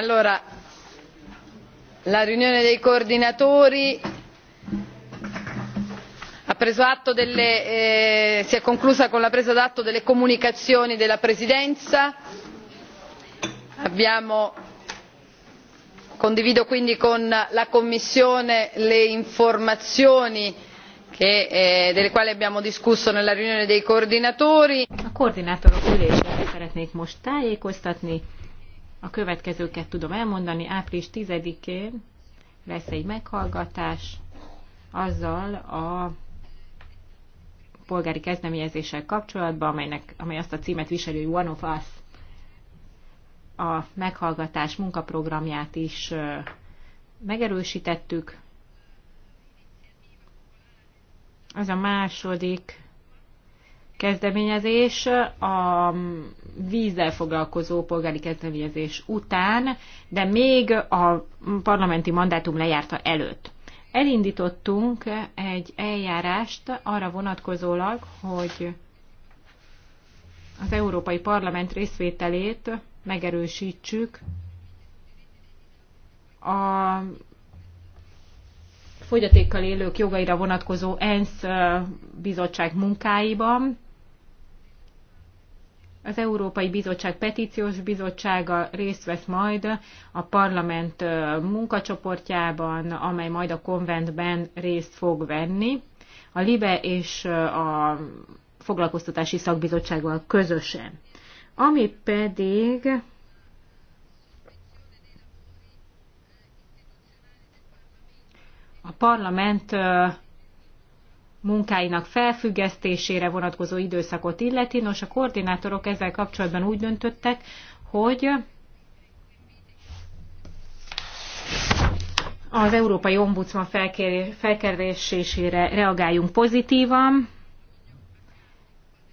Allora, la riunione dei coordinatori ha preso atto delle, eh, si è conclusa con la presa d'atto delle comunicazioni della Presidenza. Abbiamo, condivido quindi con la Commissione le informazioni che, eh, delle quali abbiamo discusso nella riunione dei coordinatori. A koordinátorok ülésére szeretnék most tájékoztatni. A következőket tudom elmondani. Április 10-én lesz egy meghallgatás azzal a polgári kezdeményezéssel kapcsolatban, amelynek, amely azt a címet viseli, hogy One of Us. A meghallgatás munkaprogramját is megerősítettük. Az a második kezdeményezés a vízzel foglalkozó polgári kezdeményezés után, de még a parlamenti mandátum lejárta előtt. Elindítottunk egy eljárást arra vonatkozólag, hogy az Európai Parlament részvételét megerősítsük a fogyatékkal élők jogaira vonatkozó ENSZ bizottság munkáiban, az Európai Bizottság Petíciós Bizottsága részt vesz majd a parlament munkacsoportjában, amely majd a konventben részt fog venni. A LIBE és a foglalkoztatási szakbizottsággal közösen. Ami pedig a parlament munkáinak felfüggesztésére vonatkozó időszakot illeti. Nos, a koordinátorok ezzel kapcsolatban úgy döntöttek, hogy az Európai Ombudsman felkeresésére reagáljunk pozitívan.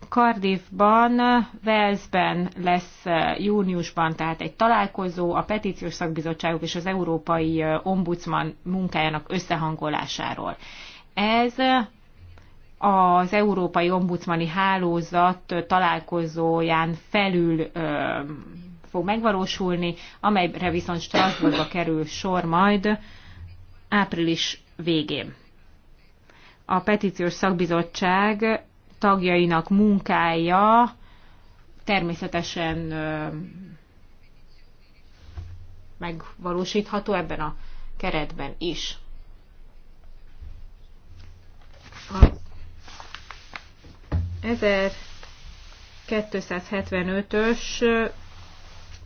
Cardiffban, Walesben lesz eh, júniusban tehát egy találkozó a petíciós szakbizottságok és az Európai eh, Ombudsman munkájának összehangolásáról. Ez eh, az Európai Ombudsmani Hálózat találkozóján felül ö, fog megvalósulni, amelyre viszont Strasbourgba kerül sor majd április végén. A petíciós szakbizottság tagjainak munkája természetesen ö, megvalósítható ebben a keretben is. Az 1275-ös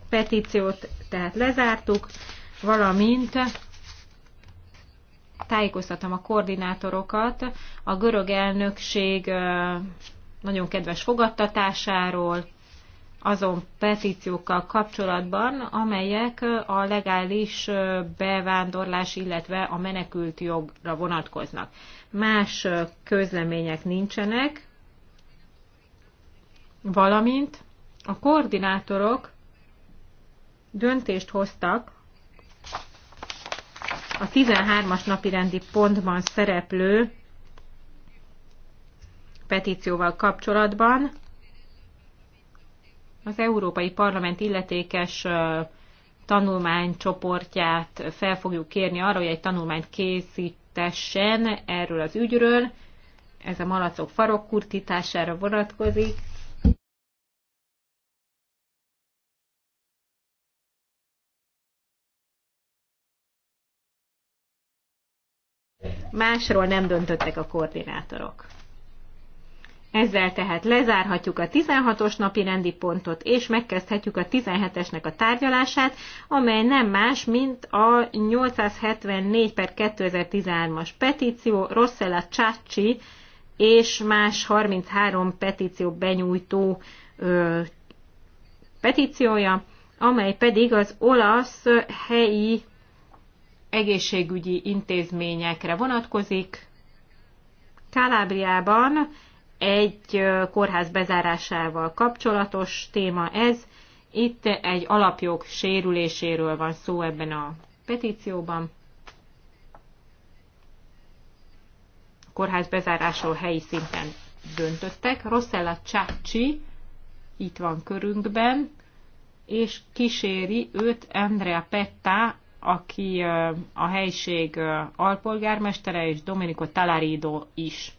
petíciót tehát lezártuk, valamint tájékoztatom a koordinátorokat a görög elnökség nagyon kedves fogadtatásáról, azon petíciókkal kapcsolatban, amelyek a legális bevándorlás, illetve a menekült jogra vonatkoznak. Más közlemények nincsenek, valamint a koordinátorok döntést hoztak a 13-as napirendi pontban szereplő petícióval kapcsolatban az Európai Parlament illetékes tanulmánycsoportját fel fogjuk kérni arra, hogy egy tanulmányt készítessen erről az ügyről. Ez a malacok farokkurtítására vonatkozik. másról nem döntöttek a koordinátorok. Ezzel tehát lezárhatjuk a 16-os napi rendi pontot, és megkezdhetjük a 17-esnek a tárgyalását, amely nem más, mint a 874 per 2013-as petíció Rossella Csácsi és más 33 petíció benyújtó ö, petíciója, amely pedig az olasz helyi egészségügyi intézményekre vonatkozik. Kalábriában egy kórház bezárásával kapcsolatos téma ez. Itt egy alapjog sérüléséről van szó ebben a petícióban. A kórház bezárásról helyi szinten döntöttek. Rossella Csácsi itt van körünkben, és kíséri őt Andrea Petta aki a helység alpolgármestere, és Domenico Talarido is.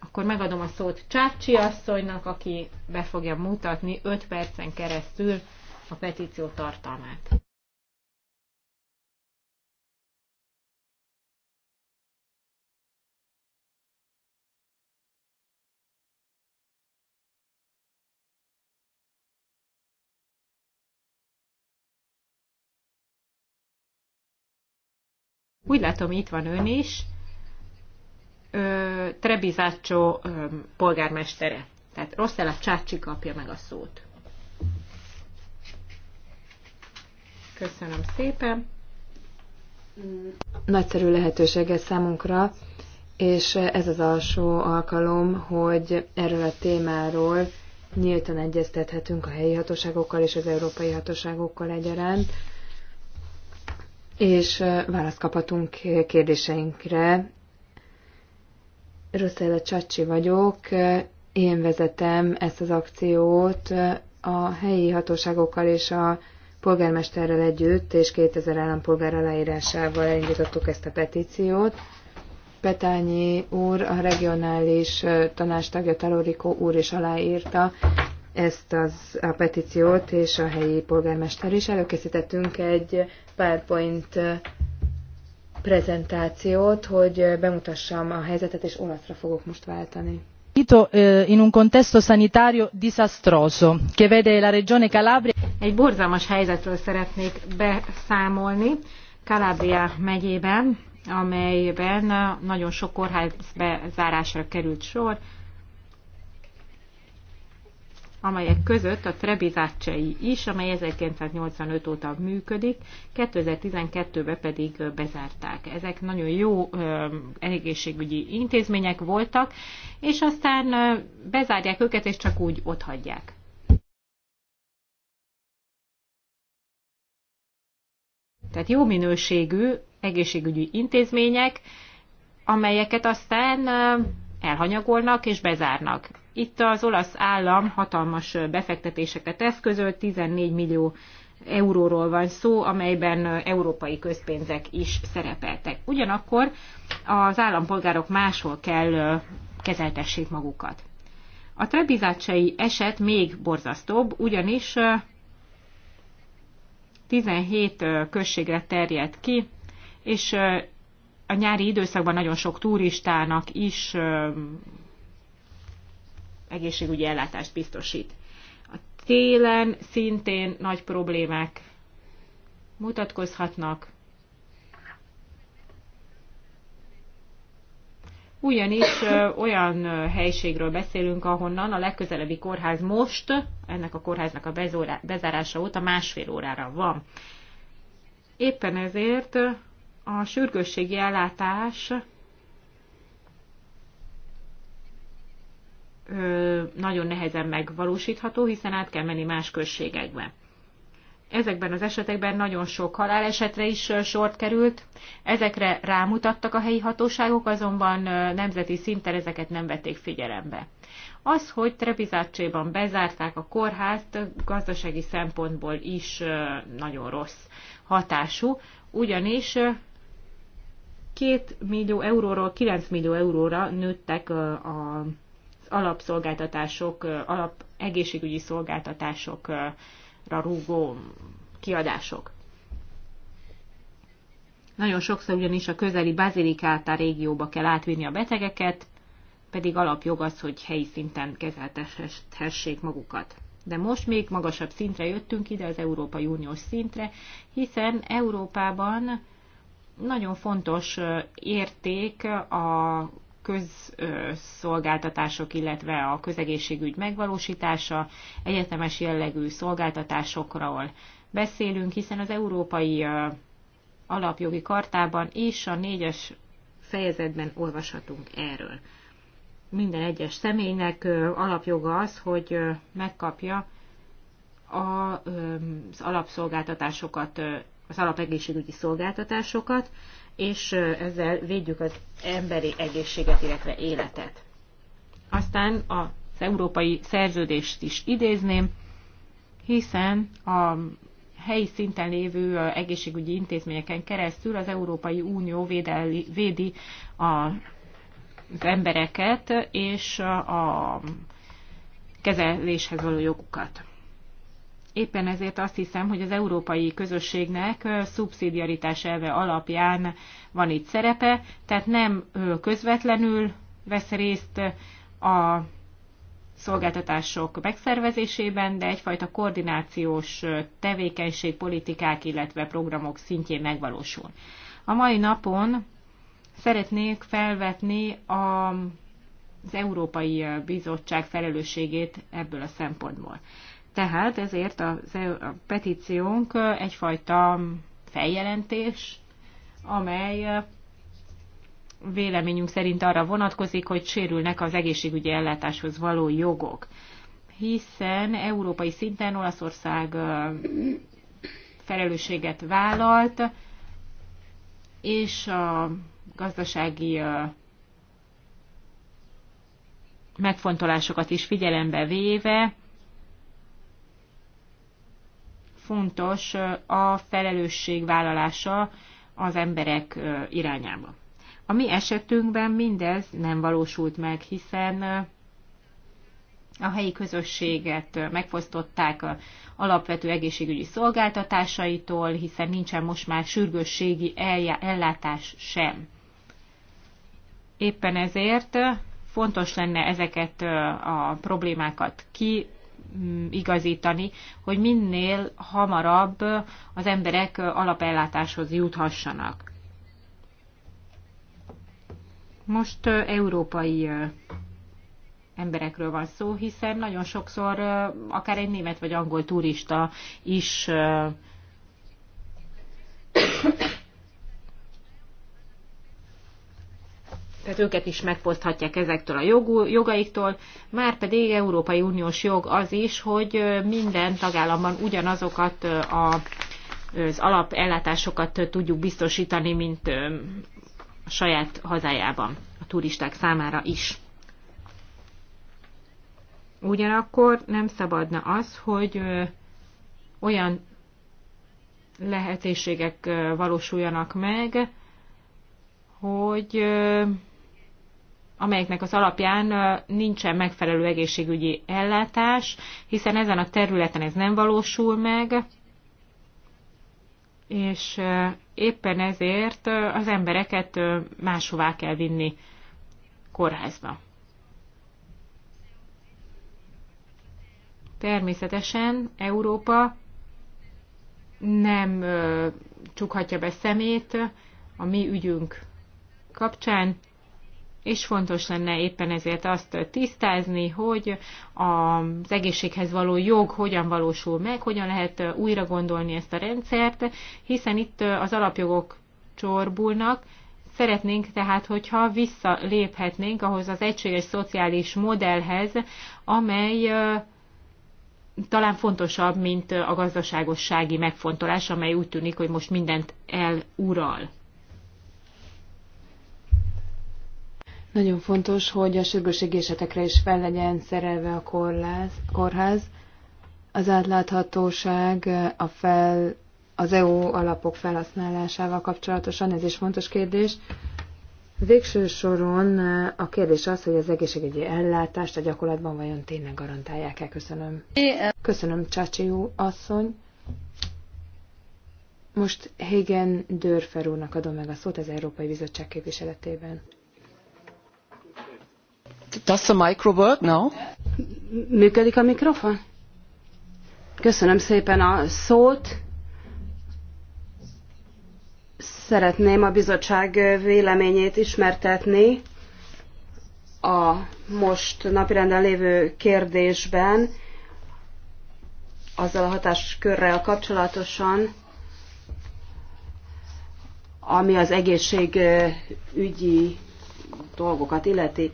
Akkor megadom a szót Csácsi asszonynak, aki be fogja mutatni 5 percen keresztül a petíció tartalmát. Úgy látom, itt van ön is. Trebizácsó polgármestere. Tehát Rosszella Csácsi kapja meg a szót. Köszönöm szépen. Nagyszerű lehetőség ez számunkra, és ez az alsó alkalom, hogy erről a témáról nyíltan egyeztethetünk a helyi hatóságokkal és az európai hatóságokkal egyaránt és választ kaphatunk kérdéseinkre. Rosszella Csacsi vagyok, én vezetem ezt az akciót a helyi hatóságokkal és a polgármesterrel együtt, és 2000 állampolgár aláírásával elindítottuk ezt a petíciót. Petányi úr, a regionális tanástagja Talorikó úr is aláírta, ezt az, a petíciót, és a helyi polgármester is előkészítettünk egy PowerPoint prezentációt, hogy bemutassam a helyzetet, és olaszra fogok most váltani. Eh, in un contesto sanitario disastroso, che vede la regione Calabria. Egy borzalmas helyzetről szeretnék beszámolni Calabria megyében, amelyben nagyon sok kórház bezárásra került sor, amelyek között a Trebizácsei is, amely 1985 óta működik, 2012-ben pedig bezárták. Ezek nagyon jó egészségügyi intézmények voltak, és aztán bezárják őket, és csak úgy hagyják. Tehát jó minőségű egészségügyi intézmények, amelyeket aztán elhanyagolnak és bezárnak. Itt az olasz állam hatalmas befektetéseket eszközölt, 14 millió euróról van szó, amelyben európai közpénzek is szerepeltek. Ugyanakkor az állampolgárok máshol kell kezeltessék magukat. A trebizácsai eset még borzasztóbb, ugyanis 17 községre terjedt ki, és a nyári időszakban nagyon sok turistának is egészségügyi ellátást biztosít. A télen szintén nagy problémák mutatkozhatnak. Ugyanis olyan helységről beszélünk, ahonnan a legközelebbi kórház most, ennek a kórháznak a bezárása óta másfél órára van. Éppen ezért a sürgősségi ellátás nagyon nehezen megvalósítható, hiszen át kell menni más községekbe. Ezekben az esetekben nagyon sok halálesetre is sort került, ezekre rámutattak a helyi hatóságok, azonban nemzeti szinten ezeket nem vették figyelembe. Az, hogy Trebizácséban bezárták a kórházt, gazdasági szempontból is nagyon rossz hatású, ugyanis 2 millió euróról 9 millió euróra nőttek a alapszolgáltatások, alap egészségügyi szolgáltatásokra rúgó kiadások. Nagyon sokszor ugyanis a közeli Bazilikálta régióba kell átvinni a betegeket, pedig alapjog az, hogy helyi szinten kezeltethessék magukat. De most még magasabb szintre jöttünk ide, az Európai Uniós szintre, hiszen Európában nagyon fontos érték a közszolgáltatások, illetve a közegészségügy megvalósítása, egyetemes jellegű szolgáltatásokról beszélünk, hiszen az Európai Alapjogi Kartában és a négyes fejezetben olvashatunk erről. Minden egyes személynek alapjoga az, hogy megkapja az alapszolgáltatásokat, az alapegészségügyi szolgáltatásokat, és ezzel védjük az emberi egészséget, illetve életet. Aztán az európai szerződést is idézném, hiszen a helyi szinten lévő egészségügyi intézményeken keresztül az Európai Unió védeli, védi a, az embereket és a kezeléshez való jogukat. Éppen ezért azt hiszem, hogy az európai közösségnek szubszidiaritás elve alapján van itt szerepe, tehát nem közvetlenül vesz részt a szolgáltatások megszervezésében, de egyfajta koordinációs tevékenység, politikák, illetve programok szintjén megvalósul. A mai napon szeretnék felvetni a, az Európai Bizottság felelősségét ebből a szempontból. Tehát ezért a, e- a petíciónk egyfajta feljelentés, amely véleményünk szerint arra vonatkozik, hogy sérülnek az egészségügyi ellátáshoz való jogok. Hiszen európai szinten Olaszország felelősséget vállalt, és a gazdasági megfontolásokat is figyelembe véve fontos a felelősségvállalása az emberek irányába. A mi esetünkben mindez nem valósult meg, hiszen a helyi közösséget megfosztották alapvető egészségügyi szolgáltatásaitól, hiszen nincsen most már sürgősségi ellátás sem. Éppen ezért fontos lenne ezeket a problémákat ki Mm, igazítani, hogy minél hamarabb az emberek alapellátáshoz juthassanak. Most európai emberekről van szó, hiszen nagyon sokszor akár egy német vagy angol turista is tehát őket is megfoszthatják ezektől a jogú, jogaiktól, már pedig Európai Uniós jog az is, hogy minden tagállamban ugyanazokat a, az alapellátásokat tudjuk biztosítani, mint a saját hazájában, a turisták számára is. Ugyanakkor nem szabadna az, hogy olyan lehetőségek valósuljanak meg, hogy amelyeknek az alapján nincsen megfelelő egészségügyi ellátás, hiszen ezen a területen ez nem valósul meg, és éppen ezért az embereket máshová kell vinni kórházba. Természetesen Európa nem csukhatja be szemét a mi ügyünk kapcsán, és fontos lenne éppen ezért azt tisztázni, hogy az egészséghez való jog hogyan valósul meg, hogyan lehet újra gondolni ezt a rendszert, hiszen itt az alapjogok csorbulnak, Szeretnénk tehát, hogyha visszaléphetnénk ahhoz az egységes szociális modellhez, amely talán fontosabb, mint a gazdaságossági megfontolás, amely úgy tűnik, hogy most mindent elural. Nagyon fontos, hogy a esetekre is fel legyen szerelve a korláz, kórház. Az átláthatóság a fel, az EU alapok felhasználásával kapcsolatosan, ez is fontos kérdés. Végső soron eh, a kérdés az, hogy az egészségügyi ellátást a gyakorlatban vajon tényleg garantálják-e. Köszönöm. Köszönöm, jó asszony. Most hegen Dörfer úrnak adom meg a szót az Európai Bizottság képviseletében. Does the micro work now? Működik a mikrofon? Köszönöm szépen a szót. Szeretném a bizottság véleményét ismertetni a most napirenden lévő kérdésben, azzal a hatáskörrel kapcsolatosan, ami az egészségügyi dolgokat illeti.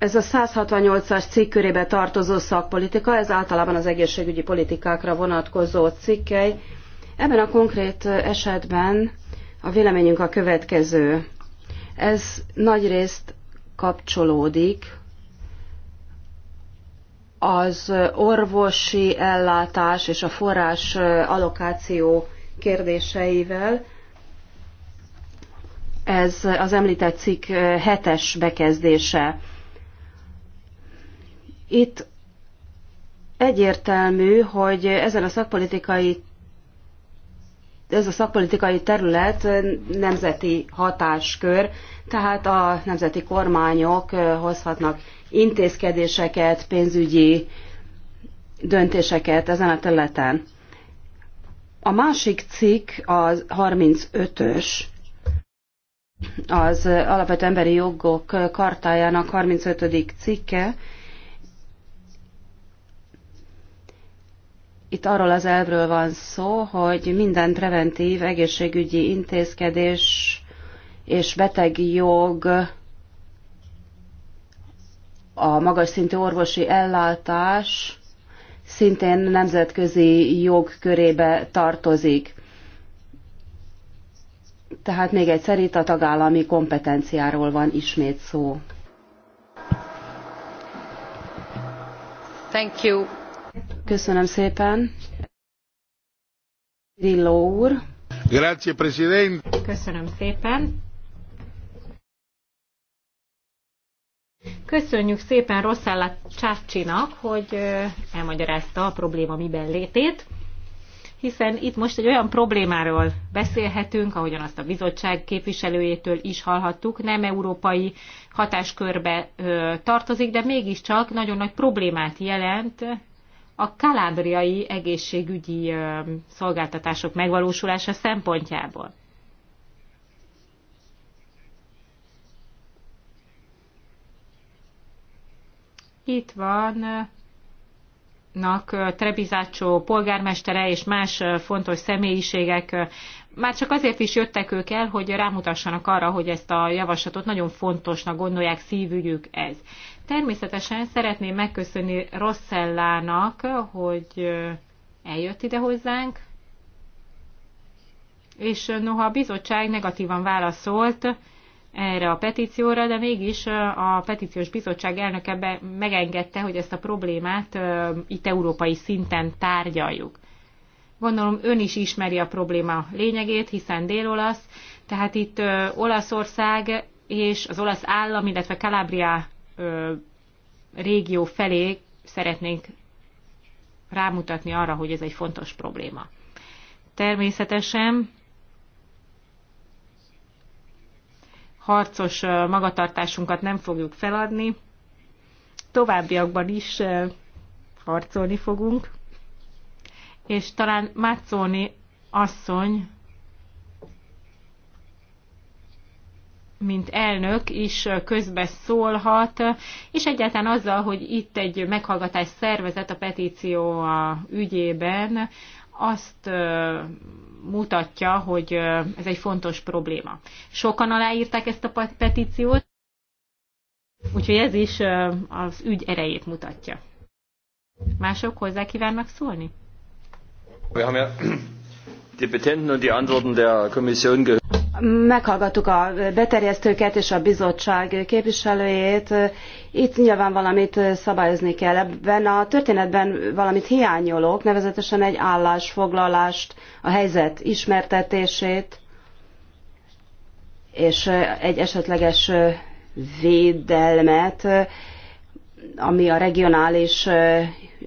Ez a 168-as cikk körébe tartozó szakpolitika, ez általában az egészségügyi politikákra vonatkozó cikkely. Ebben a konkrét esetben a véleményünk a következő. Ez nagyrészt kapcsolódik az orvosi ellátás és a forrás allokáció kérdéseivel. Ez az említett cikk hetes bekezdése. Itt egyértelmű, hogy ezen a szakpolitikai ez a szakpolitikai terület nemzeti hatáskör, tehát a nemzeti kormányok hozhatnak intézkedéseket, pénzügyi döntéseket ezen a területen. A másik cikk, az 35-ös, az Alapvető Emberi Jogok Kartájának 35. cikke, Itt arról az elvről van szó, hogy minden preventív egészségügyi intézkedés és jog, a magas szintű orvosi ellátás szintén nemzetközi jog körébe tartozik. Tehát még egyszer itt a tagállami kompetenciáról van ismét szó. Thank you. Köszönöm szépen. Rilló úr. Grazie, President. Köszönöm szépen. Köszönjük szépen Rosszella Csácsinak, hogy elmagyarázta a probléma miben létét, hiszen itt most egy olyan problémáról beszélhetünk, ahogyan azt a bizottság képviselőjétől is hallhattuk, nem európai hatáskörbe tartozik, de mégiscsak nagyon nagy problémát jelent a kalábriai egészségügyi szolgáltatások megvalósulása szempontjából. Itt van Nak Trebizácsó polgármestere és más fontos személyiségek már csak azért is jöttek ők el, hogy rámutassanak arra, hogy ezt a javaslatot nagyon fontosnak gondolják, szívügyük ez. Természetesen szeretném megköszönni Rosszellának, hogy eljött ide hozzánk, és noha a bizottság negatívan válaszolt erre a petícióra, de mégis a petíciós bizottság elnöke megengedte, hogy ezt a problémát itt európai szinten tárgyaljuk. Gondolom ön is ismeri a probléma lényegét, hiszen dél-olasz, tehát itt Olaszország és az olasz állam, illetve Calabria régió felé szeretnénk rámutatni arra, hogy ez egy fontos probléma. Természetesen harcos magatartásunkat nem fogjuk feladni, továbbiakban is harcolni fogunk és talán Mácóni asszony, mint elnök is közbe szólhat, és egyáltalán azzal, hogy itt egy meghallgatás szervezet a petíció a ügyében, azt mutatja, hogy ez egy fontos probléma. Sokan aláírták ezt a petíciót, úgyhogy ez is az ügy erejét mutatja. Mások hozzá kívánnak szólni? Meghallgattuk a beterjesztőket és a bizottság képviselőjét. Itt nyilván valamit szabályozni kell. Ebben a történetben valamit hiányolok, nevezetesen egy állásfoglalást, a helyzet ismertetését és egy esetleges védelmet, ami a regionális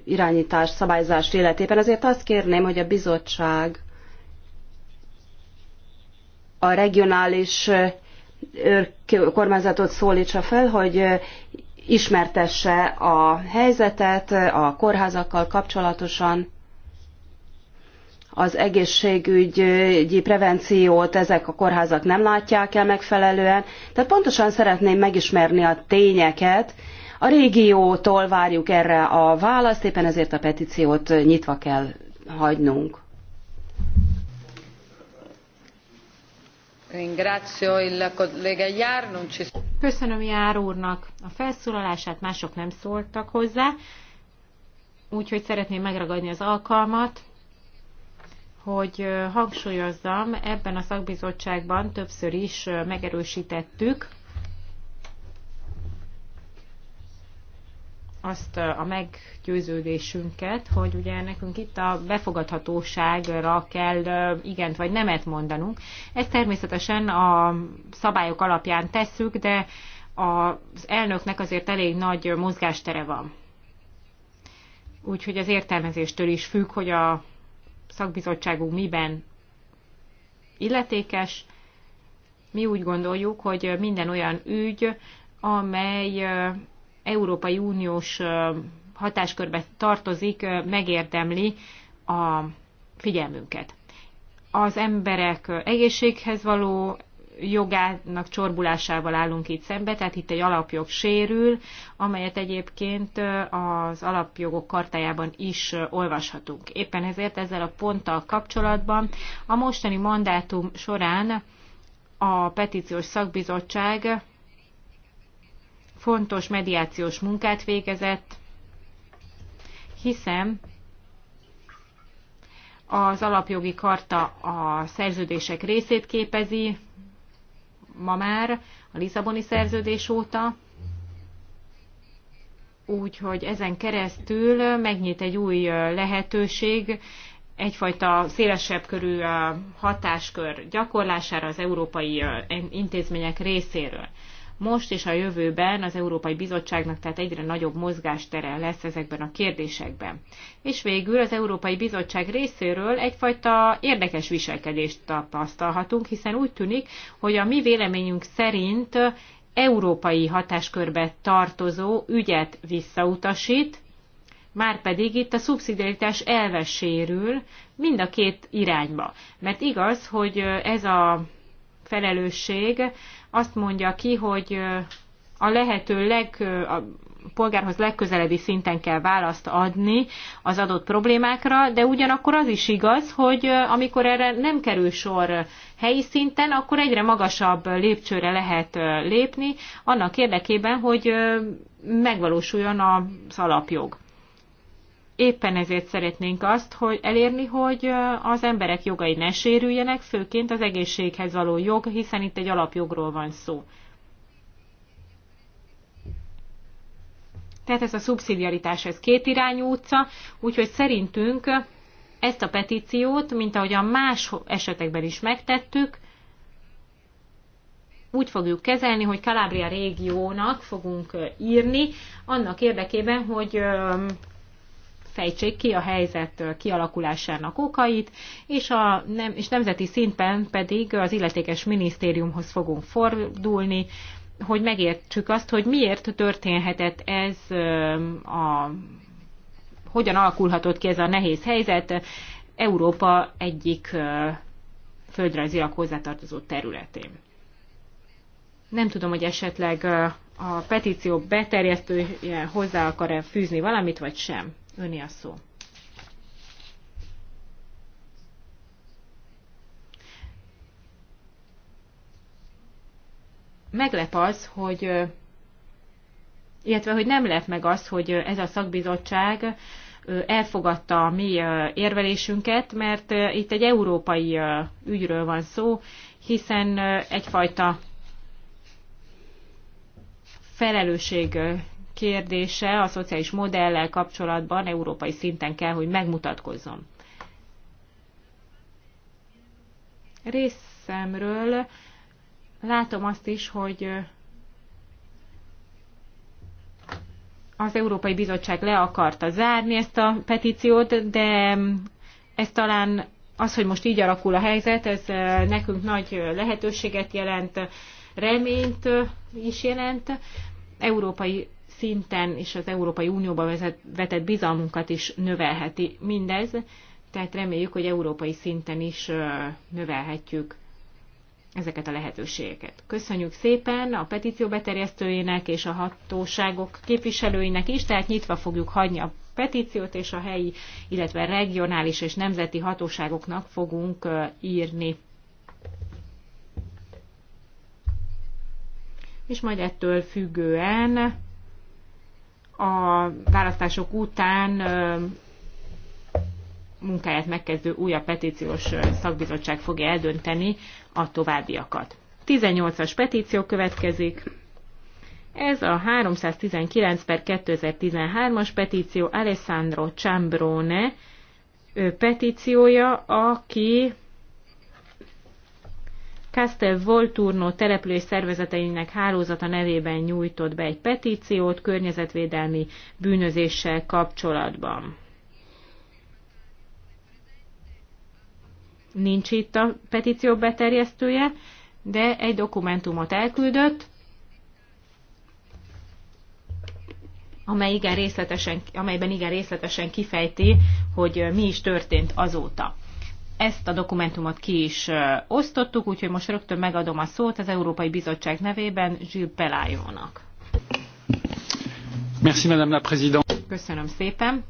irányítás, szabályzás életében. Ezért azt kérném, hogy a bizottság a regionális kormányzatot szólítsa fel, hogy ismertesse a helyzetet a kórházakkal kapcsolatosan, az egészségügyi prevenciót ezek a kórházak nem látják el megfelelően. Tehát pontosan szeretném megismerni a tényeket, a régiótól várjuk erre a választ, éppen ezért a petíciót nyitva kell hagynunk. Köszönöm Jár úrnak a felszólalását, mások nem szóltak hozzá, úgyhogy szeretném megragadni az alkalmat, hogy hangsúlyozzam, ebben a szakbizottságban többször is megerősítettük, azt a meggyőződésünket, hogy ugye nekünk itt a befogadhatóságra kell igent vagy nemet mondanunk. Ezt természetesen a szabályok alapján tesszük, de az elnöknek azért elég nagy mozgástere van. Úgyhogy az értelmezéstől is függ, hogy a szakbizottságunk miben illetékes. Mi úgy gondoljuk, hogy minden olyan ügy, amely Európai Uniós hatáskörbe tartozik, megérdemli a figyelmünket. Az emberek egészséghez való jogának csorbulásával állunk itt szembe, tehát itt egy alapjog sérül, amelyet egyébként az alapjogok kartájában is olvashatunk. Éppen ezért ezzel a ponttal kapcsolatban a mostani mandátum során a petíciós szakbizottság fontos mediációs munkát végezett, hiszen az alapjogi karta a szerződések részét képezi, ma már a Lisszaboni szerződés óta, úgyhogy ezen keresztül megnyit egy új lehetőség, egyfajta szélesebb körű uh, hatáskör gyakorlására az európai uh, intézmények részéről most és a jövőben az Európai Bizottságnak tehát egyre nagyobb mozgástere lesz ezekben a kérdésekben. És végül az Európai Bizottság részéről egyfajta érdekes viselkedést tapasztalhatunk, hiszen úgy tűnik, hogy a mi véleményünk szerint európai hatáskörbe tartozó ügyet visszautasít, Márpedig itt a szubszidiaritás elve sérül mind a két irányba. Mert igaz, hogy ez a felelősség azt mondja ki, hogy a lehető leg, a polgárhoz legközelebbi szinten kell választ adni az adott problémákra, de ugyanakkor az is igaz, hogy amikor erre nem kerül sor helyi szinten, akkor egyre magasabb lépcsőre lehet lépni, annak érdekében, hogy megvalósuljon az alapjog éppen ezért szeretnénk azt, hogy elérni, hogy az emberek jogai ne sérüljenek, főként az egészséghez való jog, hiszen itt egy alapjogról van szó. Tehát ez a szubszidiaritás, ez kétirányú utca, úgyhogy szerintünk ezt a petíciót, mint ahogy a más esetekben is megtettük, úgy fogjuk kezelni, hogy Kalábria régiónak fogunk írni, annak érdekében, hogy fejtsék ki a helyzet kialakulásának okait, és, a, nem, és nemzeti szinten pedig az illetékes minisztériumhoz fogunk fordulni, hogy megértsük azt, hogy miért történhetett ez a hogyan alakulhatott ki ez a nehéz helyzet Európa egyik földrajzilag hozzátartozó területén. Nem tudom, hogy esetleg a petíció beterjesztője hozzá akar-e fűzni valamit, vagy sem. Öni a szó. Meglep az, hogy illetve hogy nem lep meg az, hogy ez a szakbizottság elfogadta a mi érvelésünket, mert itt egy európai ügyről van szó, hiszen egyfajta felelősség kérdése a szociális modellel kapcsolatban európai szinten kell, hogy megmutatkozzon. Részemről látom azt is, hogy az Európai Bizottság le akarta zárni ezt a petíciót, de ez talán az, hogy most így alakul a helyzet, ez eh, nekünk nagy eh, lehetőséget jelent, reményt eh, is jelent. Európai szinten és az Európai Unióba vezet, vetett bizalmunkat is növelheti mindez, tehát reméljük, hogy európai szinten is növelhetjük ezeket a lehetőségeket. Köszönjük szépen a petíció beterjesztőjének és a hatóságok képviselőinek is, tehát nyitva fogjuk hagyni a petíciót, és a helyi, illetve regionális és nemzeti hatóságoknak fogunk írni. És majd ettől függően a választások után munkáját megkezdő újabb petíciós szakbizottság fogja eldönteni a továbbiakat. 18-as petíció következik. Ez a 319 per 2013-as petíció Alessandro Ciambrone petíciója, aki Castel Volturno település szervezeteinek hálózata nevében nyújtott be egy petíciót környezetvédelmi bűnözéssel kapcsolatban. Nincs itt a petíció beterjesztője, de egy dokumentumot elküldött, amely igen részletesen, amelyben igen részletesen kifejti, hogy mi is történt azóta. Ezt a dokumentumot ki is osztottuk, úgyhogy most rögtön megadom a szót az Európai Bizottság nevében Zsűr Pelájónak. Merci, Madame la Présidente. Köszönöm szépen.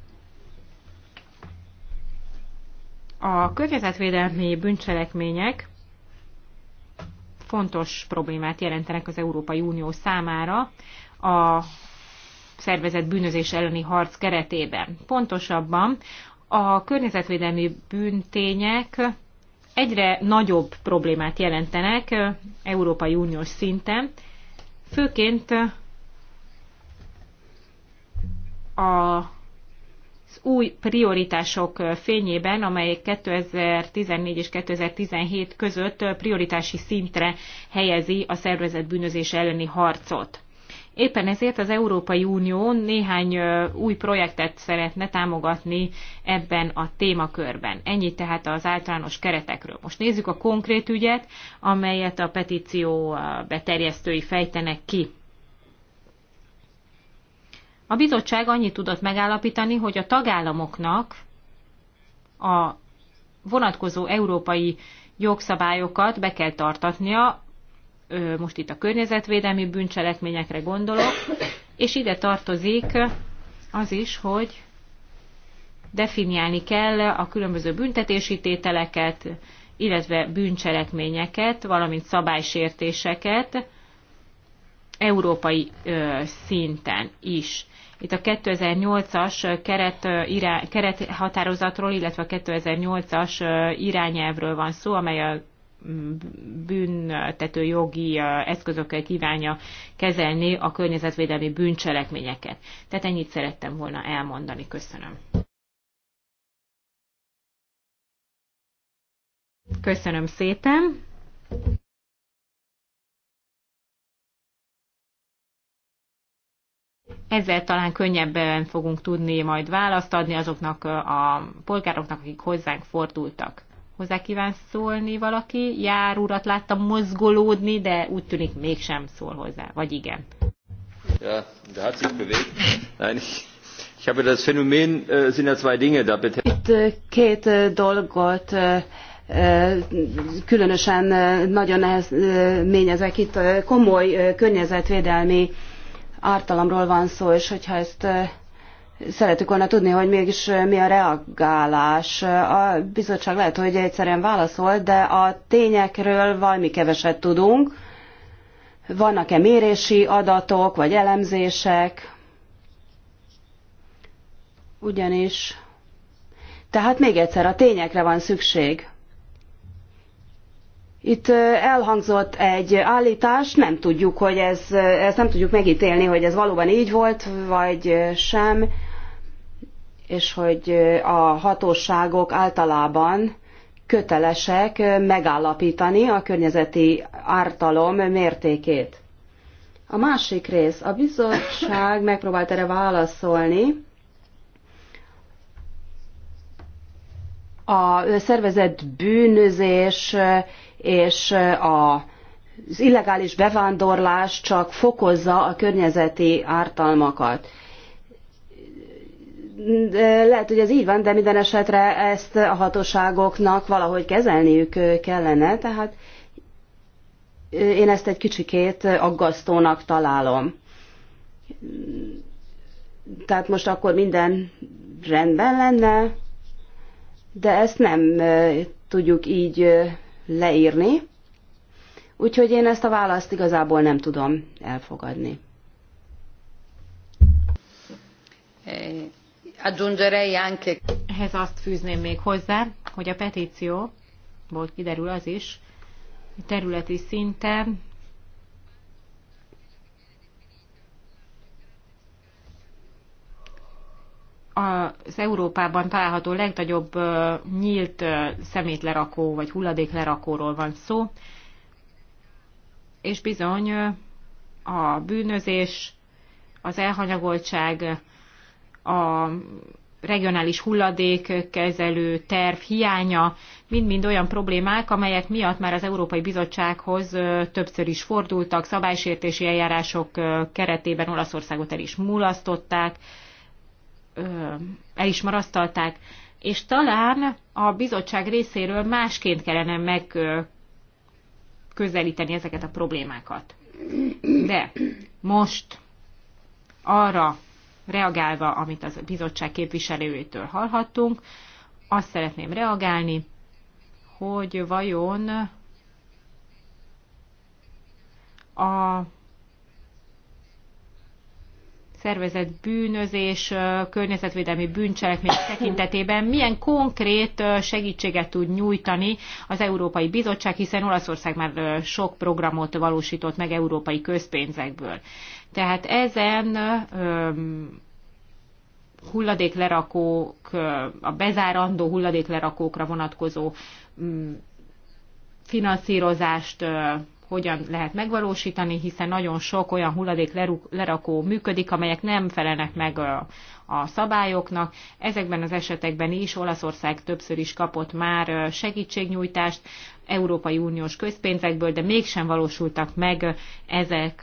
A környezetvédelmi bűncselekmények fontos problémát jelentenek az Európai Unió számára a szervezett bűnözés elleni harc keretében. Pontosabban a környezetvédelmi bűntények egyre nagyobb problémát jelentenek Európai Uniós szinten, főként a az új prioritások fényében, amelyek 2014 és 2017 között prioritási szintre helyezi a szervezett bűnözés elleni harcot. Éppen ezért az Európai Unió néhány új projektet szeretne támogatni ebben a témakörben. Ennyi tehát az általános keretekről. Most nézzük a konkrét ügyet, amelyet a petíció beterjesztői fejtenek ki. A bizottság annyit tudott megállapítani, hogy a tagállamoknak a vonatkozó európai jogszabályokat be kell tartatnia most itt a környezetvédelmi bűncselekményekre gondolok, és ide tartozik az is, hogy definiálni kell a különböző büntetési tételeket, illetve bűncselekményeket, valamint szabálysértéseket európai ö, szinten is. Itt a 2008-as keret, irá, határozatról, illetve a 2008-as irányelvről van szó, amely a büntető jogi eszközökkel kívánja kezelni a környezetvédelmi bűncselekményeket. Tehát ennyit szerettem volna elmondani. Köszönöm. Köszönöm szépen. Ezzel talán könnyebben fogunk tudni majd választ adni azoknak a polgároknak, akik hozzánk fordultak. Hozzá kíván szólni valaki? Jár urat láttam mozgolódni, de úgy tűnik mégsem szól hozzá. Vagy igen. Ja, de hát sich bewegt. Nein, ich, ich habe das Phänomen, äh, sind ja zwei Dinge da bitte. Itt äh, két äh, dolgot äh, äh különösen nagyon nehezményezek. Itt komoly környezetvédelmi ártalomról van szó, és hogyha ezt Szeretük volna tudni, hogy mégis mi a reagálás. A bizottság lehet, hogy egyszerűen válaszol, de a tényekről valami keveset tudunk. Vannak-e mérési adatok, vagy elemzések? Ugyanis. Tehát még egyszer, a tényekre van szükség. Itt elhangzott egy állítás, nem tudjuk, hogy ez, ezt nem tudjuk megítélni, hogy ez valóban így volt, vagy sem és hogy a hatóságok általában kötelesek megállapítani a környezeti ártalom mértékét. A másik rész, a bizottság megpróbált erre válaszolni, a szervezett bűnözés és a az illegális bevándorlás csak fokozza a környezeti ártalmakat lehet, hogy ez így van, de minden esetre ezt a hatóságoknak valahogy kezelniük kellene, tehát én ezt egy kicsikét aggasztónak találom. Tehát most akkor minden rendben lenne, de ezt nem e, tudjuk így e, leírni. Úgyhogy én ezt a választ igazából nem tudom elfogadni. Eh, ehhez azt fűzném még hozzá, hogy a petíció, volt kiderül az is, területi szinten az Európában található legnagyobb nyílt szemétlerakó vagy hulladéklerakóról van szó, és bizony a bűnözés, az elhanyagoltság a regionális hulladékkezelő terv hiánya, mind-mind olyan problémák, amelyek miatt már az Európai Bizottsághoz többször is fordultak, szabálysértési eljárások keretében Olaszországot el is mulasztották, el is marasztalták, és talán a bizottság részéről másként kellene megközelíteni ezeket a problémákat. De most arra reagálva, amit az bizottság képviselőjétől hallhattunk, azt szeretném reagálni, hogy vajon a szervezett bűnözés, környezetvédelmi bűncselekmények tekintetében milyen konkrét segítséget tud nyújtani az Európai Bizottság, hiszen Olaszország már sok programot valósított meg európai közpénzekből. Tehát ezen hulladéklerakók, a bezárandó hulladéklerakókra vonatkozó mm, finanszírozást hogyan lehet megvalósítani, hiszen nagyon sok olyan hulladéklerakó működik, amelyek nem felelnek meg a szabályoknak. Ezekben az esetekben is Olaszország többször is kapott már segítségnyújtást, Európai Uniós közpénzekből, de mégsem valósultak meg ezek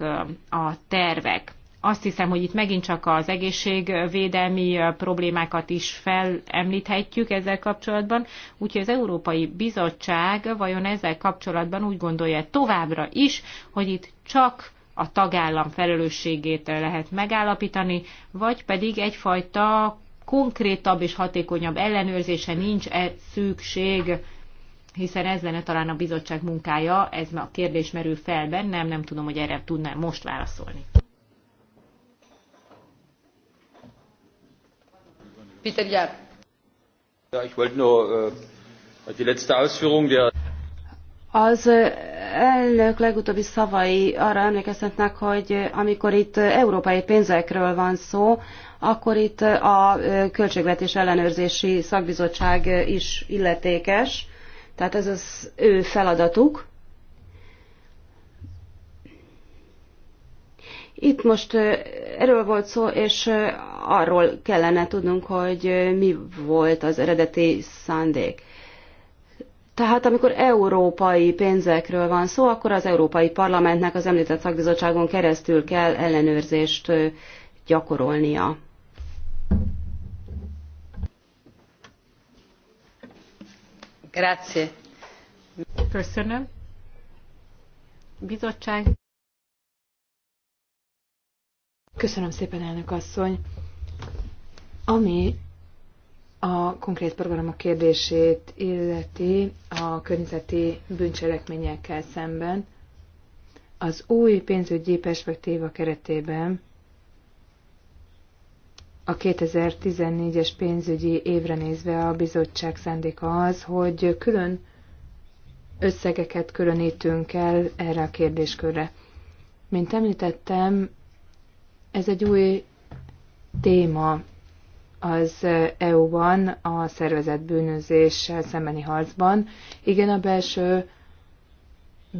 a tervek. Azt hiszem, hogy itt megint csak az egészségvédelmi problémákat is felemlíthetjük ezzel kapcsolatban, úgyhogy az Európai Bizottság vajon ezzel kapcsolatban úgy gondolja továbbra is, hogy itt csak a tagállam felelősségét lehet megállapítani, vagy pedig egyfajta konkrétabb és hatékonyabb ellenőrzése nincs-e szükség hiszen ez lenne talán a bizottság munkája, ez a kérdés merül fel bennem, nem tudom, hogy erre tudnám most válaszolni. Peter Jár. Ja, ich wollte nur äh, die letzte Ausführung der az äh, elnök legutóbbi szavai arra emlékeztetnek, hogy äh, amikor itt európai pénzekről van szó, akkor itt a Költségvetés Ellenőrzési Szakbizottság is illetékes, tehát ez az ő feladatuk. Itt most erről volt szó, és arról kellene tudnunk, hogy mi volt az eredeti szándék. Tehát amikor európai pénzekről van szó, akkor az Európai Parlamentnek az említett szakbizottságon keresztül kell ellenőrzést gyakorolnia. Köszönöm. Köszönöm szépen, elnök asszony. Ami a konkrét programok kérdését illeti a környezeti bűncselekményekkel szemben, az új pénzügyi perspektíva keretében a 2014-es pénzügyi évre nézve a bizottság szándéka az, hogy külön összegeket különítünk el erre a kérdéskörre. Mint említettem, ez egy új téma az EU-ban, a szervezett bűnözéssel szembeni harcban. Igen, a belső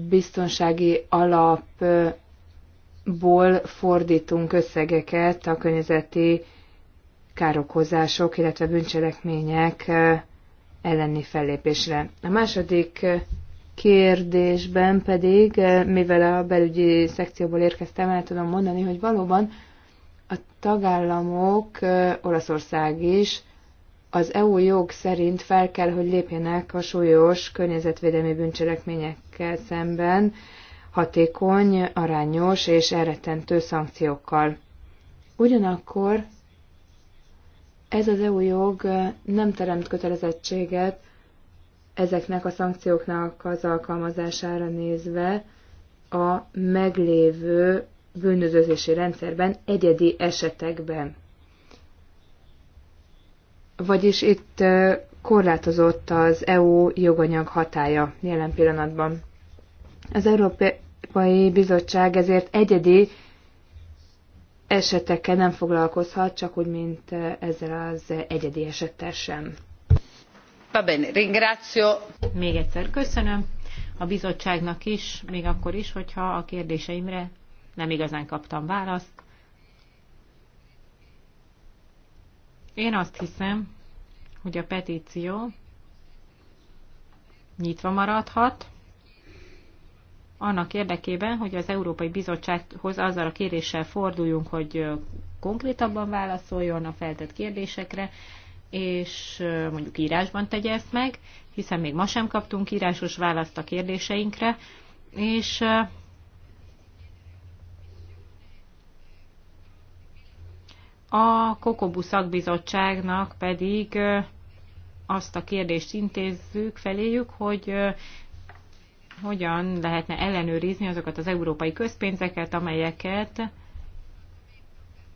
biztonsági alapból fordítunk összegeket a környezeti károkozások, illetve bűncselekmények elleni fellépésre. A második kérdésben pedig, mivel a belügyi szekcióból érkeztem, el tudom mondani, hogy valóban a tagállamok, Olaszország is, az EU jog szerint fel kell, hogy lépjenek a súlyos környezetvédelmi bűncselekményekkel szemben hatékony, arányos és elrettentő szankciókkal. Ugyanakkor ez az EU jog nem teremt kötelezettséget ezeknek a szankcióknak az alkalmazására nézve a meglévő bűnözőzési rendszerben egyedi esetekben. Vagyis itt korlátozott az EU joganyag hatája jelen pillanatban. Az Európai Bizottság ezért egyedi esetekkel nem foglalkozhat, csak úgy, mint ezzel az egyedi esettel sem. Va bene, ringrazio. Még egyszer köszönöm a bizottságnak is, még akkor is, hogyha a kérdéseimre nem igazán kaptam választ. Én azt hiszem, hogy a petíció nyitva maradhat, annak érdekében, hogy az Európai Bizottsághoz azzal a kéréssel forduljunk, hogy konkrétabban válaszoljon a feltett kérdésekre, és mondjuk írásban tegye ezt meg, hiszen még ma sem kaptunk írásos választ a kérdéseinkre, és a Kokobu szakbizottságnak pedig azt a kérdést intézzük feléjük, hogy hogyan lehetne ellenőrizni azokat az európai közpénzeket, amelyeket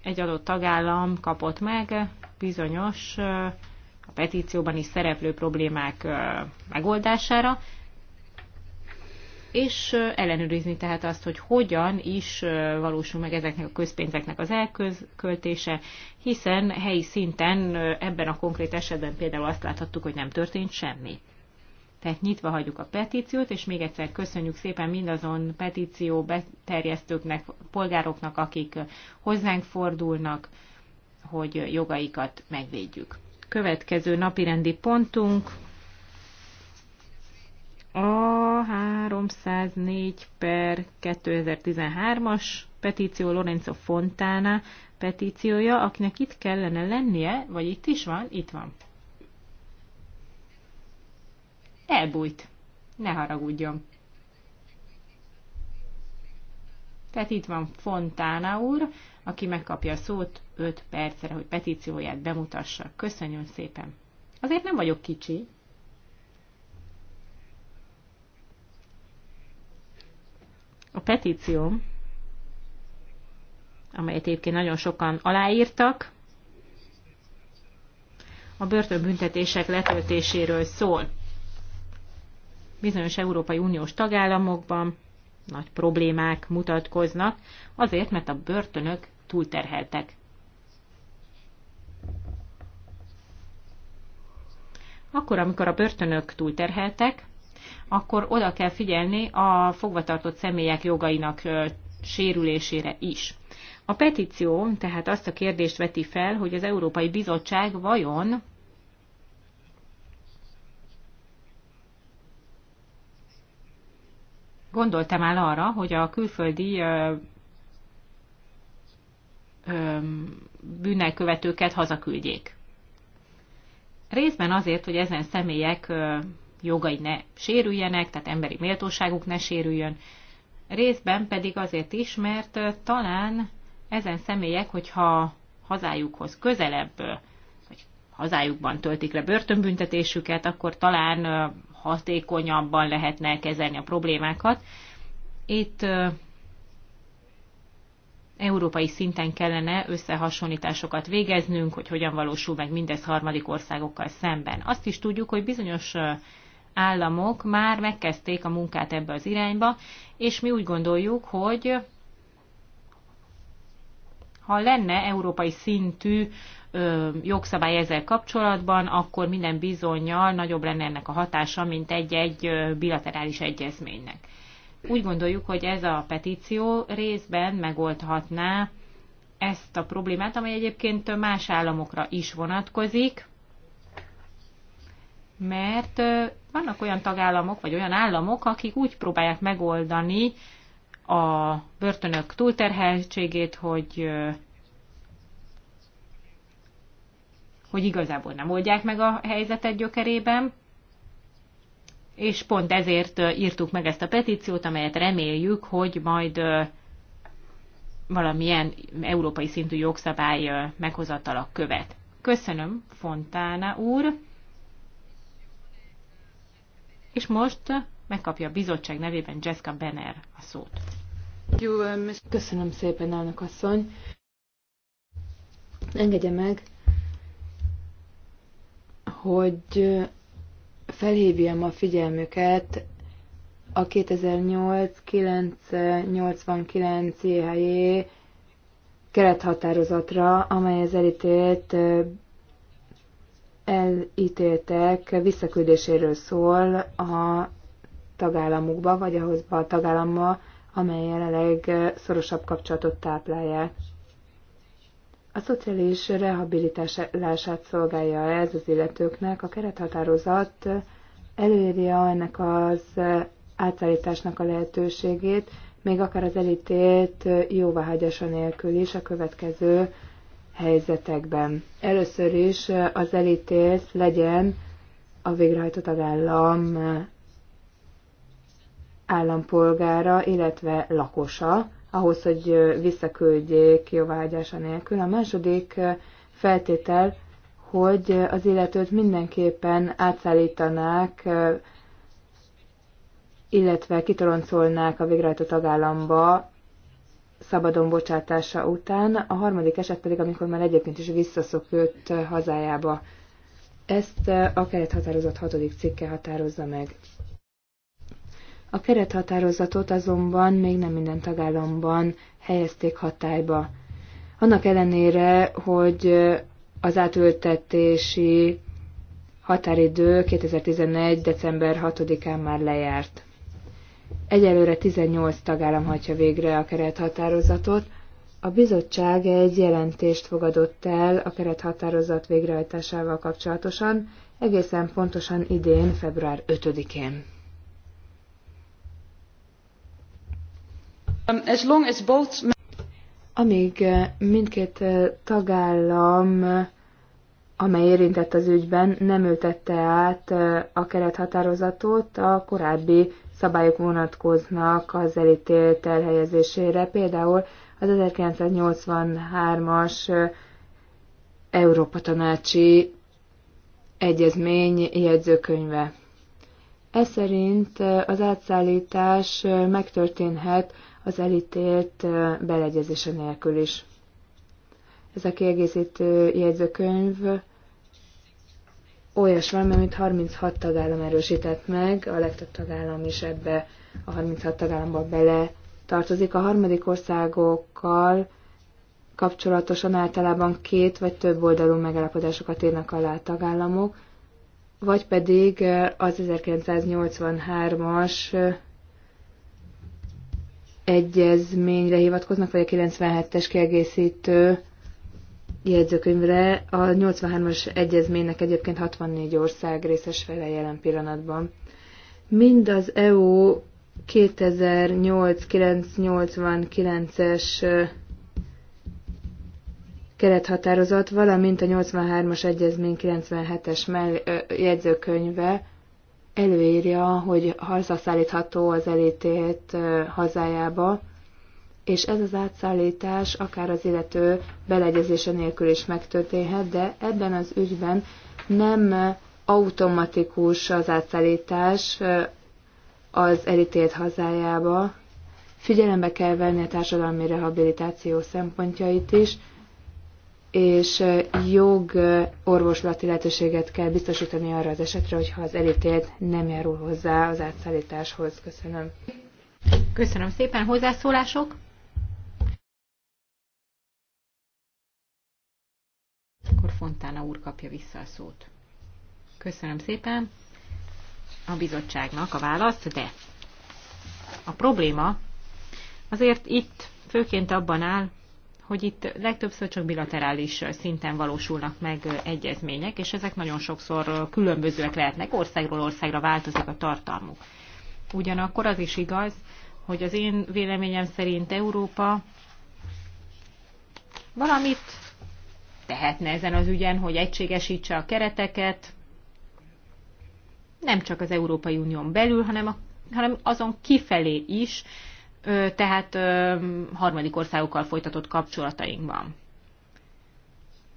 egy adott tagállam kapott meg bizonyos a petícióban is szereplő problémák megoldására, és ellenőrizni tehát azt, hogy hogyan is valósul meg ezeknek a közpénzeknek az elköltése, hiszen helyi szinten ebben a konkrét esetben például azt láthattuk, hogy nem történt semmi. Tehát nyitva hagyjuk a petíciót, és még egyszer köszönjük szépen mindazon petíció beterjesztőknek, polgároknak, akik hozzánk fordulnak, hogy jogaikat megvédjük. Következő napirendi pontunk a 304 per 2013-as petíció Lorenzo Fontana petíciója, akinek itt kellene lennie, vagy itt is van, itt van elbújt. Ne haragudjon. Tehát itt van Fontána úr, aki megkapja a szót 5 percre, hogy petícióját bemutassa. Köszönjön szépen. Azért nem vagyok kicsi. A petícióm, amelyet egyébként nagyon sokan aláírtak, a börtönbüntetések letöltéséről szól bizonyos Európai Uniós tagállamokban nagy problémák mutatkoznak, azért, mert a börtönök túlterheltek. Akkor, amikor a börtönök túlterheltek, akkor oda kell figyelni a fogvatartott személyek jogainak sérülésére is. A petíció tehát azt a kérdést veti fel, hogy az Európai Bizottság vajon gondoltam el arra, hogy a külföldi bűnnelkövetőket hazaküldjék. Részben azért, hogy ezen személyek jogai ne sérüljenek, tehát emberi méltóságuk ne sérüljön, részben pedig azért is, mert talán ezen személyek, hogyha hazájukhoz közelebb hazájukban töltik le börtönbüntetésüket, akkor talán hatékonyabban lehetne kezelni a problémákat. Itt európai szinten kellene összehasonlításokat végeznünk, hogy hogyan valósul meg mindez harmadik országokkal szemben. Azt is tudjuk, hogy bizonyos államok már megkezdték a munkát ebbe az irányba, és mi úgy gondoljuk, hogy ha lenne európai szintű jogszabály ezzel kapcsolatban, akkor minden bizonyal nagyobb lenne ennek a hatása, mint egy-egy bilaterális egyezménynek. Úgy gondoljuk, hogy ez a petíció részben megoldhatná ezt a problémát, amely egyébként más államokra is vonatkozik, mert vannak olyan tagállamok, vagy olyan államok, akik úgy próbálják megoldani a börtönök túlterheltségét, hogy hogy igazából nem oldják meg a helyzetet gyökerében, és pont ezért írtuk meg ezt a petíciót, amelyet reméljük, hogy majd valamilyen európai szintű jogszabály meghozatala követ. Köszönöm, Fontána úr! És most megkapja a bizottság nevében Jessica Benner a szót. Köszönöm szépen, elnök asszony. Engedje meg, hogy felhívjam a figyelmüket a 2008-989 IHJ kerethatározatra, amely az elítélt elítéltek visszaküldéséről szól a tagállamukba, vagy ahhoz a tagállamba, amelyen a legszorosabb kapcsolatot táplálják. A szociális rehabilitálását szolgálja ez az illetőknek. A kerethatározat előírja ennek az átállításnak a lehetőségét, még akár az elítélt jóváhagyása nélkül is a következő helyzetekben. Először is az elítélt legyen a végrehajtó tagállam állampolgára, illetve lakosa, ahhoz, hogy visszaküldjék jóváhagyása nélkül. A második feltétel, hogy az illetőt mindenképpen átszállítanák, illetve kitoroncolnák a végrehajtó tagállamba szabadon bocsátása után, a harmadik eset pedig, amikor már egyébként is visszaszokott hazájába. Ezt a kerethatározat hatodik cikke határozza meg. A kerethatározatot azonban még nem minden tagállamban helyezték hatályba. Annak ellenére, hogy az átültetési határidő 2011. december 6-án már lejárt. Egyelőre 18 tagállam hagyja végre a kerethatározatot. A bizottság egy jelentést fogadott el a kerethatározat végrehajtásával kapcsolatosan, egészen pontosan idén, február 5-én. Amíg eh, mindkét eh, tagállam, eh, amely érintett az ügyben, nem ültette át a kerethatározatot, a korábbi szabályok vonatkoznak az elítélt elhelyezésére, például az 1983-as Európa Tanácsi Egyezmény jegyzőkönyve. Ez szerint az átszállítás megtörténhet az elítélt beleegyezése nélkül is. Ez a kiegészítő jegyzőkönyv olyas van, mert 36 tagállam erősített meg, a legtöbb tagállam is ebbe a 36 tagállamba bele tartozik. A harmadik országokkal kapcsolatosan általában két vagy több oldalú megállapodásokat írnak alá a tagállamok, vagy pedig az 1983-as egyezményre hivatkoznak, vagy a 97-es kiegészítő jegyzőkönyvre. A 83-as egyezménynek egyébként 64 ország részes fele jelen pillanatban. Mind az EU 2008-989-es kerethatározat, valamint a 83-as egyezmény 97-es jegyzőkönyve előírja, hogy hazaszállítható az elítélt hazájába, és ez az átszállítás akár az illető beleegyezése nélkül is megtörténhet, de ebben az ügyben nem automatikus az átszállítás az elítélt hazájába. Figyelembe kell venni a társadalmi rehabilitáció szempontjait is, és jog orvoslati lehetőséget kell biztosítani arra az esetre, hogyha az elítélt nem járul hozzá az átszállításhoz. Köszönöm. Köszönöm szépen. Hozzászólások? Akkor Fontána úr kapja vissza a szót. Köszönöm szépen a bizottságnak a választ, de a probléma azért itt főként abban áll, hogy itt legtöbbször csak bilaterális szinten valósulnak meg egyezmények, és ezek nagyon sokszor különbözőek lehetnek, országról országra változik a tartalmuk. Ugyanakkor az is igaz, hogy az én véleményem szerint Európa valamit tehetne ezen az ügyen, hogy egységesítse a kereteket, nem csak az Európai Unión belül, hanem, a, hanem azon kifelé is, tehát harmadik országokkal folytatott kapcsolatainkban.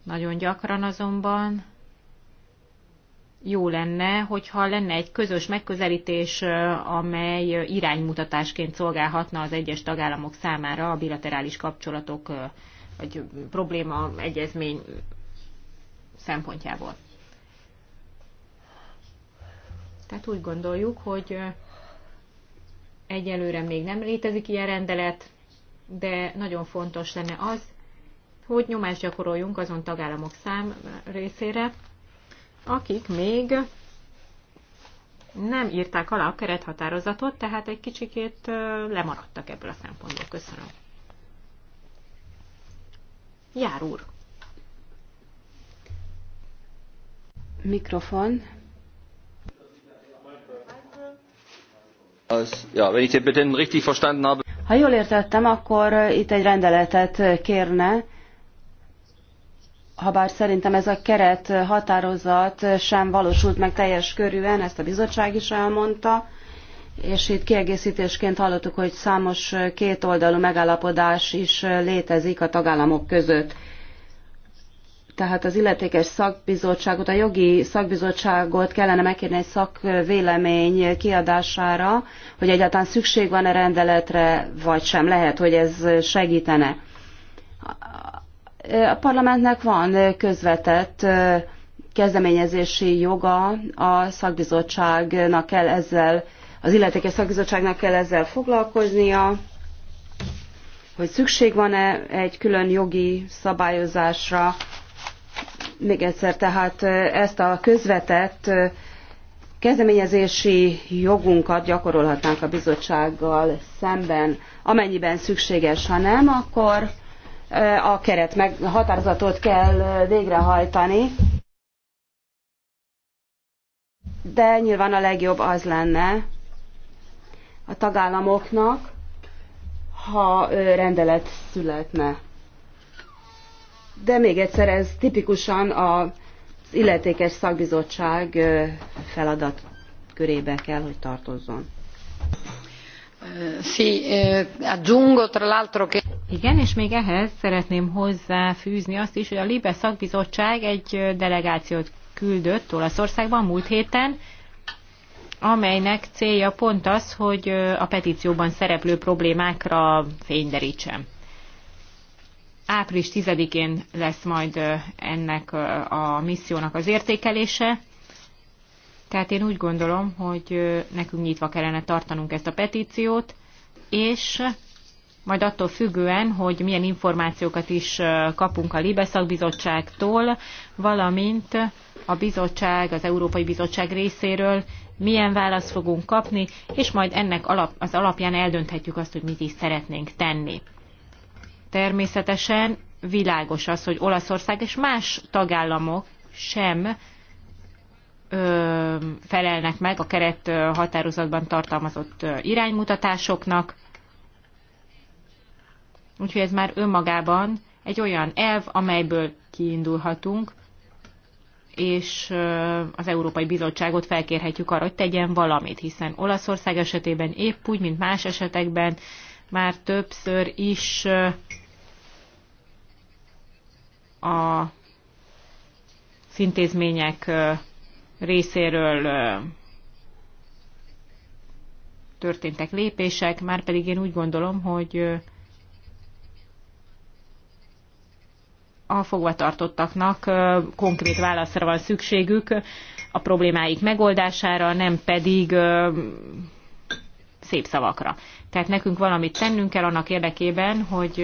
Nagyon gyakran azonban jó lenne, hogyha lenne egy közös megközelítés, amely iránymutatásként szolgálhatna az egyes tagállamok számára a bilaterális kapcsolatok vagy probléma egyezmény szempontjából. Tehát úgy gondoljuk, hogy Egyelőre még nem létezik ilyen rendelet, de nagyon fontos lenne az, hogy nyomást gyakoroljunk azon tagállamok szám részére, akik még nem írták alá a kerethatározatot, tehát egy kicsikét lemaradtak ebből a szempontból. Köszönöm. Jár úr. Mikrofon. Ha jól értettem, akkor uh, itt egy rendeletet uh, kérne, habár szerintem ez a keret uh, határozat sem valósult meg teljes körűen, ezt a bizottság is elmondta, és itt kiegészítésként hallottuk, hogy számos kétoldalú megállapodás is létezik a tagállamok között tehát az illetékes szakbizottságot, a jogi szakbizottságot kellene megkérni egy szakvélemény kiadására, hogy egyáltalán szükség van-e rendeletre, vagy sem. Lehet, hogy ez segítene. A parlamentnek van közvetett kezdeményezési joga, a szakbizottságnak kell ezzel, az illetékes szakbizottságnak kell ezzel foglalkoznia, hogy szükség van-e egy külön jogi szabályozásra, még egyszer, tehát ezt a közvetett kezdeményezési jogunkat gyakorolhatnánk a bizottsággal szemben, amennyiben szükséges, ha nem, akkor a keret meg a határozatot kell végrehajtani. De nyilván a legjobb az lenne a tagállamoknak, ha rendelet születne. De még egyszer, ez tipikusan az illetékes szakbizottság feladat körébe kell, hogy tartozzon. Igen, és még ehhez szeretném hozzáfűzni azt is, hogy a Libe szakbizottság egy delegációt küldött Olaszországban múlt héten, amelynek célja pont az, hogy a petícióban szereplő problémákra fényderítsem április 10-én lesz majd ennek a missziónak az értékelése. Tehát én úgy gondolom, hogy nekünk nyitva kellene tartanunk ezt a petíciót, és majd attól függően, hogy milyen információkat is kapunk a Libeszak bizottságtól, valamint a bizottság, az Európai Bizottság részéről milyen választ fogunk kapni, és majd ennek alap, az alapján eldönthetjük azt, hogy mit is szeretnénk tenni. Természetesen világos az, hogy Olaszország és más tagállamok sem ö, felelnek meg a keret határozatban tartalmazott iránymutatásoknak. Úgyhogy ez már önmagában egy olyan elv, amelyből kiindulhatunk, és az Európai Bizottságot felkérhetjük arra, hogy tegyen valamit, hiszen Olaszország esetében épp úgy, mint más esetekben már többször is a intézmények részéről történtek lépések, már pedig én úgy gondolom, hogy a fogvatartottaknak konkrét válaszra van szükségük a problémáik megoldására, nem pedig szép szavakra. Tehát nekünk valamit tennünk kell annak érdekében, hogy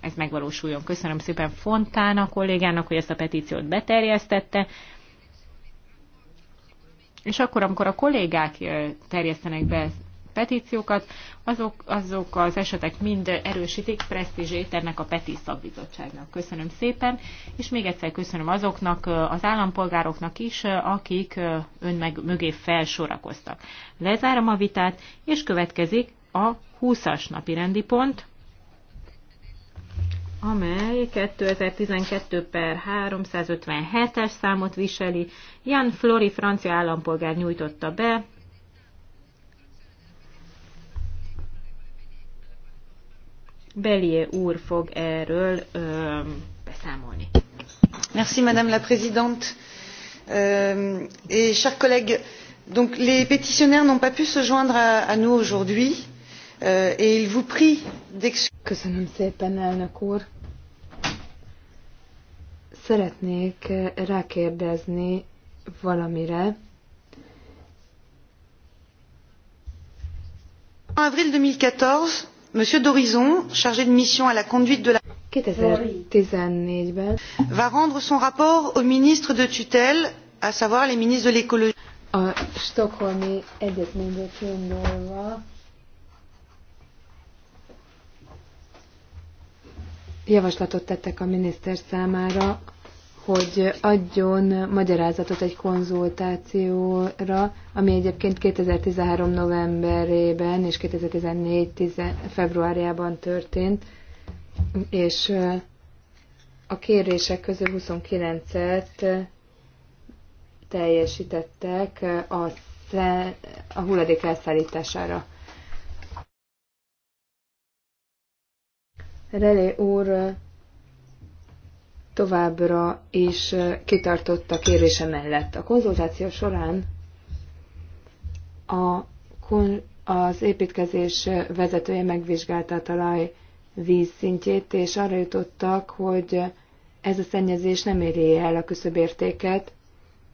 ez megvalósuljon. Köszönöm szépen Fontán a kollégának, hogy ezt a petíciót beterjesztette. És akkor, amikor a kollégák terjesztenek be petíciókat, azok, azok az esetek mind erősítik presztízsét ennek a PETI szakbizottságnak. Köszönöm szépen, és még egyszer köszönöm azoknak, az állampolgároknak is, akik ön meg mögé felsorakoztak. Lezárom a vitát, és következik a 20-as napi rendi pont, amely 2012 per 357-es számot viseli. Jan Flori francia állampolgár nyújtotta be. Belier úr fog erről ö, beszámolni. Merci, Madame la Présidente. Euh, et chers collègues, donc les pétitionnaires n'ont pas pu se joindre à, à nous aujourd'hui Euh, et il vous prie d'excuser. Szeretnék eh, rákérdezni valamire. En avril 2014, Monsieur Dorizon, chargé de mission à la conduite de la 2014-ben va rendre son rapport au ministre de tutelle, à savoir les ministres de l'écologie. A Stockholmi Egyezménybe kiindulva javaslatot tettek a miniszter számára, hogy adjon magyarázatot egy konzultációra, ami egyébként 2013. novemberében és 2014. 10. februárjában történt, és a kérések közül 29-et teljesítettek a, a hulladék elszállítására Relé úr továbbra is kitartott a kérése mellett. A konzultáció során a, az építkezés vezetője megvizsgálta a talaj víz szintjét, és arra jutottak, hogy ez a szennyezés nem éri el a küszöbértéket,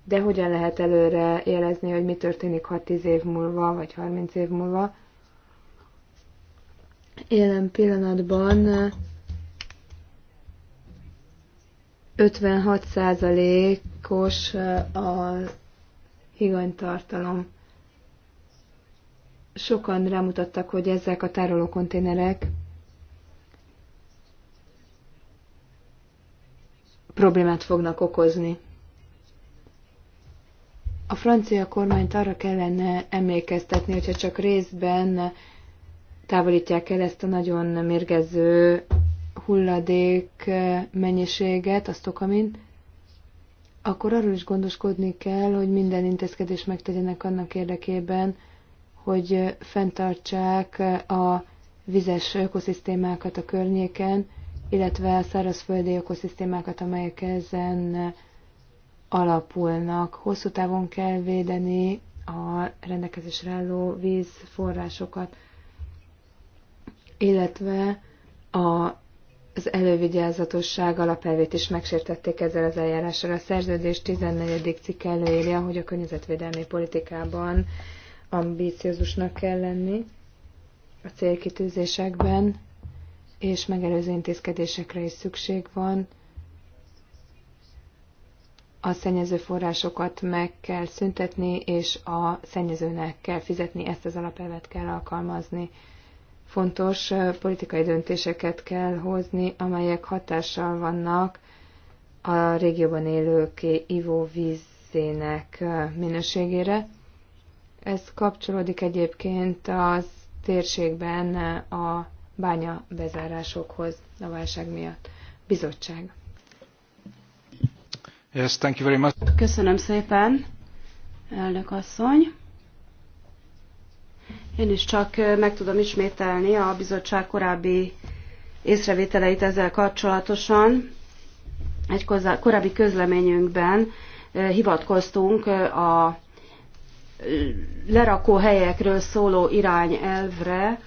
de hogyan lehet előre jelezni, hogy mi történik 6-10 év múlva, vagy 30 év múlva. Jelen pillanatban 56%-os a higanytartalom. Sokan rámutattak, hogy ezek a tárolókonténerek problémát fognak okozni. A francia kormányt arra kellene emlékeztetni, hogyha csak részben távolítják el ezt a nagyon mérgező hulladék eh, mennyiséget, a stokamin, akkor arról is gondoskodni kell, hogy minden intézkedés megtegyenek annak érdekében, hogy eh, fenntartsák eh, a vizes ökoszisztémákat a környéken, illetve a szárazföldi ökoszisztémákat, amelyek ezen alapulnak. Hosszú távon kell védeni a rendelkezésre álló vízforrásokat illetve a az elővigyázatosság alapelvét is megsértették ezzel az eljárással. A szerződés 14. cikk előírja, hogy a környezetvédelmi politikában ambíciózusnak kell lenni a célkitűzésekben, és megelőző intézkedésekre is szükség van. A szennyező forrásokat meg kell szüntetni, és a szennyezőnek kell fizetni, ezt az alapelvet kell alkalmazni fontos politikai döntéseket kell hozni, amelyek hatással vannak a régióban élők ivóvízének minőségére. Ez kapcsolódik egyébként az térségben a bánya bezárásokhoz a válság miatt. Bizottság. Yes, thank you very much. Köszönöm szépen, elnök asszony. Én is csak meg tudom ismételni a bizottság korábbi észrevételeit ezzel kapcsolatosan. Egy korábbi közleményünkben hivatkoztunk a lerakó helyekről szóló irányelvre.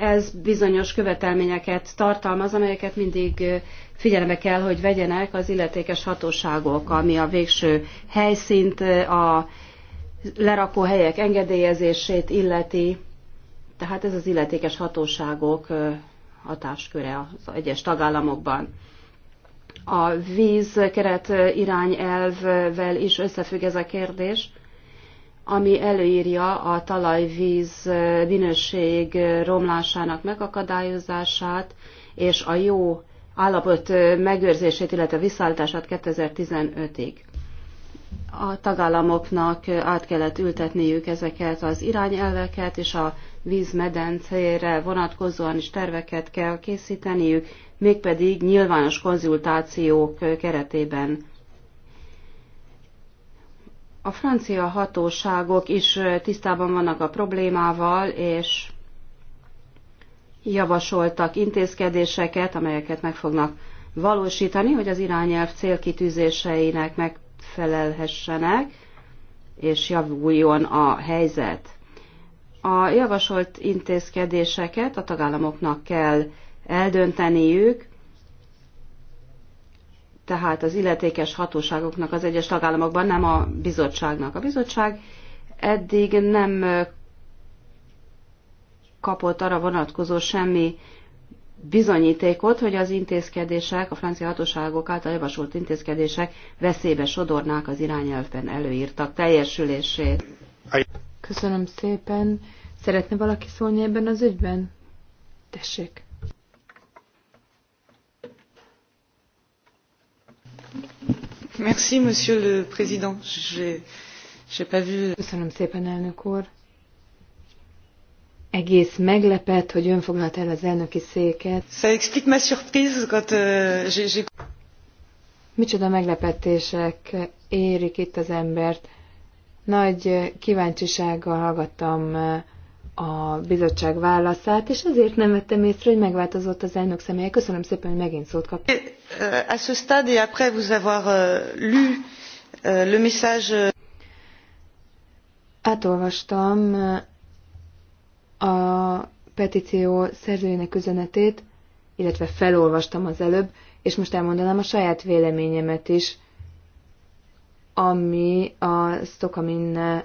Ez bizonyos követelményeket tartalmaz, amelyeket mindig figyelembe kell, hogy vegyenek az illetékes hatóságok, ami a végső helyszínt, a lerakóhelyek engedélyezését illeti, tehát ez az illetékes hatóságok hatásköre az egyes tagállamokban. A vízkeret irányelvvel is összefügg ez a kérdés, ami előírja a talajvíz minőség romlásának megakadályozását és a jó állapot megőrzését, illetve visszaállítását 2015-ig a tagállamoknak át kellett ültetniük ezeket az irányelveket, és a vízmedencére vonatkozóan is terveket kell készíteniük, mégpedig nyilvános konzultációk keretében. A francia hatóságok is tisztában vannak a problémával, és javasoltak intézkedéseket, amelyeket meg fognak valósítani, hogy az irányelv célkitűzéseinek meg megfelelhessenek, és javuljon a helyzet. A javasolt intézkedéseket a tagállamoknak kell eldönteniük, tehát az illetékes hatóságoknak az egyes tagállamokban, nem a bizottságnak. A bizottság eddig nem kapott arra vonatkozó semmi bizonyítékot, hogy az intézkedések, a francia hatóságok által javasolt intézkedések veszélybe sodornák az irányelvben előírtak teljesülését. Köszönöm szépen. Szeretne valaki szólni ebben az ügyben? Tessék. Merci, monsieur le président. J'ai pas vu... Köszönöm szépen, elnök úr egész meglepett, hogy ön foglalt el az elnöki széket. Ça explique ma surprise quand euh, j'ai... Micsoda meglepetések érik itt az embert. Nagy kíváncsisággal hallgattam a bizottság válaszát, és azért nem vettem észre, hogy megváltozott az elnök személye. Köszönöm szépen, hogy megint szót kaptam. Euh, à ce stade et après vous avoir euh, lu le message... Átolvastam a petíció szerzőjének üzenetét, illetve felolvastam az előbb, és most elmondanám a saját véleményemet is, ami a sztokamin eh,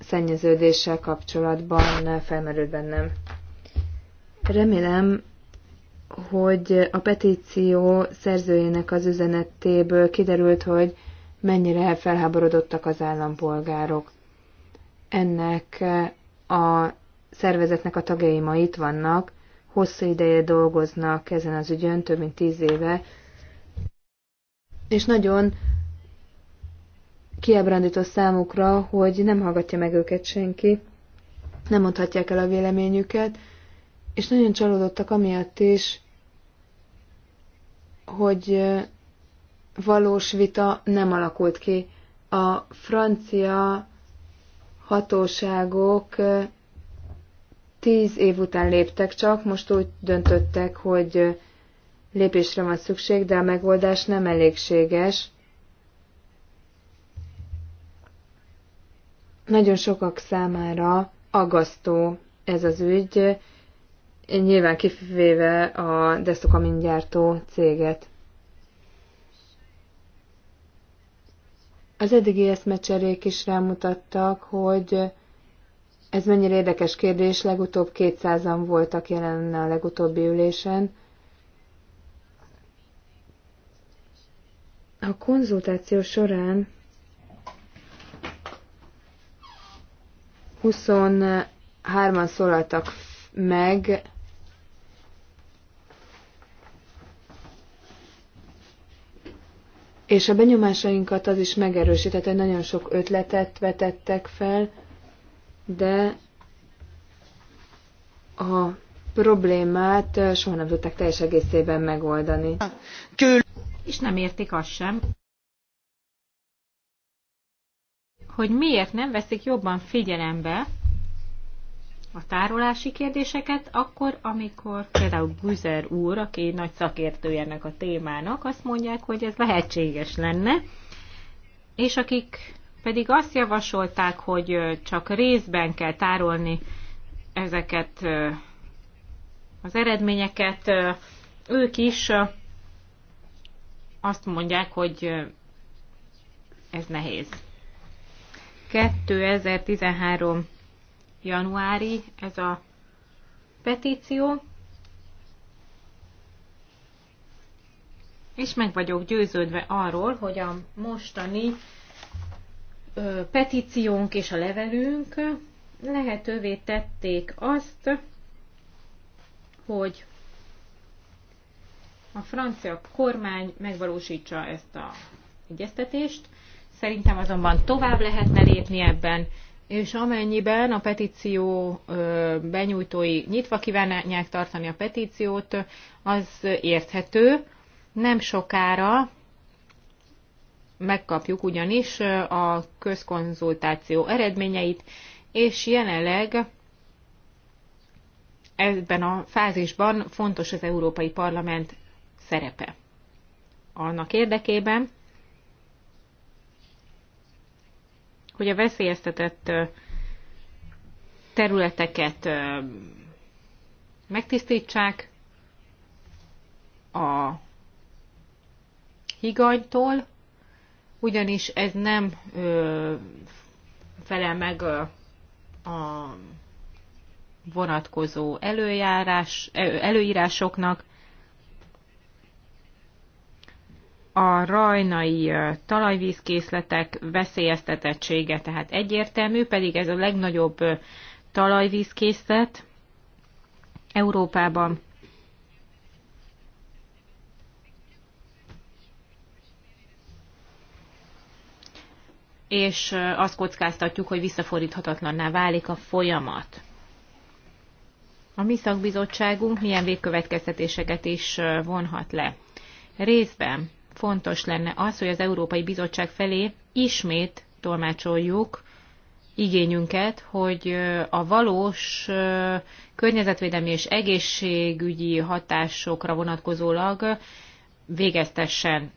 szennyeződéssel kapcsolatban eh, felmerült bennem. Remélem, hogy a petíció szerzőjének az üzenetéből kiderült, hogy mennyire felháborodottak az állampolgárok. Ennek eh, a szervezetnek a tagjai ma itt vannak, hosszú ideje dolgoznak ezen az ügyön, több mint tíz éve, és nagyon kiábrándító számukra, hogy nem hallgatja meg őket senki, nem mondhatják el a véleményüket, és nagyon csalódottak amiatt is, hogy valós vita nem alakult ki. A francia hatóságok tíz év után léptek csak, most úgy döntöttek, hogy lépésre van szükség, de a megoldás nem elégséges. Nagyon sokak számára agasztó ez az ügy, nyilván kivéve a gyártó céget. Az eddigi eszmecserék is rámutattak, hogy ez mennyire érdekes kérdés, legutóbb 200-an voltak jelen a legutóbbi ülésen. A konzultáció során 23-an szólaltak meg, És a benyomásainkat az is megerősített, hogy nagyon sok ötletet vetettek fel, de a problémát soha nem tudták teljes egészében megoldani. És nem értik azt sem, hogy miért nem veszik jobban figyelembe a tárolási kérdéseket, akkor, amikor például Buzer úr, aki nagy szakértő ennek a témának, azt mondják, hogy ez lehetséges lenne, és akik pedig azt javasolták, hogy csak részben kell tárolni ezeket az eredményeket, ők is azt mondják, hogy ez nehéz. 2013 januári ez a petíció, és meg vagyok győződve arról, hogy a mostani ö, petíciónk és a levelünk lehetővé tették azt, hogy a francia kormány megvalósítsa ezt a egyeztetést. Szerintem azonban tovább lehetne lépni ebben, és amennyiben a petíció benyújtói nyitva kívánják tartani a petíciót, az érthető. Nem sokára megkapjuk ugyanis a közkonzultáció eredményeit, és jelenleg ebben a fázisban fontos az Európai Parlament szerepe. Annak érdekében, hogy a veszélyeztetett területeket megtisztítsák a higanytól, ugyanis ez nem ö, felel meg a, a vonatkozó előjárás, előírásoknak, a rajnai talajvízkészletek veszélyeztetettsége, tehát egyértelmű, pedig ez a legnagyobb talajvízkészlet Európában. és azt kockáztatjuk, hogy visszafordíthatatlanná válik a folyamat. A mi szakbizottságunk milyen végkövetkeztetéseket is vonhat le. Részben fontos lenne az, hogy az Európai Bizottság felé ismét tolmácsoljuk igényünket, hogy a valós környezetvédelmi és egészségügyi hatásokra vonatkozólag végeztessen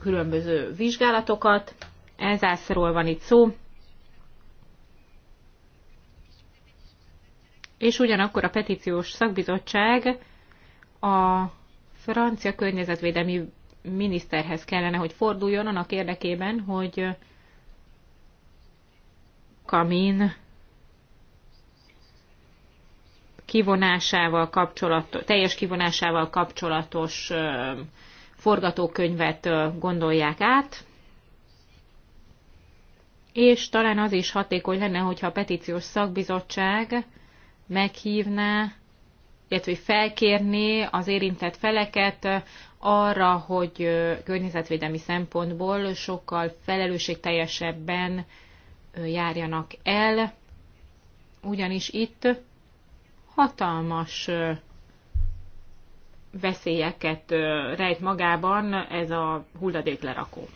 különböző vizsgálatokat. Ezászról van itt szó, és ugyanakkor a petíciós szakbizottság a francia környezetvédelmi miniszterhez kellene, hogy forduljon annak érdekében, hogy kamin kivonásával kapcsolatos, teljes kivonásával kapcsolatos forgatókönyvet gondolják át, és talán az is hatékony lenne, hogyha a petíciós szakbizottság meghívná, illetve felkérné az érintett feleket arra, hogy környezetvédelmi szempontból sokkal felelősségteljesebben járjanak el, ugyanis itt hatalmas veszélyeket rejt magában ez a hulladéklerakó.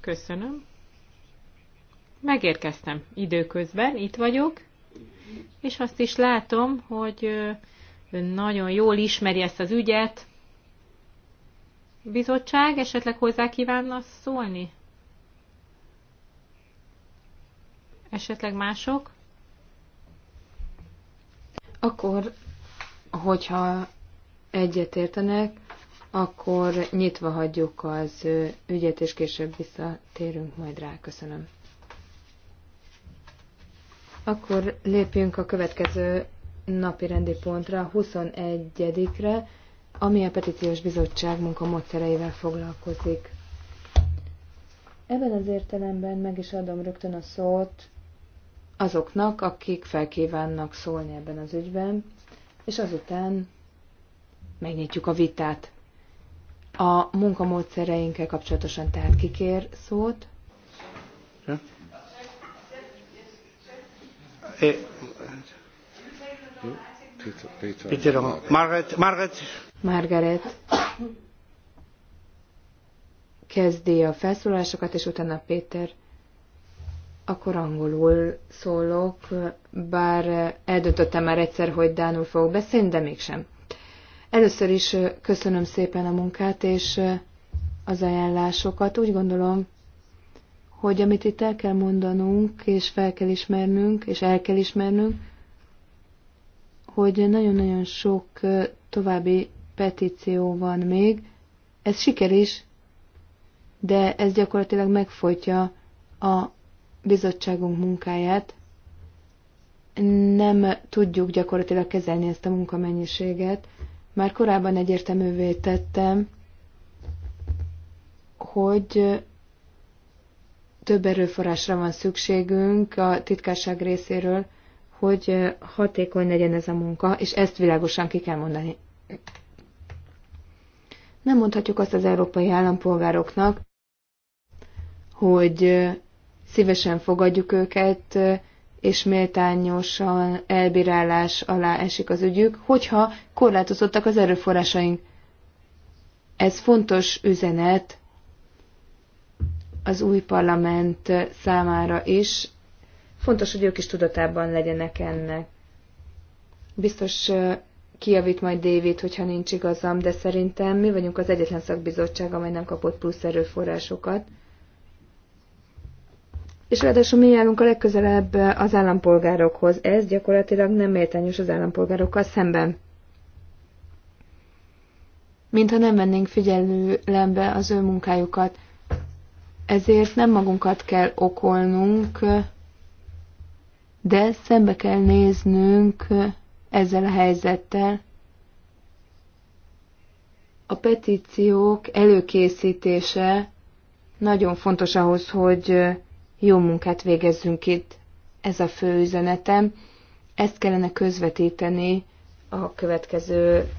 Köszönöm. Megérkeztem időközben, itt vagyok és azt is látom, hogy ön nagyon jól ismeri ezt az ügyet. Bizottság esetleg hozzá kívánna szólni? Esetleg mások? Akkor, hogyha egyetértenek, akkor nyitva hagyjuk az ügyet, és később visszatérünk majd rá. Köszönöm. Akkor lépjünk a következő napi rendi pontra, 21-re, ami a Petíciós Bizottság munkamódszereivel foglalkozik. Ebben az értelemben meg is adom rögtön a szót azoknak, akik felkívánnak szólni ebben az ügyben, és azután megnyitjuk a vitát. A munkamódszereinkkel kapcsolatosan tehát kikér szót, Eh, Peter Margaret, Margaret. Margaret. Kezdi a felszólásokat, és utána Péter. Akkor angolul szólok, bár eldöntöttem már egyszer, hogy Dánul fogok beszélni, de mégsem. Először is köszönöm szépen a munkát és az ajánlásokat. Úgy gondolom, hogy amit itt el kell mondanunk, és fel kell ismernünk, és el kell ismernünk, hogy nagyon-nagyon sok további petíció van még. Ez siker is, de ez gyakorlatilag megfolytja a bizottságunk munkáját. Nem tudjuk gyakorlatilag kezelni ezt a munkamennyiséget. Már korábban egyértelművé tettem, hogy több erőforrásra van szükségünk a titkárság részéről, hogy hatékony legyen ez a munka, és ezt világosan ki kell mondani. Nem mondhatjuk azt az európai állampolgároknak, hogy szívesen fogadjuk őket, és méltányosan elbírálás alá esik az ügyük, hogyha korlátozottak az erőforrásaink. Ez fontos üzenet az új parlament számára is. Fontos, hogy ők is tudatában legyenek ennek. Biztos kijavít majd David, hogyha nincs igazam, de szerintem mi vagyunk az egyetlen szakbizottság, amely nem kapott plusz erőforrásokat. És ráadásul mi járunk a legközelebb az állampolgárokhoz. Ez gyakorlatilag nem méltányos az állampolgárokkal szemben. Mintha nem vennénk figyelembe az ő munkájukat. Ezért nem magunkat kell okolnunk, de szembe kell néznünk ezzel a helyzettel. A petíciók előkészítése nagyon fontos ahhoz, hogy jó munkát végezzünk itt. Ez a fő üzenetem. Ezt kellene közvetíteni a következő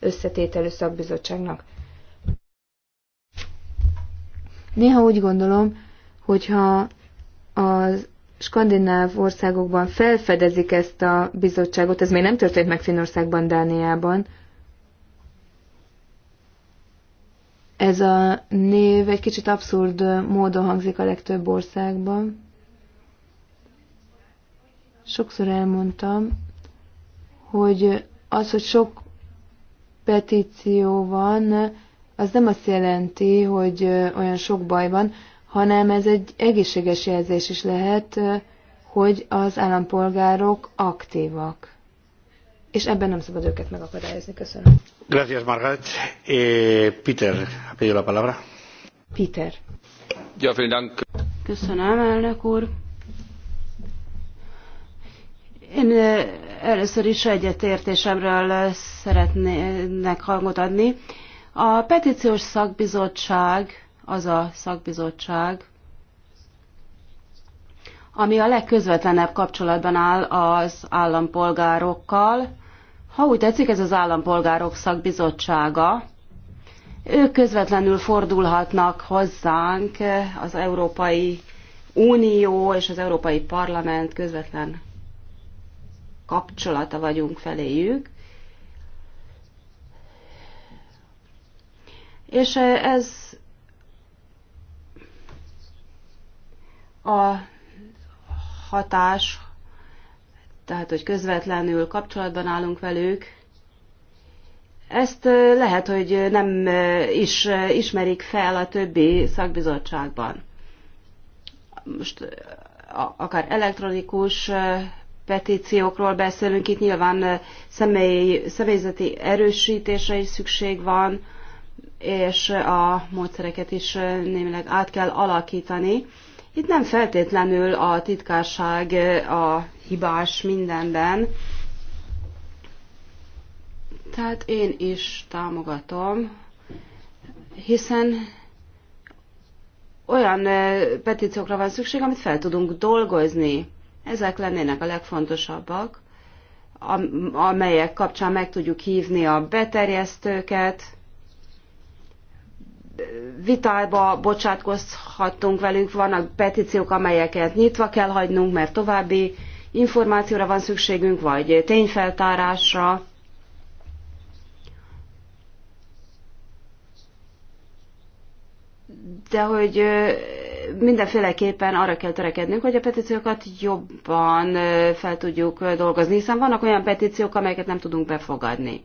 összetételő szakbizottságnak. Néha úgy gondolom, hogyha a skandináv országokban felfedezik ezt a bizottságot, ez még nem történt meg Finnországban, Dániában, ez a név egy kicsit abszurd módon hangzik a legtöbb országban. Sokszor elmondtam, hogy az, hogy sok petíció van, az nem azt jelenti, hogy olyan sok baj van, hanem ez egy egészséges jelzés is lehet, hogy az állampolgárok aktívak. És ebben nem szabad őket megakadályozni. Köszönöm. Gracias, Margaret. Eh, Peter, a pedido la palabra. Peter. Ja, vielen Köszönöm, elnök úr. Én először is egyetértésemről szeretnék hangot adni. A petíciós szakbizottság az a szakbizottság, ami a legközvetlenebb kapcsolatban áll az állampolgárokkal. Ha úgy tetszik, ez az állampolgárok szakbizottsága. Ők közvetlenül fordulhatnak hozzánk az Európai Unió és az Európai Parlament közvetlen kapcsolata vagyunk feléjük. és eh, ez a hatás, tehát hogy közvetlenül kapcsolatban állunk velük, ezt eh, lehet, hogy nem eh, is ismerik fel a többi szakbizottságban. Most akár elektronikus petíciókról beszélünk, itt nyilván személy, személyzeti erősítésre is szükség van, és a módszereket is némileg át kell alakítani. Itt nem feltétlenül a titkárság a hibás mindenben, tehát én is támogatom, hiszen olyan petíciókra van szükség, amit fel tudunk dolgozni. Ezek lennének a legfontosabbak, amelyek kapcsán meg tudjuk hívni a beterjesztőket, vitába bocsátkozhatunk velük, vannak petíciók, amelyeket nyitva kell hagynunk, mert további információra van szükségünk, vagy tényfeltárásra. De hogy mindenféleképpen arra kell törekednünk, hogy a petíciókat jobban fel tudjuk dolgozni, hiszen vannak olyan petíciók, amelyeket nem tudunk befogadni.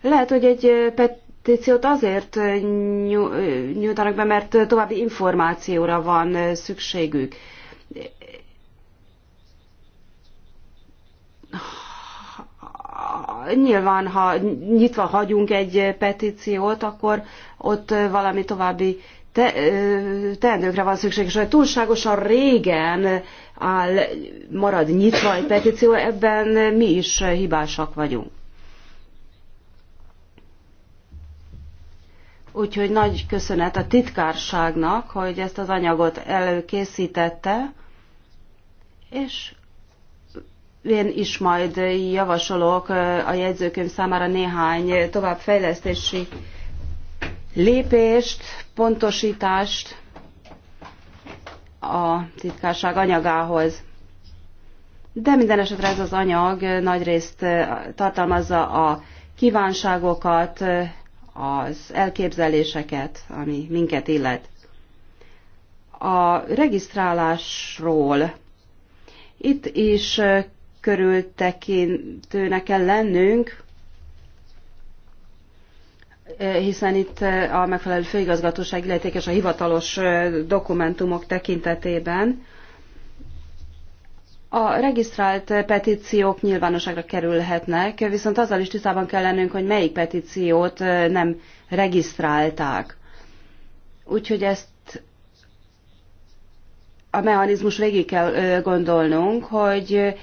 Lehet, hogy egy petíciót azért nyújtanak be, mert további információra van szükségük. Nyilván, ha nyitva hagyunk egy petíciót, akkor ott valami további te, teendőkre van szükség, és hogy túlságosan régen áll, marad nyitva egy petíció, ebben mi is hibásak vagyunk. Úgyhogy nagy köszönet a titkárságnak, hogy ezt az anyagot előkészítette, és én is majd javasolok a jegyzőkönyv számára néhány továbbfejlesztési lépést, pontosítást a titkárság anyagához. De minden esetre ez az anyag nagyrészt tartalmazza a kívánságokat, az elképzeléseket, ami minket illet. A regisztrálásról itt is körültekintőnek kell lennünk, hiszen itt a megfelelő főigazgatóság illetékes a hivatalos dokumentumok tekintetében. A regisztrált petíciók nyilvánosságra kerülhetnek, viszont azzal is tisztában kell lennünk, hogy melyik petíciót nem regisztrálták. Úgyhogy ezt a mechanizmus végig kell gondolnunk, hogy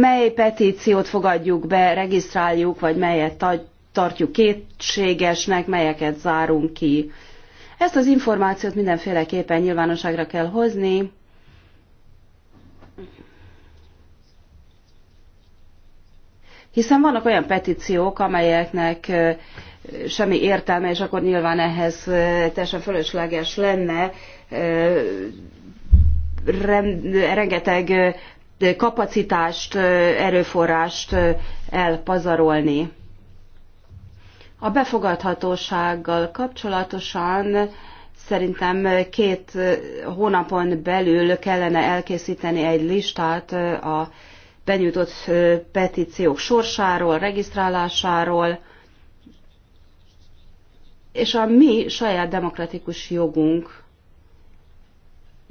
mely petíciót fogadjuk be, regisztráljuk, vagy melyet tartjuk kétségesnek, melyeket zárunk ki. Ezt az információt mindenféleképpen nyilvánosságra kell hozni, Hiszen vannak olyan petíciók, amelyeknek semmi értelme, és akkor nyilván ehhez teljesen fölösleges lenne rengeteg kapacitást, erőforrást elpazarolni. A befogadhatósággal kapcsolatosan szerintem két hónapon belül kellene elkészíteni egy listát a benyújtott petíciók sorsáról, regisztrálásáról, és a mi saját demokratikus jogunk,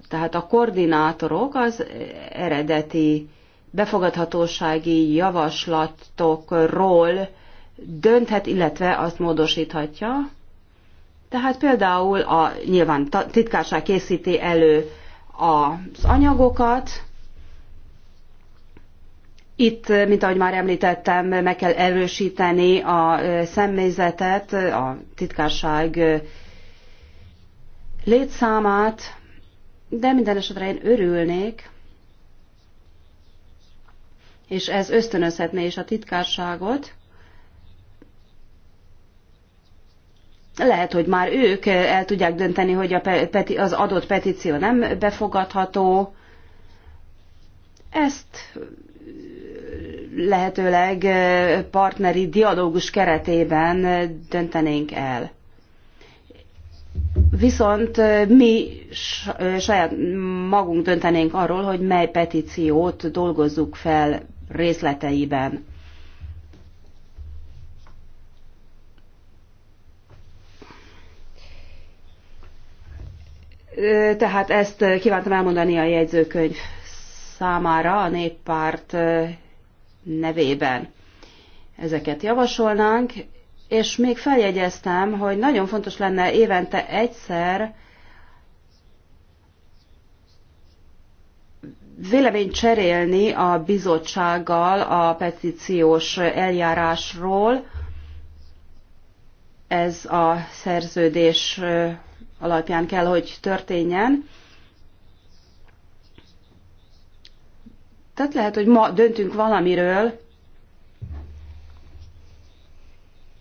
tehát a koordinátorok az eredeti befogadhatósági javaslatokról dönthet, illetve azt módosíthatja. Tehát például a nyilván titkárság készíti elő az anyagokat, itt, mint ahogy már említettem, meg kell erősíteni a személyzetet, a titkárság létszámát, de minden esetre én örülnék, és ez ösztönözhetné is a titkárságot. Lehet, hogy már ők el tudják dönteni, hogy a peti, az adott petíció nem befogadható. Ezt lehetőleg partneri dialógus keretében döntenénk el. Viszont mi saját magunk döntenénk arról, hogy mely petíciót dolgozzuk fel részleteiben. Tehát ezt kívántam elmondani a jegyzőkönyv számára a néppárt nevében. Ezeket javasolnánk, és még feljegyeztem, hogy nagyon fontos lenne évente egyszer véleményt cserélni a bizottsággal a petíciós eljárásról. Ez a szerződés alapján kell, hogy történjen. Tehát lehet, hogy ma döntünk valamiről,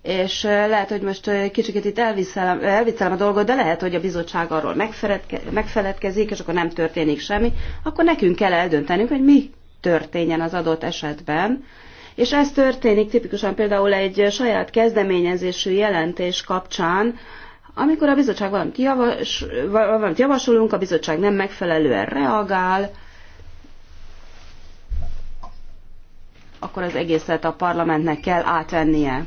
és lehet, hogy most kicsit itt elviszem, elviccelem a dolgot, de lehet, hogy a bizottság arról megfeledkezik, és akkor nem történik semmi, akkor nekünk kell eldöntenünk, hogy mi történjen az adott esetben. És ez történik tipikusan például egy saját kezdeményezésű jelentés kapcsán, amikor a bizottság valamit, javas, valamit javasolunk, a bizottság nem megfelelően reagál, akkor az egészet a parlamentnek kell átvennie.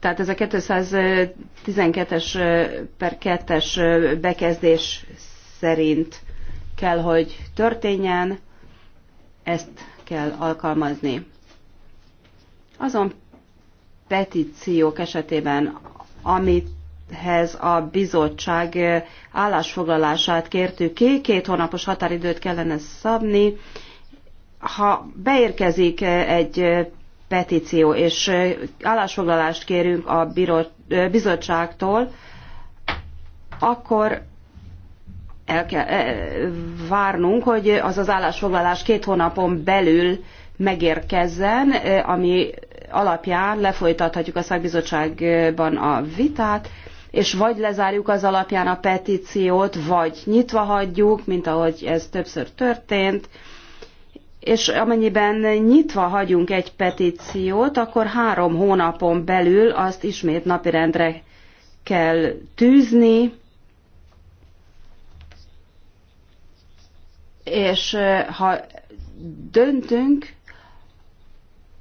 Tehát ez a 212-es per 2-es bekezdés szerint kell, hogy történjen, ezt kell alkalmazni. Azon petíciók esetében, amit hez a bizottság eh, állásfoglalását kértük ki, két hónapos határidőt kellene szabni. Ha beérkezik eh, egy eh, petíció, és állásfoglalást kérünk a bizottságtól, akkor el kell várnunk, hogy az az állásfoglalás két hónapon belül megérkezzen, ami alapján lefolytathatjuk a szakbizottságban a vitát, és vagy lezárjuk az alapján a petíciót, vagy nyitva hagyjuk, mint ahogy ez többször történt, és amennyiben nyitva hagyunk egy petíciót, akkor három hónapon belül azt ismét napirendre kell tűzni, és ha döntünk,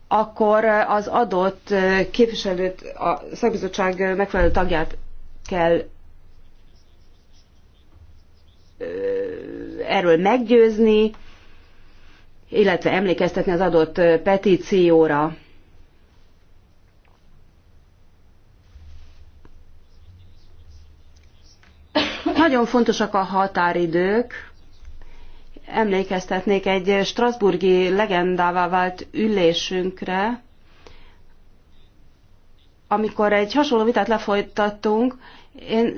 akkor az adott képviselőt, a szakbizottság megfelelő tagját kell erről meggyőzni, illetve emlékeztetni az adott petícióra. Nagyon fontosak a határidők. Emlékeztetnék egy Strasburgi legendává vált ülésünkre, amikor egy hasonló vitát lefolytattunk, én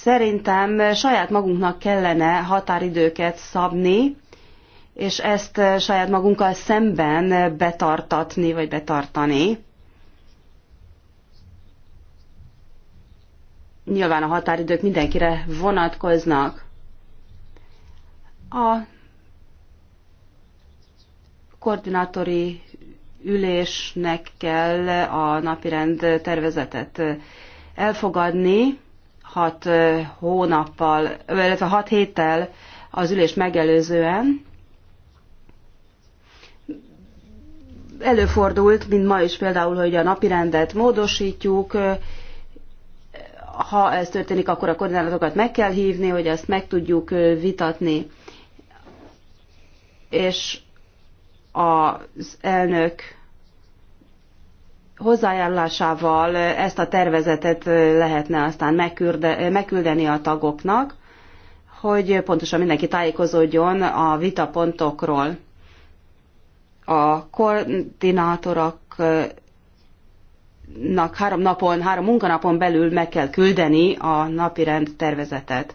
szerintem saját magunknak kellene határidőket szabni, és ezt saját magunkkal szemben betartatni, vagy betartani. Nyilván a határidők mindenkire vonatkoznak. A koordinátori ülésnek kell a napirend tervezetet elfogadni, hat hónappal, illetve hat héttel az ülés megelőzően. Előfordult, mint ma is például, hogy a napirendet módosítjuk, ha ez történik, akkor a koordinátokat meg kell hívni, hogy ezt meg tudjuk vitatni. És az elnök hozzájárulásával ezt a tervezetet lehetne aztán megküldeni a tagoknak, hogy pontosan mindenki tájékozódjon a vitapontokról. A koordinátoroknak három napon, három munkanapon belül meg kell küldeni a napirend tervezetet.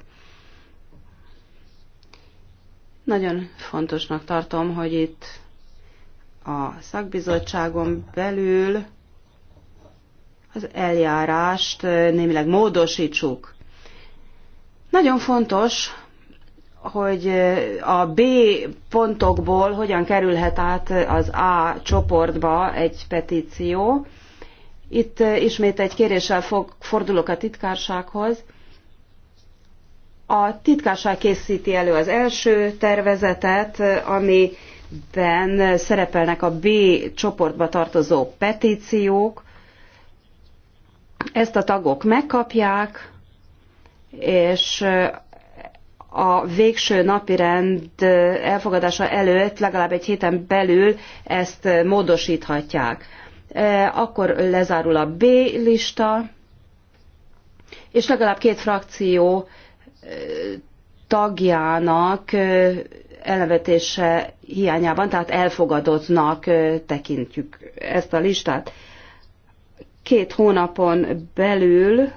Nagyon fontosnak tartom, hogy itt a szakbizottságon belül az eljárást némileg módosítsuk. Nagyon fontos, hogy a B pontokból hogyan kerülhet át az A csoportba egy petíció. Itt ismét egy kéréssel fog, fordulok a titkársághoz. A titkárság készíti elő az első tervezetet, ami ben szerepelnek a B csoportba tartozó petíciók. Ezt a tagok megkapják, és a végső napirend elfogadása előtt legalább egy héten belül ezt módosíthatják. E, akkor lezárul a B lista, és legalább két frakció e, tagjának e, elnevetése hiányában, tehát elfogadottnak tekintjük ezt a listát. Két hónapon belül,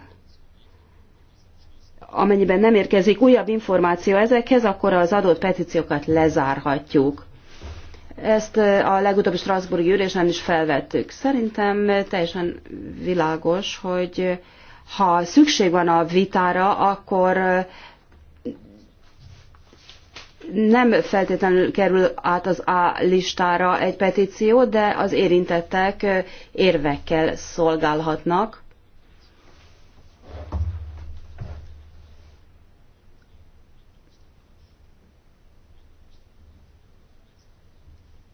amennyiben nem érkezik újabb információ ezekhez, akkor az adott petíciókat lezárhatjuk. Ezt a legutóbbi Strasburgi ülésen is felvettük. Szerintem teljesen világos, hogy ha szükség van a vitára, akkor nem feltétlenül kerül át az A listára egy petíció, de az érintettek érvekkel szolgálhatnak.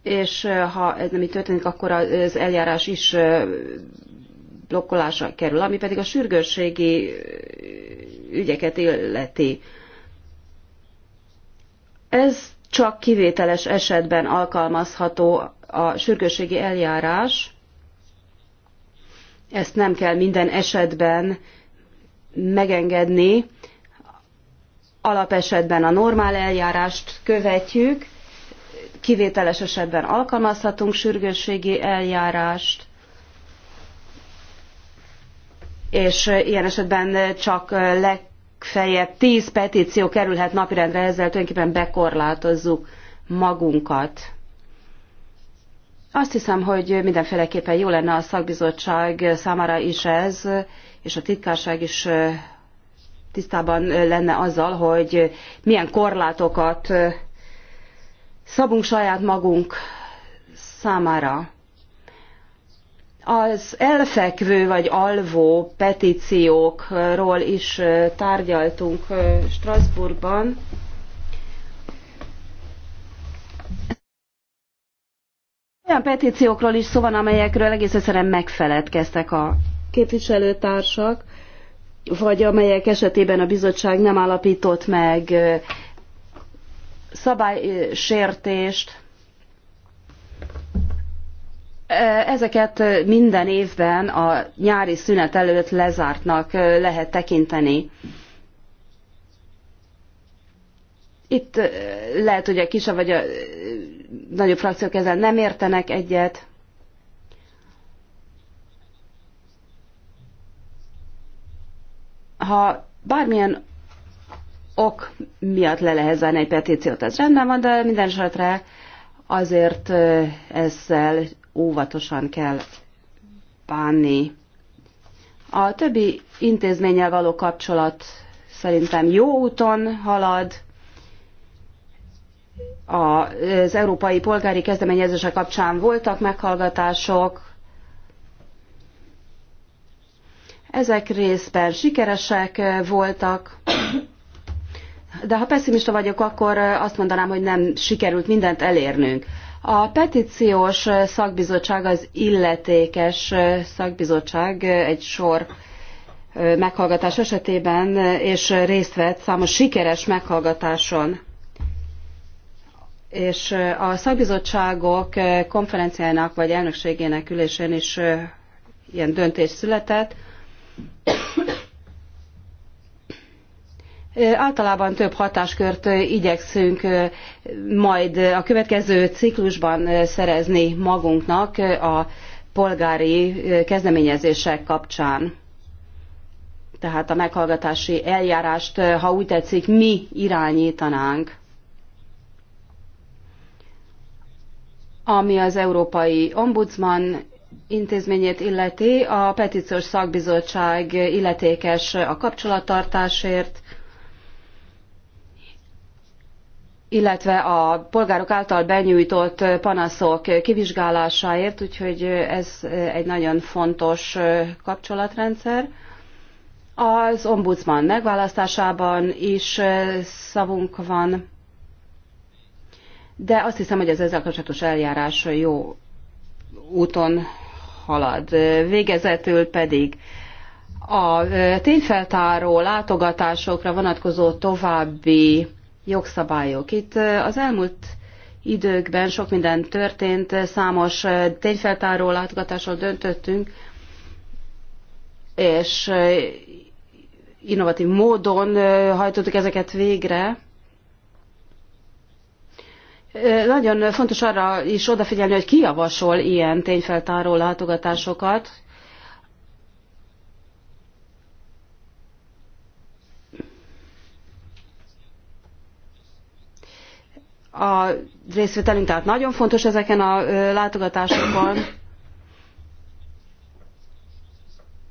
és ha ez nem így történik, akkor az eljárás is blokkolásra kerül, ami pedig a sürgősségi ügyeket illeti. Ez csak kivételes esetben alkalmazható a sürgősségi eljárás. Ezt nem kell minden esetben megengedni. Alapesetben a normál eljárást követjük, kivételes esetben alkalmazhatunk sürgősségi eljárást, és ilyen esetben csak leg legfeljebb tíz petíció kerülhet napirendre, ezzel tulajdonképpen bekorlátozzuk magunkat. Azt hiszem, hogy mindenféleképpen jó lenne a szakbizottság számára is ez, és a titkárság is tisztában lenne azzal, hogy milyen korlátokat szabunk saját magunk számára. Az elfekvő vagy alvó petíciókról is tárgyaltunk Strasbourgban. Olyan petíciókról is szó van, amelyekről egész egyszerűen megfeledkeztek a képviselőtársak, vagy amelyek esetében a bizottság nem állapított meg szabálysértést, Ezeket minden évben a nyári szünet előtt lezártnak lehet tekinteni. Itt lehet, hogy a kisebb vagy a nagyobb frakciók ezzel nem értenek egyet. Ha bármilyen ok miatt le lehet zárni egy petíciót, ez rendben van, de minden esetre azért ezzel óvatosan kell bánni. A többi intézménnyel való kapcsolat szerintem jó úton halad. Az európai polgári kezdeményezése kapcsán voltak meghallgatások. Ezek részben sikeresek voltak, de ha pessimista vagyok, akkor azt mondanám, hogy nem sikerült mindent elérnünk. A petíciós szakbizottság az illetékes szakbizottság egy sor meghallgatás esetében, és részt vett számos sikeres meghallgatáson. És a szakbizottságok konferenciának vagy elnökségének ülésén is ilyen döntés született. Általában több hatáskört igyekszünk majd a következő ciklusban szerezni magunknak a polgári kezdeményezések kapcsán. Tehát a meghallgatási eljárást, ha úgy tetszik, mi irányítanánk. Ami az Európai Ombudsman intézményét illeti, a petíciós szakbizottság illetékes a kapcsolattartásért, illetve a polgárok által benyújtott panaszok kivizsgálásáért, úgyhogy ez egy nagyon fontos kapcsolatrendszer. Az ombudsman megválasztásában is szavunk van, de azt hiszem, hogy az ezzel kapcsolatos eljárás jó úton halad. Végezetül pedig a tényfeltáró látogatásokra vonatkozó további jogszabályok. Itt az elmúlt időkben sok minden történt, számos tényfeltáró látogatásról döntöttünk, és innovatív módon hajtottuk ezeket végre. Nagyon fontos arra is odafigyelni, hogy ki javasol ilyen tényfeltáró látogatásokat, a részvételünk, tehát nagyon fontos ezeken a látogatásokon,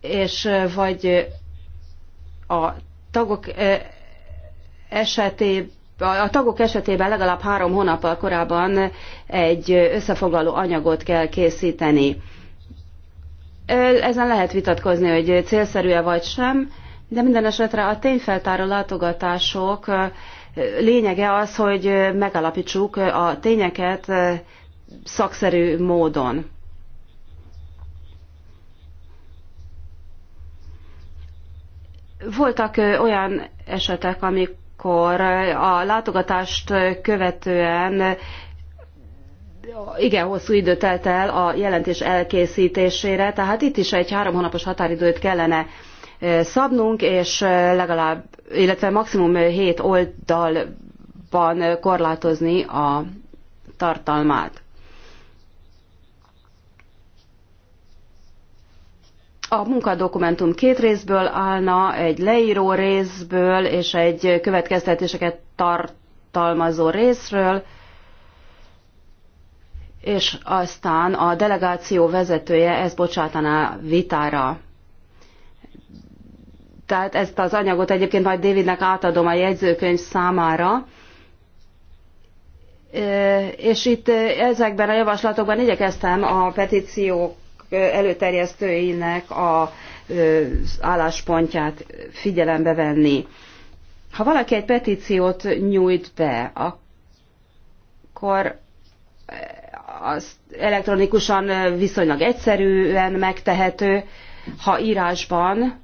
és vagy a tagok esetében a tagok esetében legalább három hónappal korábban egy összefoglaló anyagot kell készíteni. Ezen lehet vitatkozni, hogy célszerű-e vagy sem, de minden esetre a tényfeltáró látogatások lényege az, hogy megalapítsuk a tényeket szakszerű módon. Voltak olyan esetek, amikor a látogatást követően igen hosszú idő telt el a jelentés elkészítésére, tehát itt is egy három hónapos határidőt kellene szabnunk, és legalább, illetve maximum 7 oldalban korlátozni a tartalmát. A munkadokumentum két részből állna, egy leíró részből és egy következtetéseket tartalmazó részről, és aztán a delegáció vezetője ezt bocsátaná vitára tehát ezt az anyagot egyébként majd Davidnek átadom a jegyzőkönyv számára. És itt ezekben a javaslatokban igyekeztem a petíciók előterjesztőinek az álláspontját figyelembe venni. Ha valaki egy petíciót nyújt be, akkor az elektronikusan viszonylag egyszerűen megtehető, ha írásban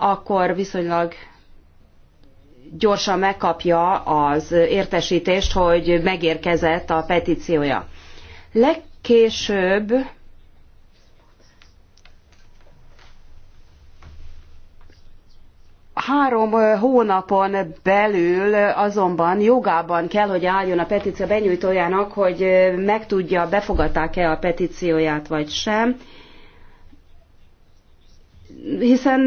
akkor viszonylag gyorsan megkapja az értesítést, hogy megérkezett a petíciója. Legkésőbb három hónapon belül azonban jogában kell, hogy álljon a petíció benyújtójának, hogy megtudja, befogadták-e a petícióját vagy sem hiszen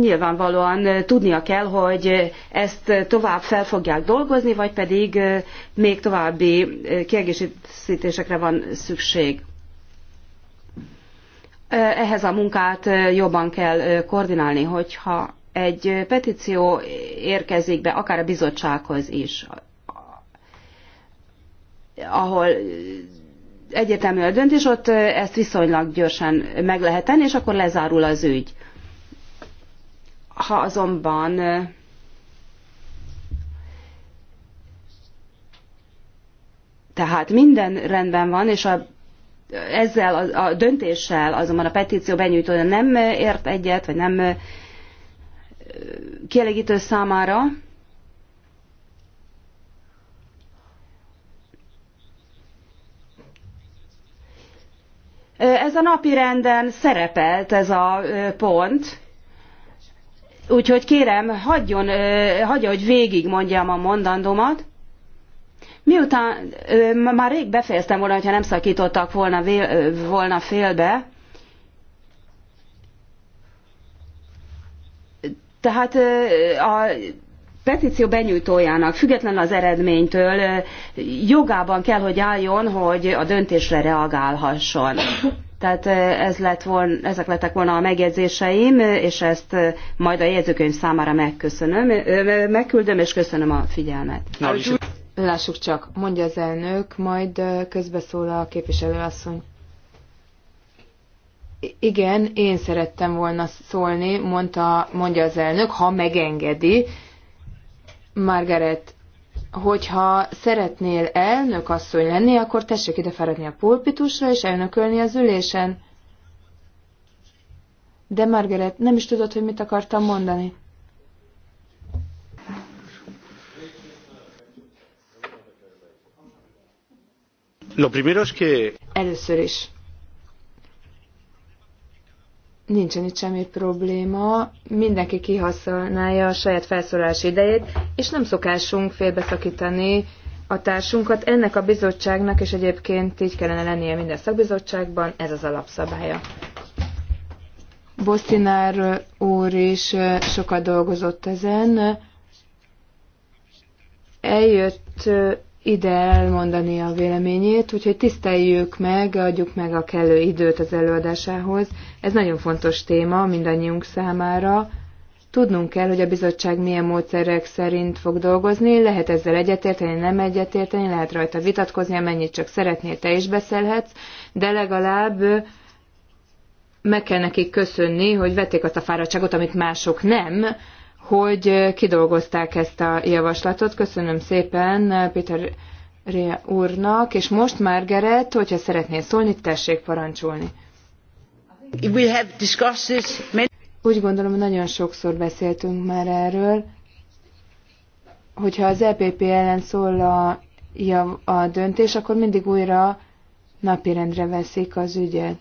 nyilvánvalóan tudnia kell, hogy ezt tovább fel fogják dolgozni, vagy pedig még további kiegészítésekre van szükség. Ehhez a munkát jobban kell koordinálni, hogyha egy petíció érkezik be, akár a bizottsághoz is, ahol egyértelmű a döntés, ott ezt viszonylag gyorsan meg lehet tenni, és akkor lezárul az ügy. Ha azonban tehát minden rendben van, és a, ezzel a, a döntéssel azonban a petíció benyújtója nem ért egyet, vagy nem kielégítő számára, Ez a napirenden szerepelt ez a pont, úgyhogy kérem, hagyjon, hagyja, hogy végigmondjam a mondandómat. Miután már rég befejeztem volna, hogyha nem szakítottak volna, volna félbe, tehát a petíció benyújtójának, független az eredménytől jogában kell, hogy álljon, hogy a döntésre reagálhasson. Tehát ez lett volna, ezek lettek volna a megjegyzéseim, és ezt majd a jegyzőkönyv számára megköszönöm, megküldöm, és köszönöm a figyelmet. Na, Lássuk csak, mondja az elnök, majd közbeszól a képviselőasszony. Igen, én szerettem volna szólni, mondta, mondja az elnök, ha megengedi, Margaret, hogyha szeretnél elnök asszony lenni, akkor tessék ide feladni a pulpitusra és elnökölni az ülésen. De Margaret, nem is tudod, hogy mit akartam mondani. Lo primero es que... Először is nincsen itt semmi probléma, mindenki kihasználja a saját felszólalási idejét, és nem szokásunk félbeszakítani a társunkat. Ennek a bizottságnak, és egyébként így kellene lennie minden szakbizottságban, ez az alapszabálya. Bosszinár úr is sokat dolgozott ezen. Eljött ide elmondani a véleményét, úgyhogy tiszteljük meg, adjuk meg a kellő időt az előadásához. Ez nagyon fontos téma mindannyiunk számára. Tudnunk kell, hogy a bizottság milyen módszerek szerint fog dolgozni, lehet ezzel egyetérteni, nem egyetérteni, lehet rajta vitatkozni, amennyit csak szeretnél, te is beszélhetsz, de legalább meg kell nekik köszönni, hogy vették azt a fáradtságot, amit mások nem, hogy kidolgozták ezt a javaslatot. Köszönöm szépen Péter Ria úrnak, és most Margaret, hogyha szeretnél szólni, tessék parancsolni. Úgy gondolom, nagyon sokszor beszéltünk már erről, hogyha az EPP ellen szól a, a döntés, akkor mindig újra napirendre veszik az ügyet.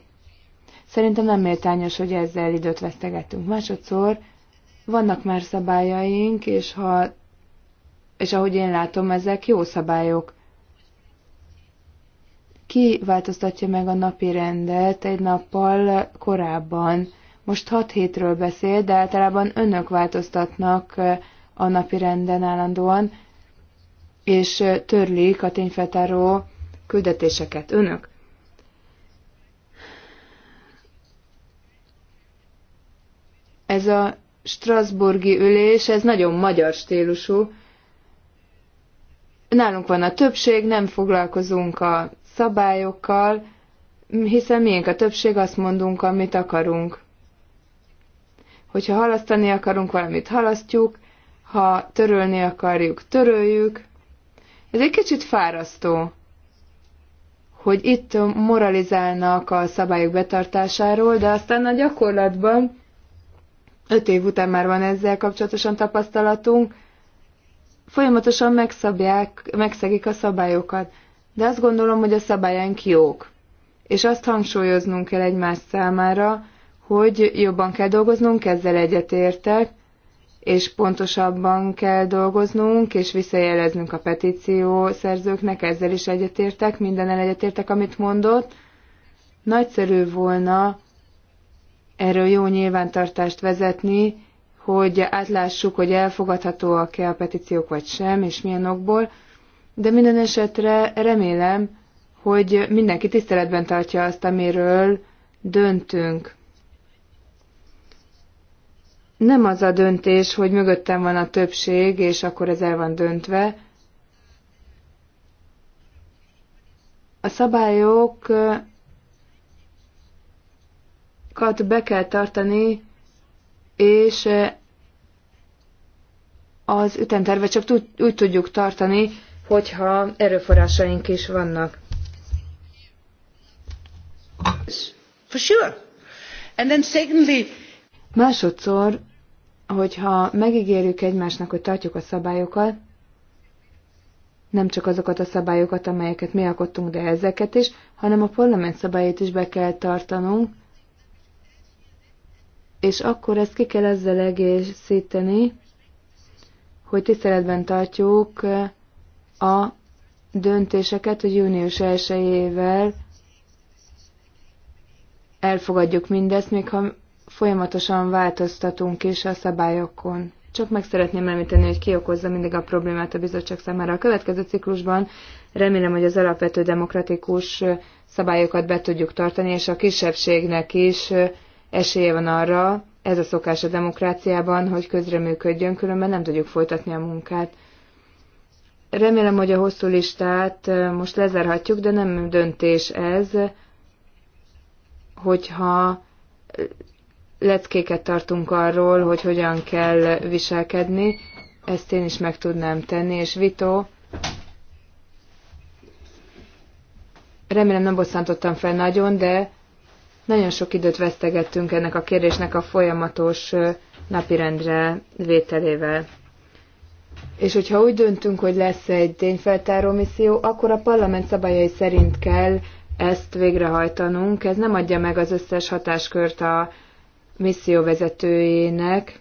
Szerintem nem méltányos, hogy ezzel időt vesztegettünk. Másodszor vannak már szabályaink, és, ha, és ahogy én látom, ezek jó szabályok. Ki változtatja meg a napi rendet egy nappal korábban? Most 6 hétről beszél, de általában önök változtatnak a napi renden állandóan, és törlik a tényfeltáró küldetéseket. Önök? Ez a Strasburgi ülés, ez nagyon magyar stílusú. Nálunk van a többség, nem foglalkozunk a szabályokkal, hiszen miénk a többség, azt mondunk, amit akarunk. Hogyha halasztani akarunk valamit, halasztjuk, ha törölni akarjuk, töröljük. Ez egy kicsit fárasztó, hogy itt moralizálnak a szabályok betartásáról, de aztán a gyakorlatban Öt év után már van ezzel kapcsolatosan tapasztalatunk. Folyamatosan megszabják, megszegik a szabályokat. De azt gondolom, hogy a szabályánk jók. És azt hangsúlyoznunk kell egymás számára, hogy jobban kell dolgoznunk, ezzel egyetértek, és pontosabban kell dolgoznunk, és visszajeleznünk a petíció szerzőknek, ezzel is egyetértek, minden egyetértek, amit mondott. Nagyszerű volna, erről jó nyilvántartást vezetni, hogy átlássuk, hogy elfogadhatóak-e a petíciók vagy sem, és milyen okból, de minden esetre remélem, hogy mindenki tiszteletben tartja azt, amiről döntünk. Nem az a döntés, hogy mögöttem van a többség, és akkor ez el van döntve. A szabályok szabályokat be kell tartani, és eh, az ütemtervet csak úgy tudjuk tartani, hogyha erőforrásaink is vannak. For sure. And then secondly... Másodszor, hogyha megígérjük egymásnak, hogy tartjuk a szabályokat, nem csak azokat a szabályokat, amelyeket mi alkottunk, de ezeket is, hanem a parlament szabályait is be kell tartanunk, és akkor ezt ki kell ezzel egészíteni, hogy tiszteletben tartjuk a döntéseket, hogy június 1-ével elfogadjuk mindezt, még ha folyamatosan változtatunk is a szabályokon. Csak meg szeretném említeni, hogy ki okozza mindig a problémát a bizottság számára. A következő ciklusban remélem, hogy az alapvető demokratikus szabályokat be tudjuk tartani, és a kisebbségnek is esélye van arra, ez a szokás a demokráciában, hogy közreműködjön, különben nem tudjuk folytatni a munkát. Remélem, hogy a hosszú listát most lezárhatjuk, de nem döntés ez, hogyha leckéket tartunk arról, hogy hogyan kell viselkedni, ezt én is meg tudnám tenni, és Vito, remélem nem bosszantottam fel nagyon, de nagyon sok időt vesztegettünk ennek a kérdésnek a folyamatos napirendre vételével. És hogyha úgy döntünk, hogy lesz egy tényfeltáró misszió, akkor a parlament szabályai szerint kell ezt végrehajtanunk. Ez nem adja meg az összes hatáskört a misszió vezetőjének.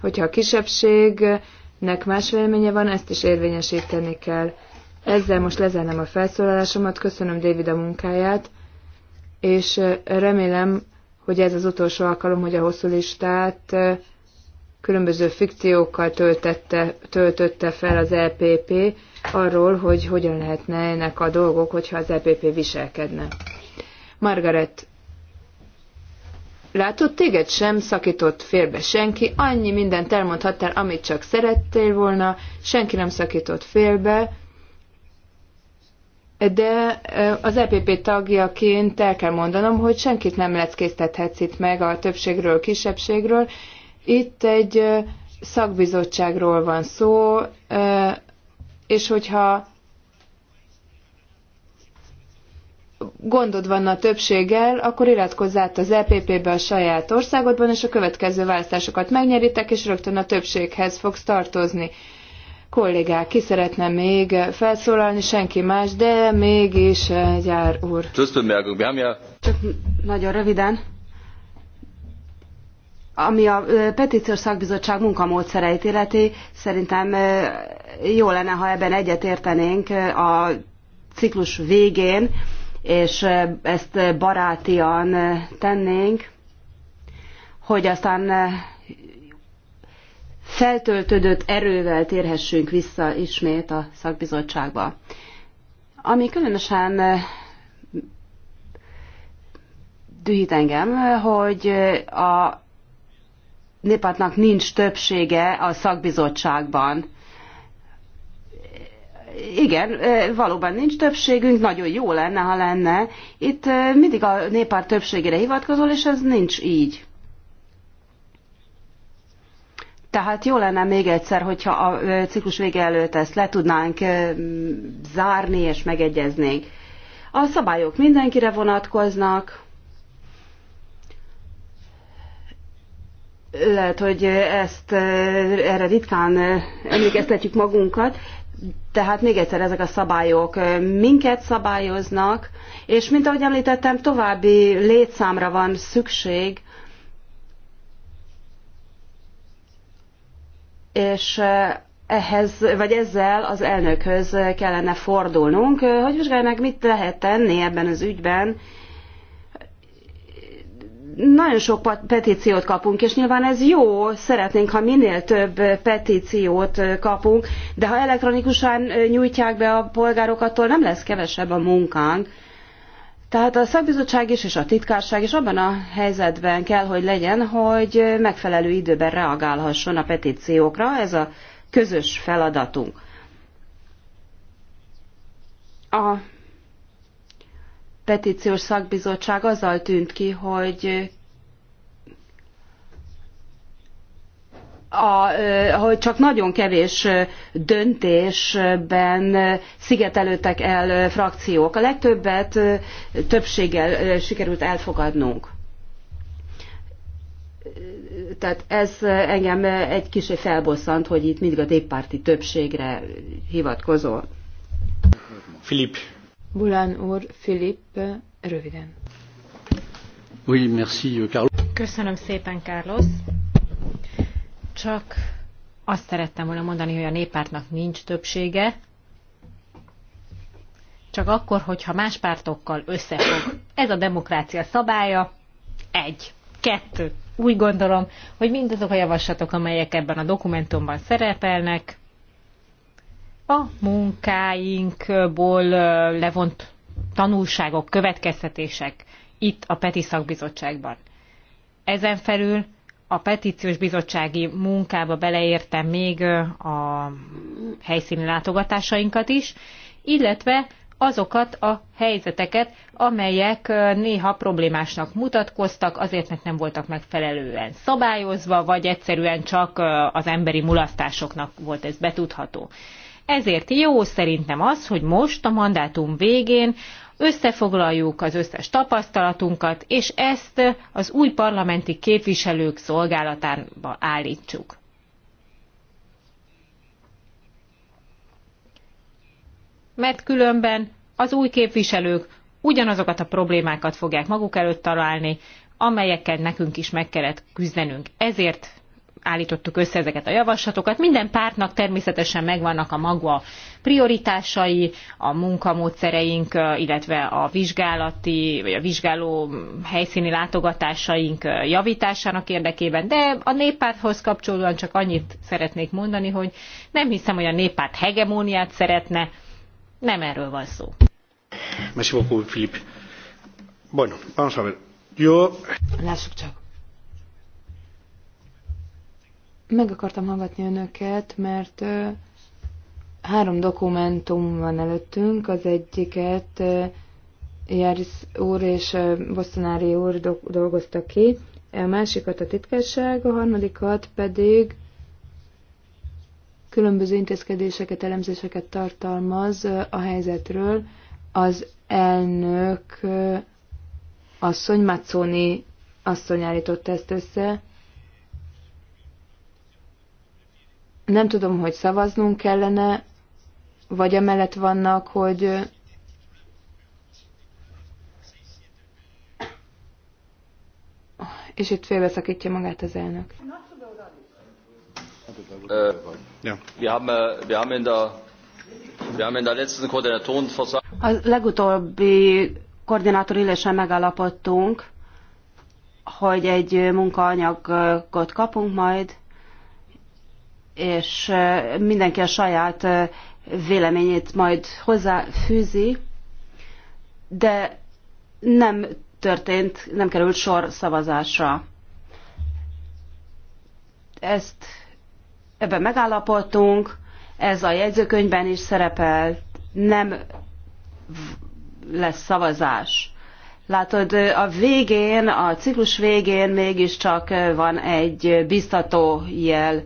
Hogyha a kisebbségnek más véleménye van, ezt is érvényesíteni kell. Ezzel most lezárnám a felszólalásomat, köszönöm David a munkáját, és remélem, hogy ez az utolsó alkalom, hogy a hosszú listát különböző fikciókkal töltette, töltötte fel az EPP arról, hogy hogyan lehetne ennek a dolgok, hogyha az EPP viselkedne. Margaret, látott téged sem szakított félbe senki, annyi mindent elmondhattál, amit csak szerettél volna, senki nem szakított félbe, de az EPP tagjaként el kell mondanom, hogy senkit nem leckéztethetsz itt meg a többségről, kisebbségről. Itt egy szakbizottságról van szó, és hogyha gondod van a többséggel, akkor iratkozz át az EPP-be a saját országodban, és a következő választásokat megnyeritek, és rögtön a többséghez fogsz tartozni. Kollégák, ki szeretne még felszólalni, senki más, de mégis jár eh, úr. Csak nagyon röviden. Ami a eh, petíciós szakbizottság munkamódszereit illeti, szerintem eh, jó lenne, ha ebben egyet értenénk a ciklus végén, és ezt barátian tennénk, hogy aztán feltöltődött erővel térhessünk vissza ismét a szakbizottságba. Ami különösen eh, dühít engem, hogy a népátnak nincs többsége a szakbizottságban. Igen, eh, valóban nincs többségünk, nagyon jó lenne, ha lenne. Itt eh, mindig a néppárt többségére hivatkozol, és ez nincs így. Tehát jó lenne még egyszer, hogyha a ciklus vége előtt ezt le tudnánk zárni és megegyeznénk. A szabályok mindenkire vonatkoznak. Lehet, hogy ezt erre ritkán emlékeztetjük magunkat, tehát még egyszer ezek a szabályok minket szabályoznak, és mint ahogy említettem, további létszámra van szükség, és ehhez, vagy ezzel az elnökhöz kellene fordulnunk, hogy vizsgálj meg, mit lehet tenni ebben az ügyben. Nagyon sok petíciót kapunk, és nyilván ez jó, szeretnénk, ha minél több petíciót kapunk, de ha elektronikusan nyújtják be a polgárok, attól nem lesz kevesebb a munkánk tehát a szakbizottság is és a titkárság is abban a helyzetben kell, hogy legyen, hogy megfelelő időben reagálhasson a petíciókra, ez a közös feladatunk. A petíciós szakbizottság azzal tűnt ki, hogy a, hogy csak nagyon kevés döntésben szigetelődtek el frakciók. A legtöbbet többséggel sikerült elfogadnunk. Tehát ez engem egy kicsit felbosszant, hogy itt mindig a néppárti többségre hivatkozol. Filip. Bulán úr, Filip, röviden. Oui, merci, Carlos. Köszönöm szépen, Carlos csak azt szerettem volna mondani, hogy a néppártnak nincs többsége, csak akkor, hogyha más pártokkal összefog. Ez a demokrácia szabálya. Egy. Kettő. Úgy gondolom, hogy mindazok a javaslatok, amelyek ebben a dokumentumban szerepelnek, a munkáinkból levont tanulságok, következtetések itt a Peti Szakbizottságban. Ezen felül a petíciós bizottsági munkába beleértem még a helyszíni látogatásainkat is, illetve azokat a helyzeteket, amelyek néha problémásnak mutatkoztak, azért, mert nem voltak megfelelően szabályozva, vagy egyszerűen csak az emberi mulasztásoknak volt ez betudható. Ezért jó szerintem az, hogy most a mandátum végén összefoglaljuk az összes tapasztalatunkat, és ezt az új parlamenti képviselők szolgálatába állítsuk. Mert különben az új képviselők ugyanazokat a problémákat fogják maguk előtt találni, amelyekkel nekünk is meg kellett küzdenünk. Ezért állítottuk össze ezeket a javaslatokat. Minden pártnak természetesen megvannak a maga prioritásai, a munkamódszereink, illetve a vizsgálati, vagy a vizsgáló helyszíni látogatásaink javításának érdekében, de a néppárthoz kapcsolódóan csak annyit szeretnék mondani, hogy nem hiszem, hogy a néppárt hegemóniát szeretne, nem erről van szó. Merci beaucoup, Filip. Bueno, vamos a ver. Yo... Lássuk csak meg akartam hallgatni önöket, mert három dokumentum van előttünk, az egyiket Járis úr és Bosszonári úr dolgozta ki, a másikat a titkárság, a harmadikat pedig különböző intézkedéseket, elemzéseket tartalmaz a helyzetről az elnök asszony, Macóni asszony állította ezt össze, Nem tudom, hogy szavaznunk kellene, vagy emellett vannak, hogy És itt félbeszakítja magát az elnök. A legutóbbi koordinátor ülésen megállapodtunk, hogy egy munkaanyagot kapunk majd, és mindenki a saját véleményét majd hozzáfűzi, de nem történt, nem került sor szavazásra. Ezt ebben megállapodtunk, ez a jegyzőkönyvben is szerepel, nem lesz szavazás. Látod, a végén, a ciklus végén mégiscsak van egy biztató jel,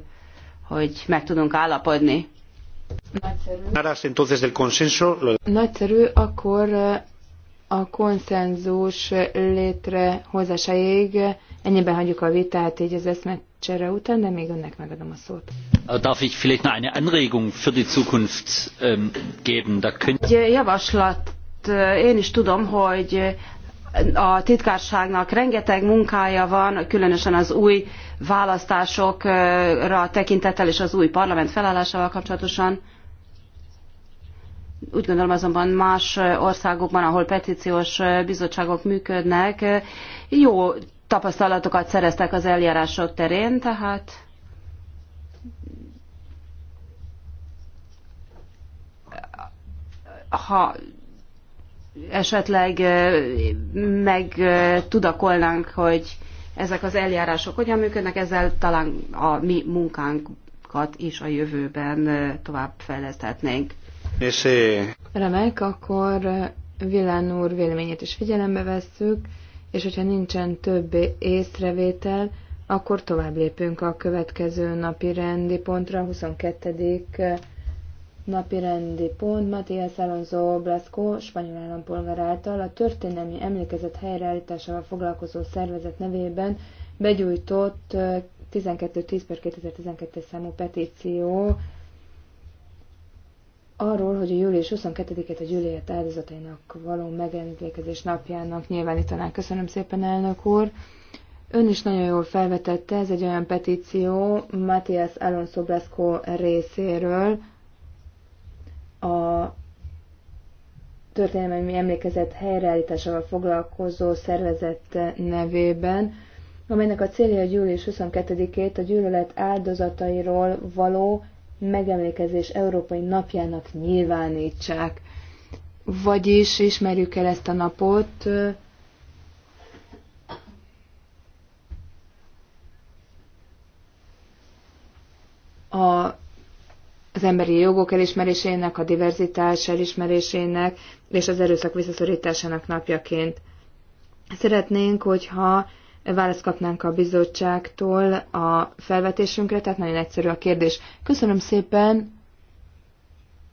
hogy meg tudunk állapodni. Nagyszerű, Nagyszerű akkor eh, a konszenzus létrehozásáig ennyiben hagyjuk a vitát így az eszmecsere után, de még önnek megadom a szót. Äh, darf ich vielleicht noch eine Anregung für die Zukunft ähm, geben? Da könnt... Egy javaslat eh, én is tudom, hogy a titkárságnak rengeteg munkája van, különösen az új választásokra tekintettel és az új parlament felállásával kapcsolatosan. Úgy gondolom azonban más országokban, ahol petíciós bizottságok működnek, jó tapasztalatokat szereztek az eljárások terén, tehát ha esetleg meg tudakolnánk, hogy ezek az eljárások hogyan működnek, ezzel talán a mi munkánkat is a jövőben tovább fejleszthetnénk. Remek, akkor Villán úr véleményét is figyelembe vesszük, és hogyha nincsen több észrevétel, akkor tovább lépünk a következő napi rendi pontra, 22 napi rendi pont Matías Alonso Blasco, spanyol állampolgár által a történelmi emlékezet helyreállításával foglalkozó szervezet nevében begyújtott 1210 per 2012 számú petíció arról, hogy a július 22-et a gyűlölet áldozatainak való megemlékezés napjának nyilvánítanák. Köszönöm szépen, elnök úr! Ön is nagyon jól felvetette, ez egy olyan petíció Matthias Alonso Blasco részéről, a történelmi emlékezet helyreállításával foglalkozó szervezet nevében, amelynek a célja a július 22-ét a gyűlölet áldozatairól való megemlékezés Európai Napjának nyilvánítsák. Vagyis ismerjük el ezt a napot, a az emberi jogok elismerésének, a diverzitás elismerésének és az erőszak visszaszorításának napjaként. Szeretnénk, hogyha választ kapnánk a bizottságtól a felvetésünkre, tehát nagyon egyszerű a kérdés. Köszönöm szépen,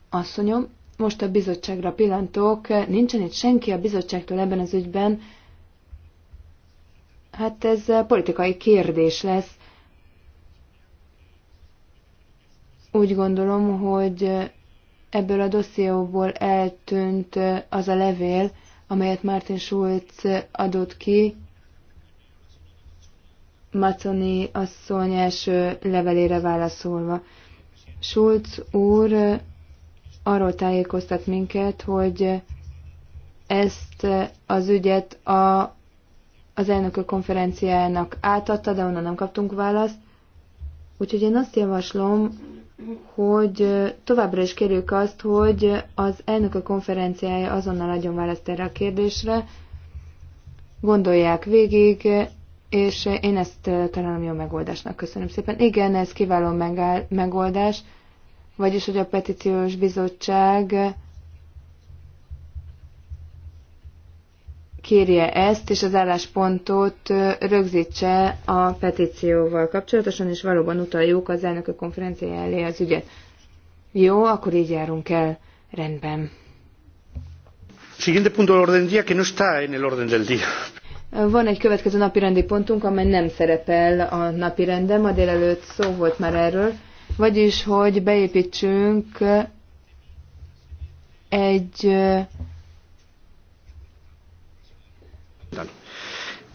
asszonyom. Most a bizottságra pillantok. Nincsen itt senki a bizottságtól ebben az ügyben. Hát ez politikai kérdés lesz. Úgy gondolom, hogy ebből a dosszióból eltűnt az a levél, amelyet Martin Schulz adott ki, Maconi asszony első levelére válaszolva. Schulz úr arról tájékoztat minket, hogy ezt az ügyet a, az elnökök konferenciájának átadta, de onnan nem kaptunk választ. Úgyhogy én azt javaslom, hogy továbbra is kérjük azt, hogy az a konferenciája azonnal adjon választ erre a kérdésre, gondolják végig, és én ezt találom jó megoldásnak. Köszönöm szépen. Igen, ez kiváló megoldás, vagyis hogy a petíciós bizottság kérje ezt, és az álláspontot rögzítse a petícióval kapcsolatosan, és valóban utaljuk az elnökök konferenciája elé az ügyet. Jó, akkor így járunk el. Rendben. Siguiente punto del orden día que no está en el orden del día. Van egy következő napi rendi pontunk, amely nem szerepel a napi rendem, A délelőtt szó volt már erről, vagyis, hogy beépítsünk egy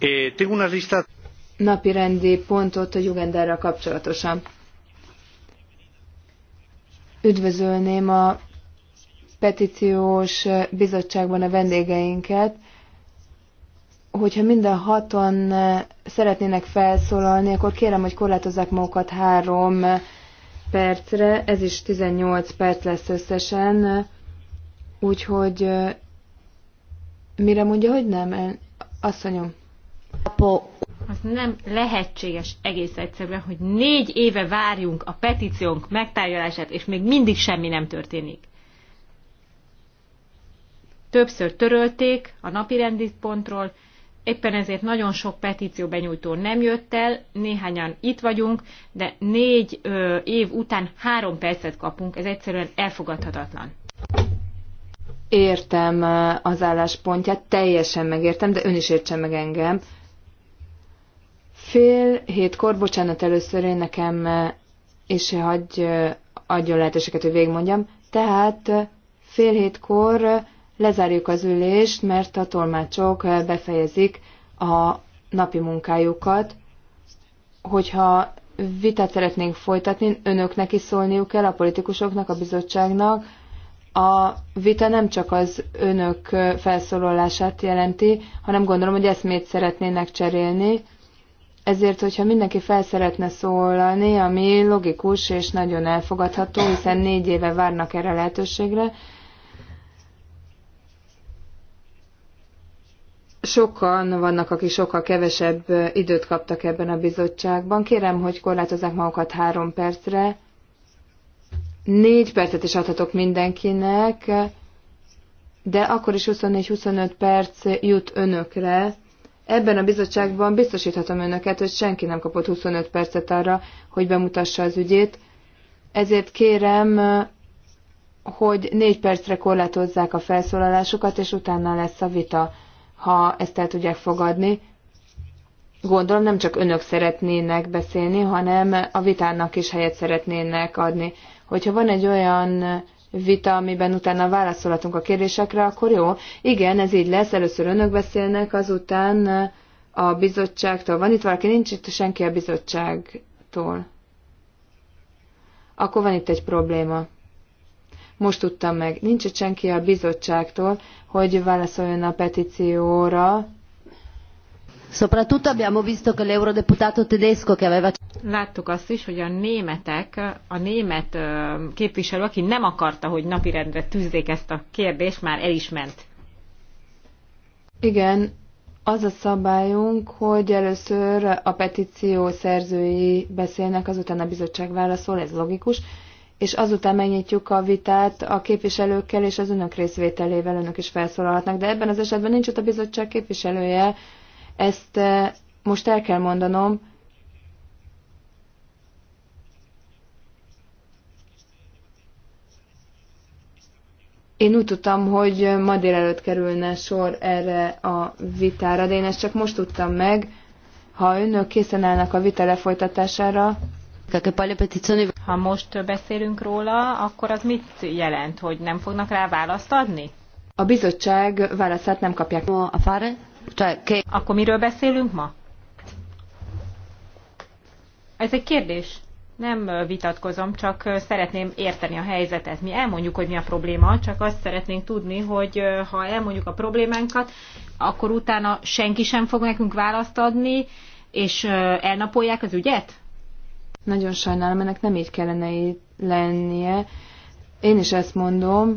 Eh, tengo una lista... Napi rendi pontot a Jugenderrel kapcsolatosan. Üdvözölném a petíciós bizottságban a vendégeinket, hogyha minden haton szeretnének felszólalni, akkor kérem, hogy korlátozzák magukat három percre, ez is 18 perc lesz összesen, úgyhogy eh, mire mondja, hogy nem? Asszonyom. Az nem lehetséges egész egyszerűen, hogy négy éve várjunk a petíciónk megtárgyalását, és még mindig semmi nem történik. Többször törölték a napirendi pontról, éppen ezért nagyon sok petíció benyújtó nem jött el, néhányan itt vagyunk, de négy ö, év után három percet kapunk, ez egyszerűen elfogadhatatlan. Értem az álláspontját, teljesen megértem, de ön is értsen meg engem. Fél hétkor, bocsánat, először én nekem, eh, és hagyj eh, adjon lehetőséget, hogy végigmondjam, tehát eh, fél hétkor lezárjuk az ülést, mert a tolmácsok befejezik a napi munkájukat. Hogyha vitát szeretnénk folytatni, önöknek is szólniuk kell, a politikusoknak, a bizottságnak. A vita nem csak az önök felszólalását jelenti, hanem gondolom, hogy eszmét szeretnének cserélni ezért, hogyha mindenki fel szeretne szólalni, ami logikus és nagyon elfogadható, hiszen négy éve várnak erre lehetőségre, sokan vannak, akik sokkal kevesebb időt kaptak ebben a bizottságban. Kérem, hogy korlátozzák magukat három percre. Négy percet is adhatok mindenkinek, de akkor is 24-25 perc jut önökre, Ebben a bizottságban biztosíthatom önöket, hogy senki nem kapott 25 percet arra, hogy bemutassa az ügyét. Ezért kérem, hogy négy percre korlátozzák a felszólalásokat, és utána lesz a vita, ha ezt el tudják fogadni. Gondolom nem csak önök szeretnének beszélni, hanem a vitának is helyet szeretnének adni. Hogyha van egy olyan vita, amiben utána válaszolhatunk a kérdésekre, akkor jó. Igen, ez így lesz. Először önök beszélnek, azután a bizottságtól. Van itt valaki? Nincs itt senki a bizottságtól. Akkor van itt egy probléma. Most tudtam meg. Nincs itt senki a bizottságtól, hogy válaszoljon a petícióra. Soprattutto abbiamo visto che l'eurodeputato tedesco che aveva... Láttuk azt is, hogy a németek, a német képviselő, aki nem akarta, hogy napirendre tűzzék ezt a kérdést, már el is ment. Igen, az a szabályunk, hogy először a petíció szerzői beszélnek, azután a bizottság válaszol, ez logikus, és azután megnyitjuk a vitát a képviselőkkel és az önök részvételével önök is felszólalhatnak, de ebben az esetben nincs ott a bizottság képviselője, ezt eh, most el kell mondanom, Én úgy tudtam, hogy ma délelőtt kerülne sor erre a vitára, de én ezt csak most tudtam meg. Ha önök készen állnak a vita lefolytatására, ha most beszélünk róla, akkor az mit jelent, hogy nem fognak rá választ adni? A bizottság válaszát nem kapják. A fáre? Akkor miről beszélünk ma? Ez egy kérdés. Nem vitatkozom, csak szeretném érteni a helyzetet. Mi elmondjuk, hogy mi a probléma, csak azt szeretnénk tudni, hogy ha elmondjuk a problémánkat, akkor utána senki sem fog nekünk választ adni, és elnapolják az ügyet? Nagyon sajnálom, ennek nem így kellene lennie. Én is ezt mondom,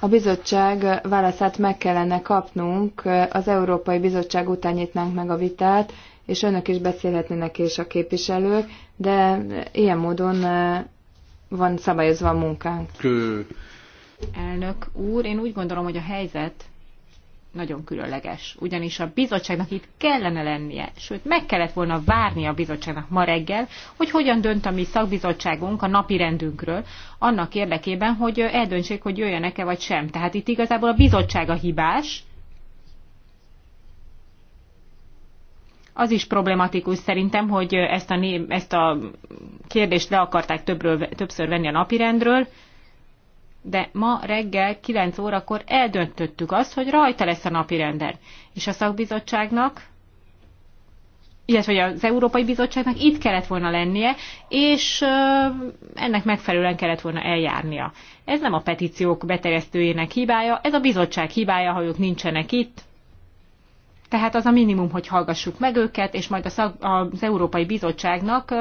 a bizottság válaszát meg kellene kapnunk, az Európai Bizottság után nyitnánk meg a vitát, és önök is beszélhetnének és a képviselők, de ilyen módon eh, van szabályozva a munkánk. Elnök úr, én úgy gondolom, hogy a helyzet nagyon különleges, ugyanis a bizottságnak itt kellene lennie, sőt meg kellett volna várni a bizottságnak ma reggel, hogy hogyan dönt a mi szakbizottságunk a napi rendünkről, annak érdekében, hogy eldöntsék, hogy jöjjenek-e vagy sem. Tehát itt igazából a bizottság a hibás, az is problematikus szerintem, hogy ezt a, ezt a kérdést le akarták többről, többször venni a napirendről, de ma reggel 9 órakor eldöntöttük azt, hogy rajta lesz a napirenden. És a szakbizottságnak, illetve az Európai Bizottságnak itt kellett volna lennie, és ennek megfelelően kellett volna eljárnia. Ez nem a petíciók beteresztőjének hibája, ez a bizottság hibája, ha ők nincsenek itt. Tehát az a minimum, hogy hallgassuk meg őket, és majd a szak, az Európai Bizottságnak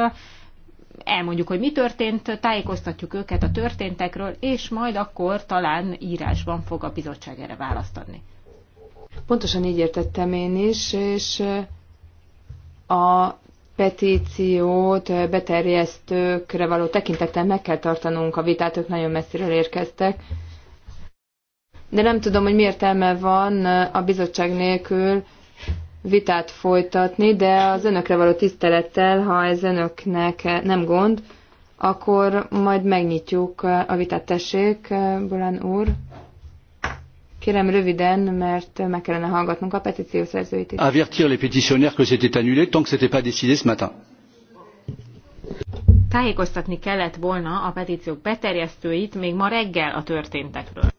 elmondjuk, hogy mi történt, tájékoztatjuk őket a történtekről, és majd akkor talán írásban fog a bizottság erre választ adni. Pontosan így értettem én is, és a petíciót beterjesztőkre való tekintettel meg kell tartanunk a vitát, ők nagyon messziről érkeztek. De nem tudom, hogy mi értelme van a bizottság nélkül vitát folytatni, de az önökre való tisztelettel, ha ez önöknek nem gond, akkor majd megnyitjuk a vitát. Tessék, Bolán úr. Kérem röviden, mert meg kellene hallgatnunk a petíció szerzőit. Avertir les pétitionnaires que c'était annulé tant que c'était pas décidé ce matin. Tájékoztatni kellett volna a petíciók beterjesztőit még ma reggel a történtekről.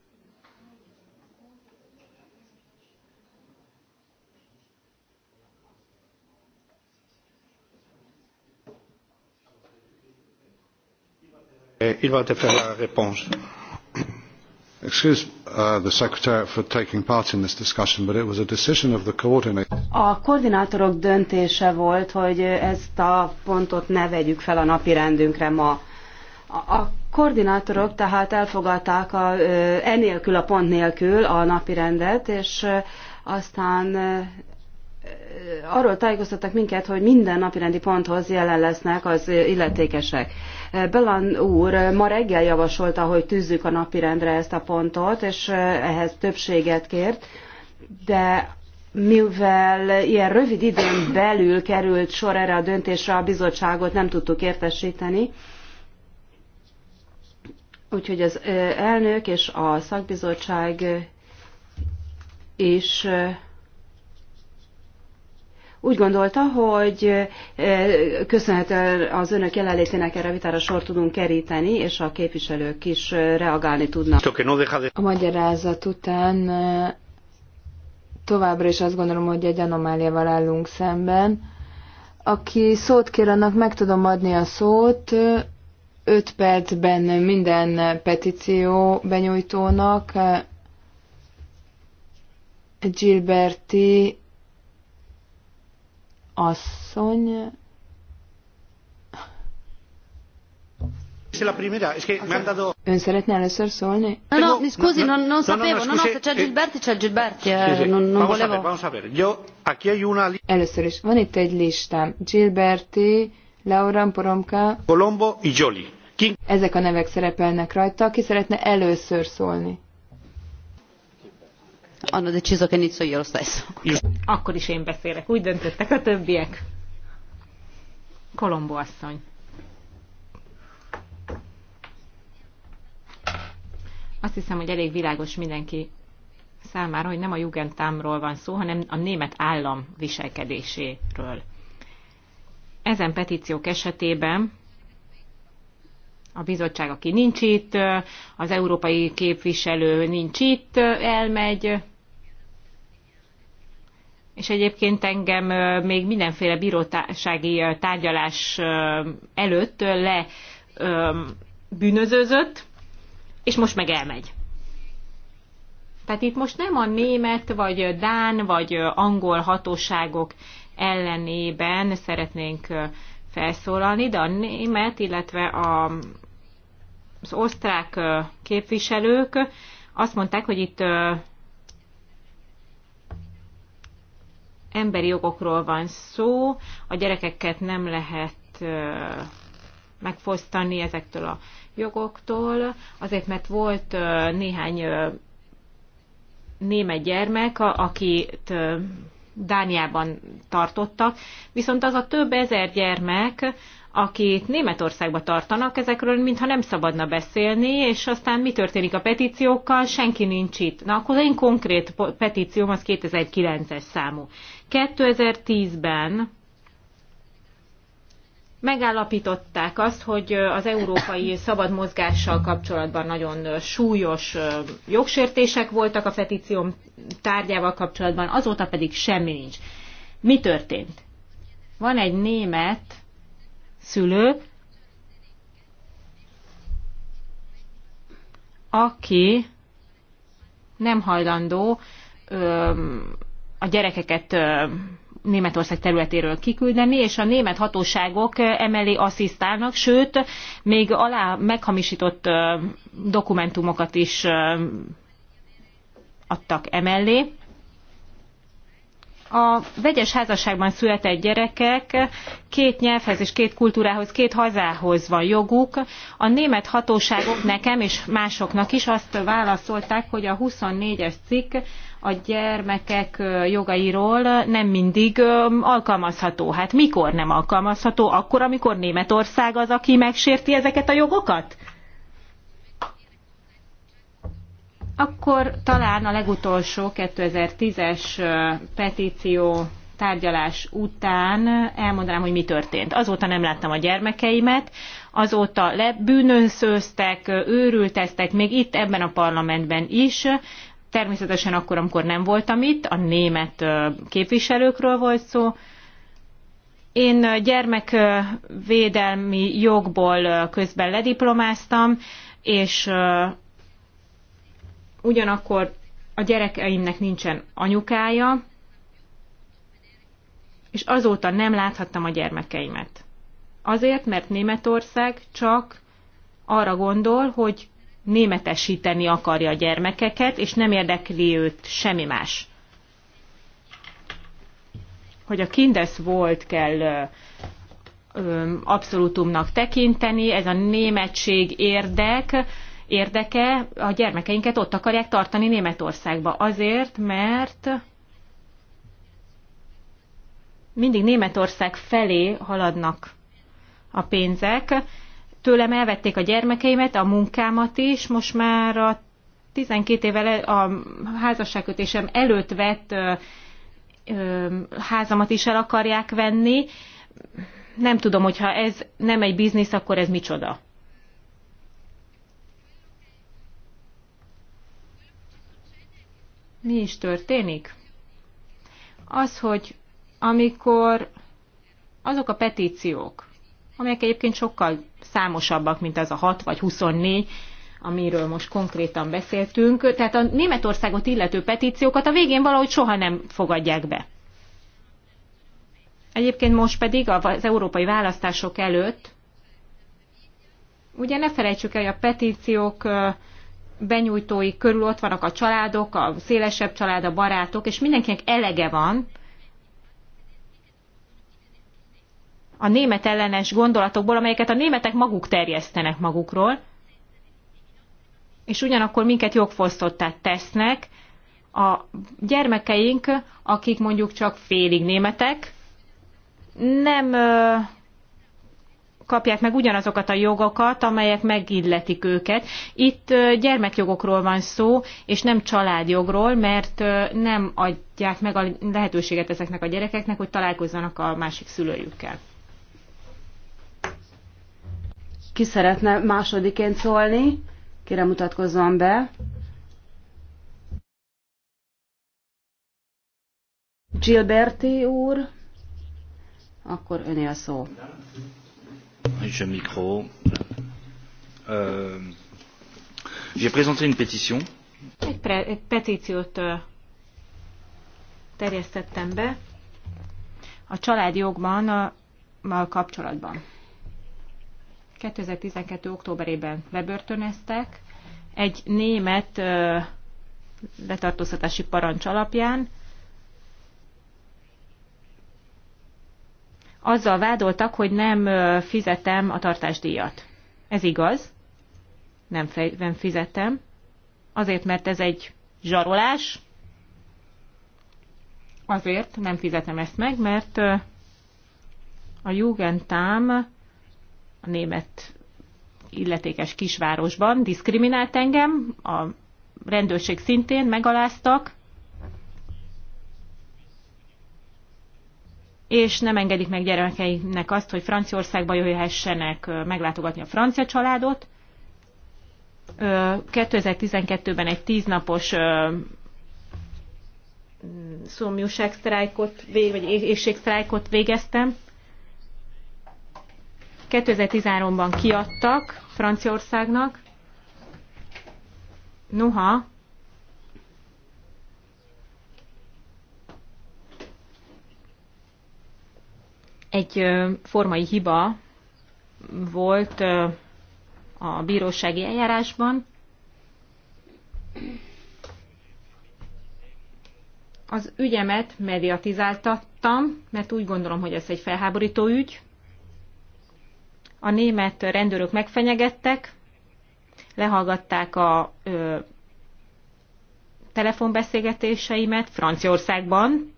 Eh, Excuse uh, the Secretary for taking part in this discussion, but it was a decision of the coordinator. A koordinátorok döntése volt, hogy ezt a pontot ne vegyük fel a napirendünkre. ma. A koordinátorok tehát elfogadták a, enélkül a pont nélkül a napirendet, és aztán arról tájékoztattak minket, hogy minden napirendi ponthoz jelen lesznek az illetékesek. Belan úr ma reggel javasolta, hogy tűzzük a napirendre ezt a pontot, és ehhez többséget kért, de mivel ilyen rövid időn belül került sor erre a döntésre, a bizottságot nem tudtuk értesíteni, úgyhogy az elnök és a szakbizottság is úgy gondolta, hogy köszönhetően az önök jelenlétének erre a vitára sor tudunk keríteni, és a képviselők is reagálni tudnak. A magyarázat után továbbra is azt gondolom, hogy egy anomáliával állunk szemben. Aki szót kér, annak meg tudom adni a szót. öt percben minden petíció benyújtónak Gilberti asszony. Ön szeretne először szólni? No, no, eh, mi scusi, non, non sapevo, no, no, se c'è eh, Gilberti, c'è Gilberti, eh, non, non volevo. Vamos a ver, yo, aquí hay una... Először is, van itt egy listám. Gilberti, Laura Poromka, Colombo y Jolie. Ezek a nevek szerepelnek rajta. Ki szeretne először szólni? Anna de Csiza Kenizzo io lo stesso. Akkor is én beszélek, úgy döntöttek a többiek. Kolombo asszony. Azt hiszem, hogy elég világos mindenki számára, hogy nem a Jugendtámról van szó, hanem a német állam viselkedéséről. Ezen petíciók esetében a bizottság, aki nincs itt, az európai képviselő nincs itt, elmegy. És egyébként engem még mindenféle bírósági tárgyalás előtt le bűnözőzött, és most meg elmegy. Tehát itt most nem a német, vagy dán, vagy angol hatóságok ellenében szeretnénk felszólalni, de a német, illetve a az osztrák képviselők azt mondták, hogy itt emberi jogokról van szó, a gyerekeket nem lehet megfosztani ezektől a jogoktól, azért mert volt néhány német gyermek, akit Dániában tartottak, viszont az a több ezer gyermek, akit Németországba tartanak, ezekről mintha nem szabadna beszélni, és aztán mi történik a petíciókkal, senki nincs itt. Na, akkor én konkrét petícióm az 2009-es számú. 2010-ben megállapították azt, hogy az európai szabad mozgással kapcsolatban nagyon súlyos jogsértések voltak a petícióm tárgyával kapcsolatban, azóta pedig semmi nincs. Mi történt? Van egy német szülő, aki nem hajlandó ö, a gyerekeket ö, Németország területéről kiküldeni, és a német hatóságok emelé asszisztálnak, sőt, még alá meghamisított ö, dokumentumokat is ö, adtak emellé a vegyes házasságban született gyerekek két nyelvhez és két kultúrához, két hazához van joguk. A német hatóságok nekem és másoknak is azt válaszolták, hogy a 24-es cikk a gyermekek jogairól nem mindig alkalmazható. Hát mikor nem alkalmazható? Akkor, amikor Németország az, aki megsérti ezeket a jogokat? Akkor talán a legutolsó 2010-es petíció tárgyalás után elmondanám, hogy mi történt. Azóta nem láttam a gyermekeimet, azóta lebűnözőztek, őrülteztek, még itt ebben a parlamentben is, természetesen akkor, amikor nem voltam itt, a német képviselőkről volt szó. Én gyermekvédelmi jogból közben lediplomáztam, és ugyanakkor a gyerekeimnek nincsen anyukája, és azóta nem láthattam a gyermekeimet. Azért, mert Németország csak arra gondol, hogy németesíteni akarja a gyermekeket, és nem érdekli őt semmi más. Hogy a Kindes volt kell abszolútumnak tekinteni, ez a németség érdek, érdeke, a gyermekeinket ott akarják tartani Németországba. Azért, mert mindig Németország felé haladnak a pénzek. Tőlem elvették a gyermekeimet, a munkámat is, most már a 12 évvel a házasságkötésem előtt vett ö, ö, házamat is el akarják venni. Nem tudom, hogyha ez nem egy biznisz, akkor ez micsoda. mi is történik? Az, hogy amikor azok a petíciók, amelyek egyébként sokkal számosabbak, mint az a 6 vagy 24, amiről most konkrétan beszéltünk, tehát a Németországot illető petíciókat a végén valahogy soha nem fogadják be. Egyébként most pedig az európai választások előtt, ugye ne felejtsük el, hogy a petíciók benyújtói körül ott vannak a családok, a szélesebb család, a barátok, és mindenkinek elege van a német ellenes gondolatokból, amelyeket a németek maguk terjesztenek magukról, és ugyanakkor minket jogfosztottát tesznek, a gyermekeink, akik mondjuk csak félig németek, nem kapják meg ugyanazokat a jogokat, amelyek megilletik őket. Itt gyermekjogokról van szó, és nem családjogról, mert nem adják meg a lehetőséget ezeknek a gyerekeknek, hogy találkozzanak a másik szülőjükkel. Ki szeretne másodiként szólni? Kérem mutatkozzon be. Gilberti úr, akkor öné a szó. Je micro. Euh, J'ai présenté une pétition. Egy, pre, egy petíciót terjesztettem be a családjogban a, a kapcsolatban. 2012. októberében bebörtönöztek egy német letartóztatási parancs alapján, azzal vádoltak, hogy nem fizetem a tartásdíjat. Ez igaz, nem, fej, nem fizetem, azért, mert ez egy zsarolás, azért nem fizetem ezt meg, mert a Jugendtám a német illetékes kisvárosban diszkriminált engem, a rendőrség szintén megaláztak, és nem engedik meg gyermekeinek azt, hogy Franciaországba jöhessenek meglátogatni a francia családot. 2012-ben egy tíznapos szomjúságsztrájkot, vagy éjségsztrájkot végeztem. 2013-ban kiadtak Franciaországnak. Noha, Egy formai hiba volt a bírósági eljárásban. Az ügyemet mediatizáltattam, mert úgy gondolom, hogy ez egy felháborító ügy. A német rendőrök megfenyegettek, lehallgatták a ö, telefonbeszélgetéseimet Franciaországban,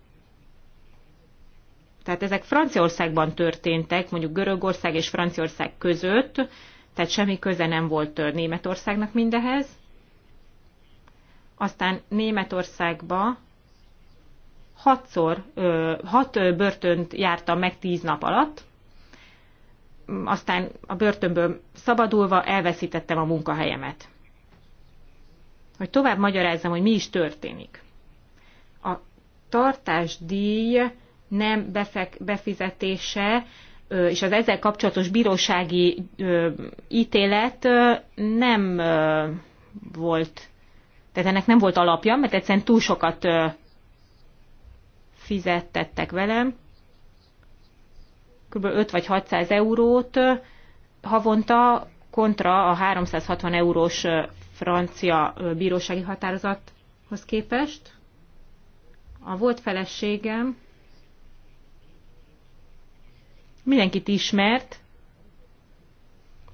tehát ezek Franciaországban történtek, mondjuk Görögország és Franciaország között, tehát semmi köze nem volt Németországnak mindehez. Aztán Németországba hatszor, ö, hat börtönt jártam meg tíz nap alatt, aztán a börtönből szabadulva elveszítettem a munkahelyemet. Hogy tovább magyarázzam, hogy mi is történik. A tartásdíj nem befizetése és az ezzel kapcsolatos bírósági ítélet nem volt, tehát ennek nem volt alapja, mert egyszerűen túl sokat fizettettek velem, kb. 5 vagy 600 eurót havonta kontra a 360 eurós francia bírósági határozathoz képest. A volt feleségem mindenkit ismert,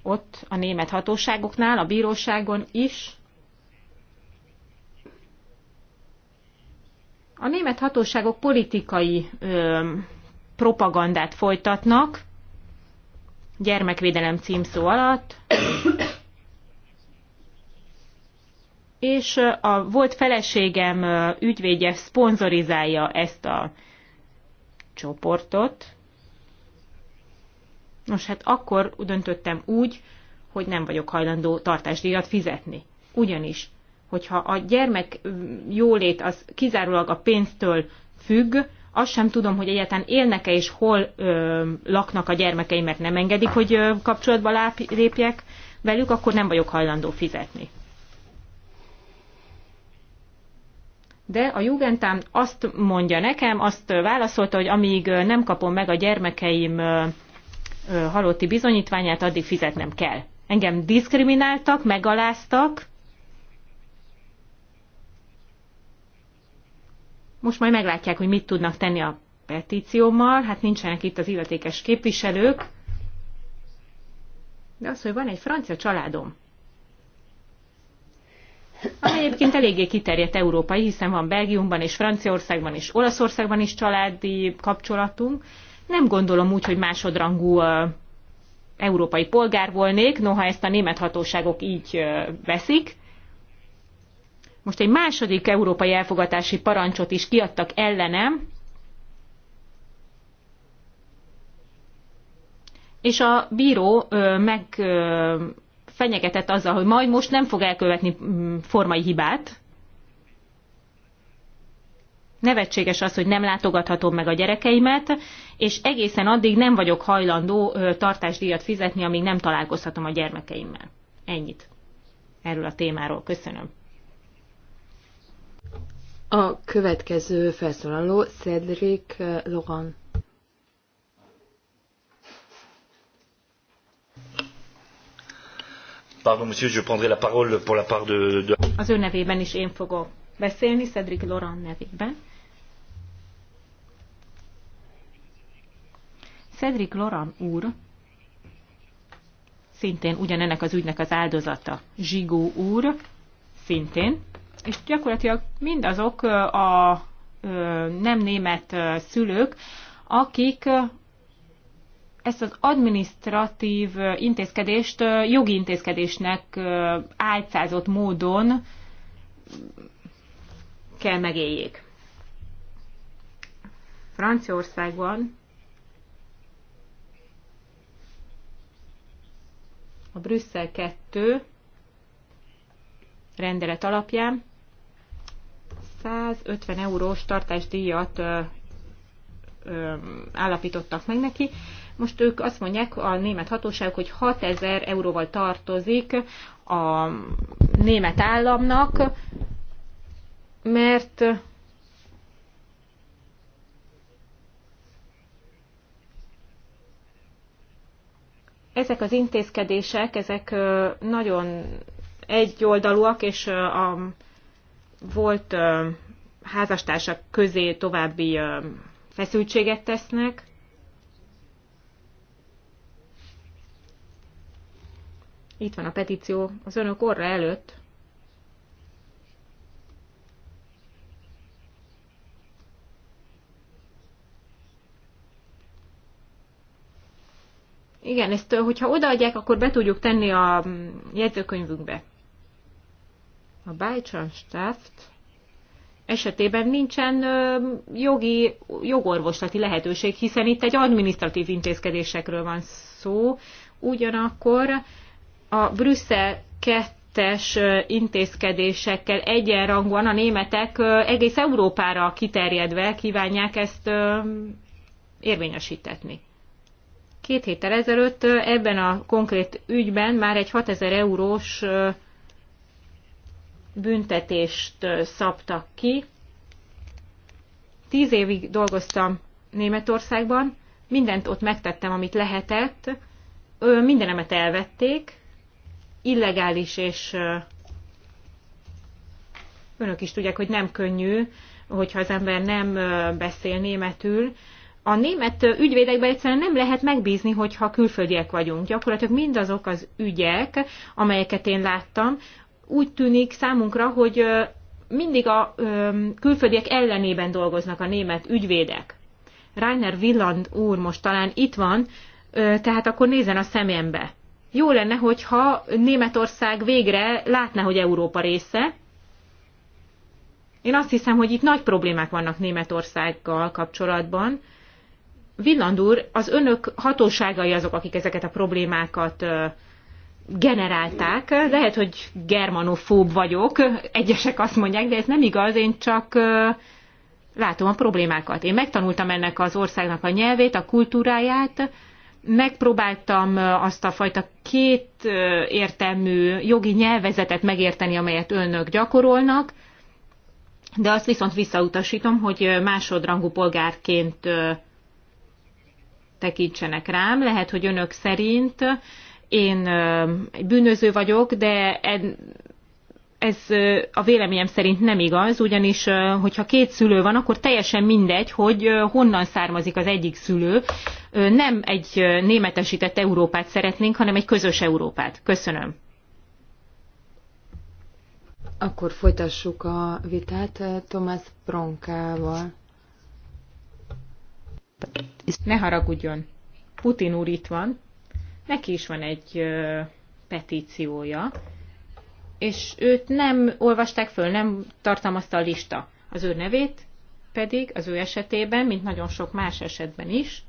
ott a német hatóságoknál, a bíróságon is. A német hatóságok politikai ö, propagandát folytatnak gyermekvédelem címszó alatt, és a volt feleségem ügyvédje szponzorizálja ezt a csoportot, Nos, hát akkor döntöttem úgy, hogy nem vagyok hajlandó tartásdíjat fizetni. Ugyanis, hogyha a gyermek jólét az kizárólag a pénztől függ, azt sem tudom, hogy egyáltalán élnek-e és hol ö, laknak a gyermekeim, mert nem engedik, hogy ö, kapcsolatba láp, lépjek velük, akkor nem vagyok hajlandó fizetni. De a Jugendám azt mondja nekem, azt válaszolta, hogy amíg nem kapom meg a gyermekeim halotti bizonyítványát, addig fizetnem kell. Engem diszkrimináltak, megaláztak, Most majd meglátják, hogy mit tudnak tenni a petíciómmal. Hát nincsenek itt az illetékes képviselők. De az, hogy van egy francia családom, ami egyébként eléggé kiterjedt európai, hiszen van Belgiumban és Franciaországban és Olaszországban is családi kapcsolatunk, nem gondolom úgy, hogy másodrangú európai polgár volnék, noha ezt a német hatóságok így veszik. Most egy második európai elfogatási parancsot is kiadtak ellenem, és a bíró ö, meg ö, fenyegetett azzal, hogy majd most nem fog elkövetni mm, formai hibát, Nevetséges az, hogy nem látogathatom meg a gyerekeimet, és egészen addig nem vagyok hajlandó tartásdíjat fizetni, amíg nem találkozhatom a gyermekeimmel. Ennyit erről a témáról. Köszönöm. A következő felszólaló Cedric Logan. Pardon, monsieur, je prendrai la parole pour la part de... Az ő nevében is én fogok beszélni Cedric Loran nevében. Cedric Loran úr szintén ugyanennek az ügynek az áldozata. Zsigó úr szintén, és gyakorlatilag mindazok a nem német szülők, akik ezt az administratív intézkedést jogi intézkedésnek álcázott módon kell megéljék. Franciaországban a Brüsszel 2 rendelet alapján 150 eurós tartásdíjat ö, ö, állapítottak meg neki. Most ők azt mondják a német hatóságok, hogy 6000 euróval tartozik a német államnak mert ezek az intézkedések, ezek nagyon egyoldalúak, és a volt házastársak közé további feszültséget tesznek. Itt van a petíció az önök orra előtt. Igen, ezt hogyha odaadják, akkor be tudjuk tenni a mm, jegyzőkönyvünkbe. A Bajcsanstaft esetében nincsen jogi, jogorvoslati lehetőség, hiszen itt egy administratív intézkedésekről van szó. Ugyanakkor a Brüsszel 2-es intézkedésekkel egyenrangúan a németek egész Európára kiterjedve kívánják ezt érvényesítetni. Két héttel ezelőtt ebben a konkrét ügyben már egy 6000 eurós büntetést szabtak ki. Tíz évig dolgoztam Németországban, mindent ott megtettem, amit lehetett, mindenemet elvették, illegális, és önök is tudják, hogy nem könnyű, hogyha az ember nem beszél németül, a német ügyvédekben egyszerűen nem lehet megbízni, hogyha külföldiek vagyunk. Gyakorlatilag mindazok az ügyek, amelyeket én láttam, úgy tűnik számunkra, hogy mindig a külföldiek ellenében dolgoznak a német ügyvédek. Rainer Willand úr most talán itt van, tehát akkor nézzen a szemembe. Jó lenne, hogyha Németország végre látná, hogy Európa része. Én azt hiszem, hogy itt nagy problémák vannak Németországgal kapcsolatban Villand úr, az önök hatóságai azok, akik ezeket a problémákat generálták. Lehet, hogy germanofób vagyok, egyesek azt mondják, de ez nem igaz, én csak látom a problémákat. Én megtanultam ennek az országnak a nyelvét, a kultúráját, megpróbáltam azt a fajta két értelmű jogi nyelvezetet megérteni, amelyet önök gyakorolnak, de azt viszont visszautasítom, hogy másodrangú polgárként tekintsenek rám. Lehet, hogy önök szerint én egy bűnöző vagyok, de ez a véleményem szerint nem igaz, ugyanis hogyha két szülő van, akkor teljesen mindegy, hogy honnan származik az egyik szülő. Nem egy németesített Európát szeretnénk, hanem egy közös Európát. Köszönöm. Akkor folytassuk a vitát Tomás Pronkával. Ne haragudjon, Putin úr itt van, neki is van egy ö, petíciója, és őt nem olvasták föl, nem tartalmazta a lista. Az ő nevét pedig az ő esetében, mint nagyon sok más esetben is,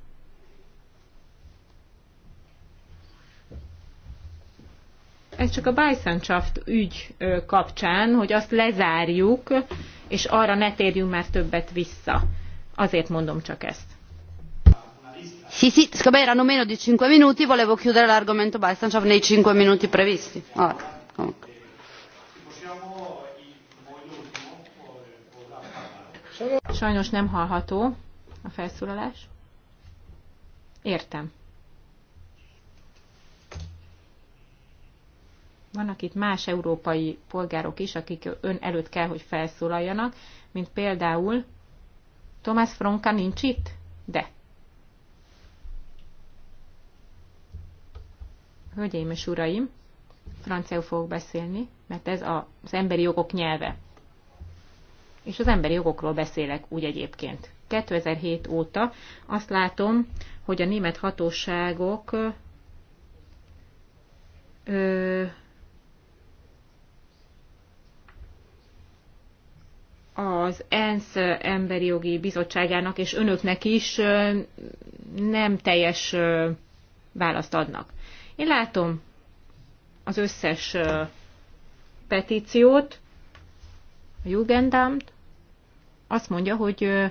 ez csak a Bajszancshaft ügy kapcsán, hogy azt lezárjuk, és arra ne térjünk már többet vissza. Azért mondom csak ezt sì sì siccome erano meno di cinque minuti volevo chiudere l'argomento balsam nei cinque minuti previsti. Vabbè, Sajnos nem hallható a felszólalás. Értem. Vannak itt más európai polgárok is, akik ön előtt kell, hogy felszólaljanak, mint például Tomás Fronka nincs itt? De. Hölgyeim és uraim, franciául fogok beszélni, mert ez az emberi jogok nyelve. És az emberi jogokról beszélek úgy egyébként. 2007 óta azt látom, hogy a német hatóságok ö, az ENSZ emberi jogi bizottságának és önöknek is nem teljes választ adnak. Én látom az összes petíciót, a Jugendamt, azt mondja, hogy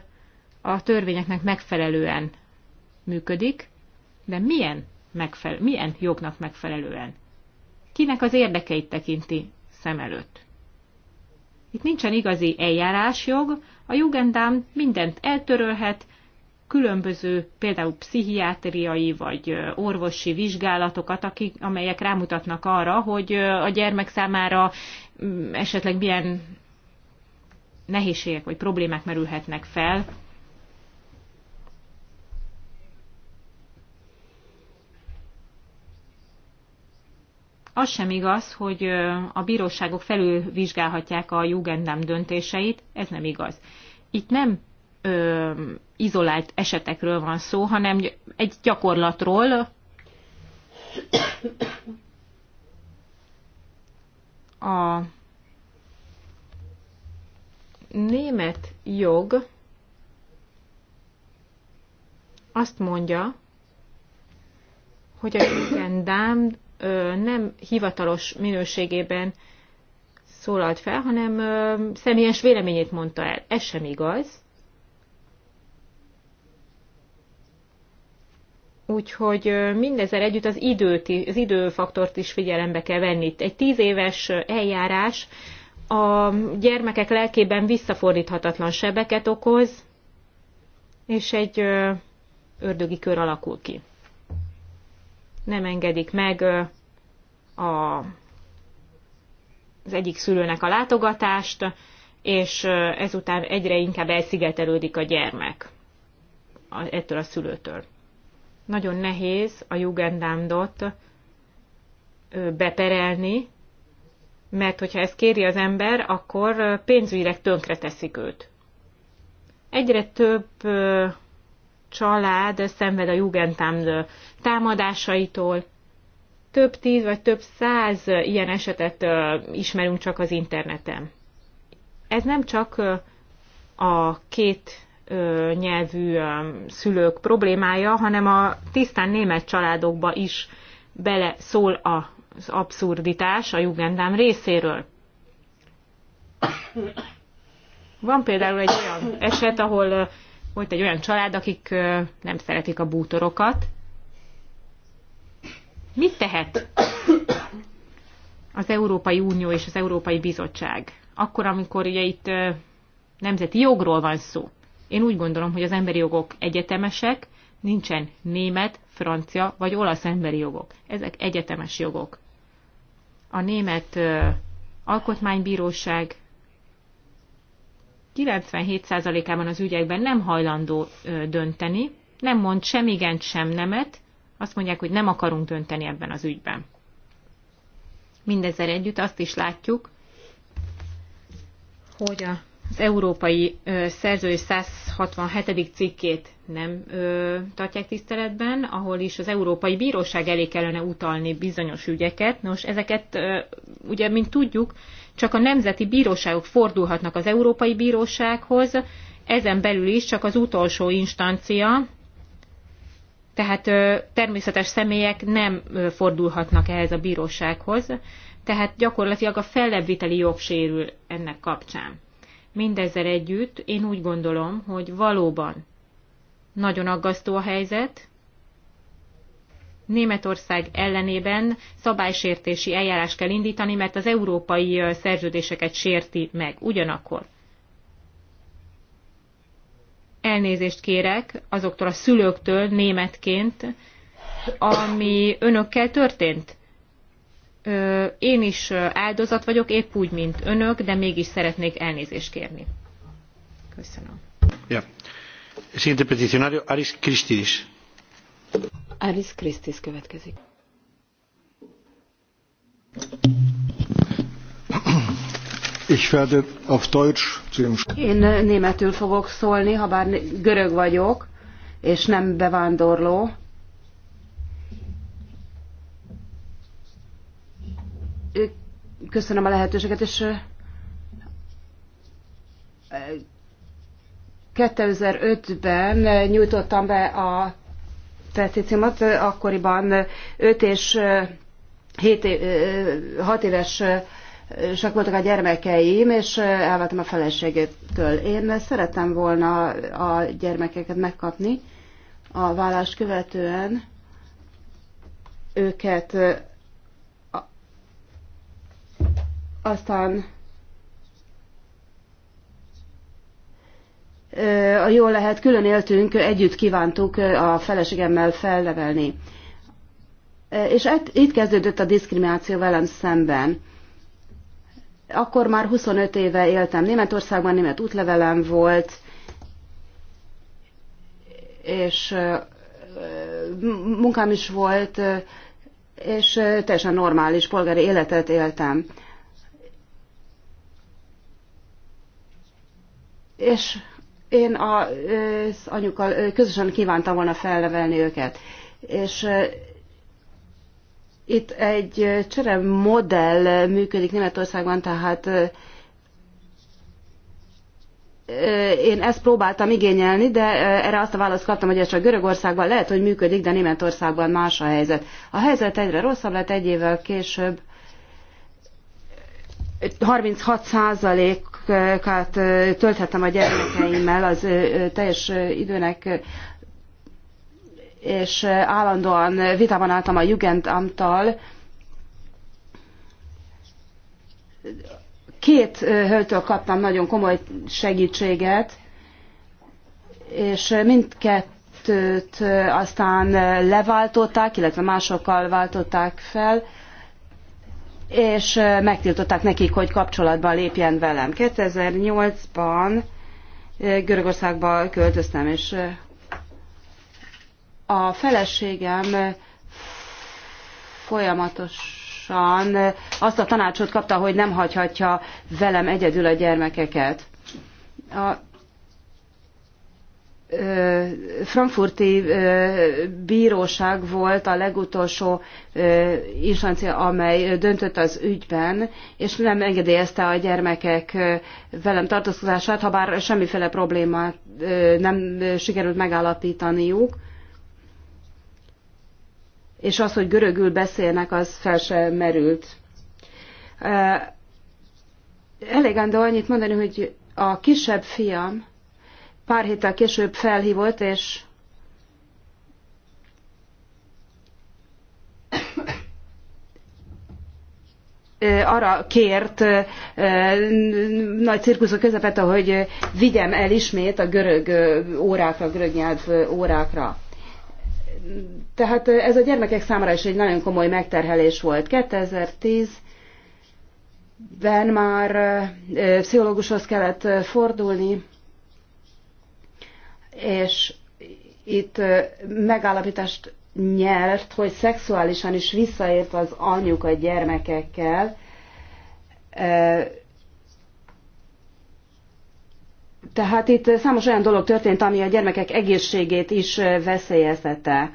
a törvényeknek megfelelően működik, de milyen, megfelel, milyen jognak megfelelően? Kinek az érdekeit tekinti szem előtt? Itt nincsen igazi eljárásjog, a Jugendám mindent eltörölhet, különböző például pszichiátriai vagy orvosi vizsgálatokat, akik, amelyek rámutatnak arra, hogy a gyermek számára mm, esetleg milyen nehézségek vagy problémák merülhetnek fel. Az sem igaz, hogy a bíróságok felülvizsgálhatják a Jugendám döntéseit, ez nem igaz. Itt nem ö, izolált esetekről van szó, hanem egy gyakorlatról, a német jog azt mondja, hogy a Jugendám nem hivatalos minőségében szólalt fel, hanem ö, személyes véleményét mondta el. Ez sem igaz. Úgyhogy mindezzel együtt az, időt, az időfaktort is figyelembe kell venni. egy tíz éves eljárás a gyermekek lelkében visszafordíthatatlan sebeket okoz, és egy ördögi kör alakul ki. Nem engedik meg a, az egyik szülőnek a látogatást, és ezután egyre inkább elszigetelődik a gyermek ettől a szülőtől nagyon nehéz a Jugendámdot beperelni, mert hogyha ezt kéri az ember, akkor pénzügyileg tönkre teszik őt. Egyre több család szenved a Jugendamt támadásaitól. Több tíz vagy több száz ilyen esetet ismerünk csak az interneten. Ez nem csak a két nyelvű szülők problémája, hanem a tisztán német családokba is bele szól az abszurditás a jugendám részéről. Van például egy olyan eset, ahol volt egy olyan család, akik nem szeretik a bútorokat. Mit tehet az Európai Unió és az Európai Bizottság? Akkor, amikor ugye itt nemzeti jogról van szó. Én úgy gondolom, hogy az emberi jogok egyetemesek, nincsen német, francia vagy olasz emberi jogok. Ezek egyetemes jogok. A német alkotmánybíróság 97%-ában az ügyekben nem hajlandó dönteni, nem mond sem igent, sem nemet, azt mondják, hogy nem akarunk dönteni ebben az ügyben. Mindezzel együtt azt is látjuk, hogy a az európai szerződés 167. cikkét nem ö, tartják tiszteletben, ahol is az Európai Bíróság elé kellene utalni bizonyos ügyeket. Nos, ezeket ö, ugye, mint tudjuk, csak a nemzeti bíróságok fordulhatnak az Európai Bírósághoz, ezen belül is csak az utolsó instancia, tehát ö, természetes személyek nem ö, fordulhatnak ehhez a bírósághoz, tehát gyakorlatilag a fellebbviteli jog sérül ennek kapcsán. Mindezzel együtt én úgy gondolom, hogy valóban nagyon aggasztó a helyzet. Németország ellenében szabálysértési eljárás kell indítani, mert az európai szerződéseket sérti meg. Ugyanakkor elnézést kérek azoktól a szülőktől németként, ami önökkel történt én is áldozat vagyok, épp úgy, mint önök, de mégis szeretnék elnézést kérni. Köszönöm. Ja. Siguiente peticionario, Aris Christis. Aris Christis következik. Ich werde auf Deutsch zu Én németül fogok szólni, ha bár görög vagyok, és nem bevándorló köszönöm a lehetőséget, és 2005-ben nyújtottam be a petíciómat, akkoriban 5 és 7 6 éves sak voltak a gyermekeim, és elváltam a feleségétől. Én szerettem volna a gyermekeket megkapni a vállást követően. Őket Aztán a jól lehet, külön éltünk, együtt kívántuk a feleségemmel fellevelni. És hát itt kezdődött a diszkrimináció velem szemben. Akkor már 25 éve éltem Németországban, német útlevelem volt, és munkám is volt, és teljesen normális polgári életet éltem. és én az anyukkal közösen kívántam volna felnevelni őket. És itt egy csere modell működik Németországban, tehát én ezt próbáltam igényelni, de erre azt a választ kaptam, hogy ez csak Görögországban lehet, hogy működik, de Németországban más a helyzet. A helyzet egyre rosszabb lett egy évvel később. 36 százalék órákat tölthettem a gyermekeimmel az teljes időnek, és állandóan vitában álltam a Jugendamttal. Két hölgytől kaptam nagyon komoly segítséget, és mindkettőt aztán leváltották, illetve másokkal váltották fel és megtiltották nekik, hogy kapcsolatban lépjen velem. 2008-ban Görögországba költöztem, és a feleségem folyamatosan azt a tanácsot kapta, hogy nem hagyhatja velem egyedül a gyermekeket. A frankfurti bíróság volt a legutolsó instancia, amely döntött az ügyben, és nem engedélyezte a gyermekek velem tartózkodását, ha bár semmiféle problémát nem sikerült megállapítaniuk. És az, hogy görögül beszélnek, az fel sem merült. Elegándó annyit mondani, hogy a kisebb fiam pár héttel később felhívott, és arra kért nagy cirkuszok közepette, hogy vigyem el ismét a görög órákra, a görög nyelv órákra. Tehát ez a gyermekek számára is egy nagyon komoly megterhelés volt. 2010-ben már pszichológushoz kellett fordulni, és itt megállapítást nyert, hogy szexuálisan is visszaért az anyjuk a gyermekekkel. Tehát itt számos olyan dolog történt, ami a gyermekek egészségét is veszélyeztette.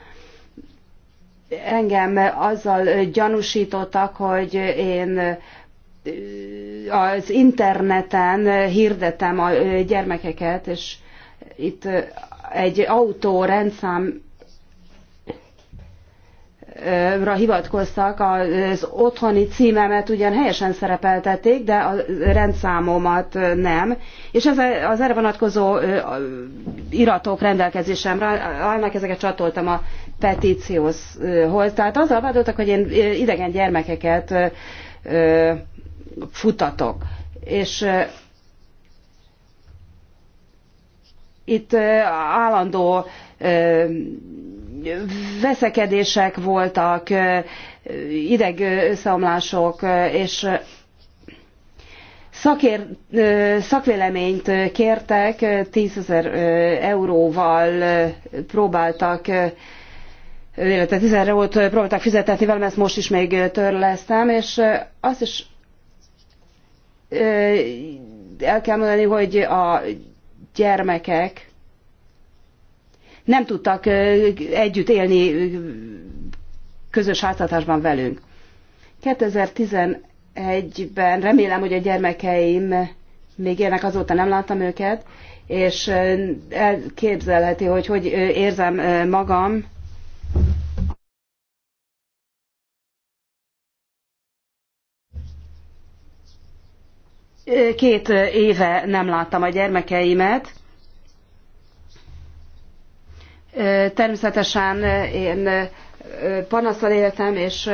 Engem azzal gyanúsítottak, hogy én az interneten hirdetem a gyermekeket, és itt egy autó rendszám hivatkoztak, az otthoni címemet ugyan helyesen szerepeltették, de a rendszámomat nem. És ez az erre vonatkozó iratok rendelkezésemre állnak, ezeket csatoltam a petícióhoz. Tehát azzal vádoltak, hogy én idegen gyermekeket futatok. És Itt állandó veszekedések voltak, ideg összeomlások, és szakér, szakvéleményt kértek, 10 ezer euróval próbáltak illetve 10 eurót próbáltak fizetetni velem, ezt most is még törlesztem, és azt is el kell mondani, hogy a gyermekek nem tudtak együtt élni közös háztartásban velünk. 2011-ben remélem, hogy a gyermekeim még élnek, azóta nem láttam őket, és elképzelheti, hogy hogy érzem magam, két éve nem láttam a gyermekeimet. Természetesen én panaszol éltem, és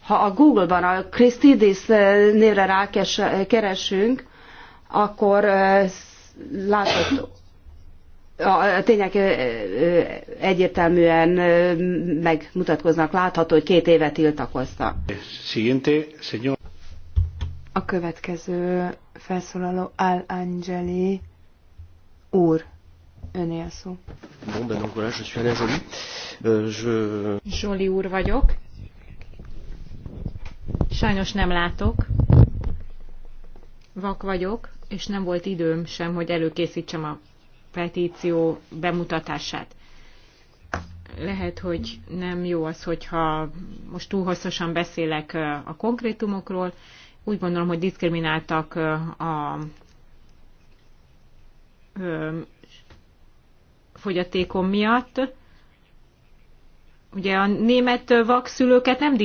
ha a Google-ban a Christidis névre rákeresünk, akkor látott a tények egyértelműen megmutatkoznak, látható, hogy két évet tiltakoztak. Siguiente, señor. A következő felszólaló Al Angeli úr. Öné a szó. Bon, ben, voilà, je suis Alain Joly. Euh, je... Joly úr vagyok. Sajnos nem látok. Vak vagyok, és nem volt időm sem, hogy előkészítsem a petíció bemutatását. Lehet, hogy nem jó az, hogyha most túl hosszasan beszélek a konkrétumokról, úgy gondolom, hogy diszkrimináltak a fogyatékom miatt. Ugye a német vakszülőket nem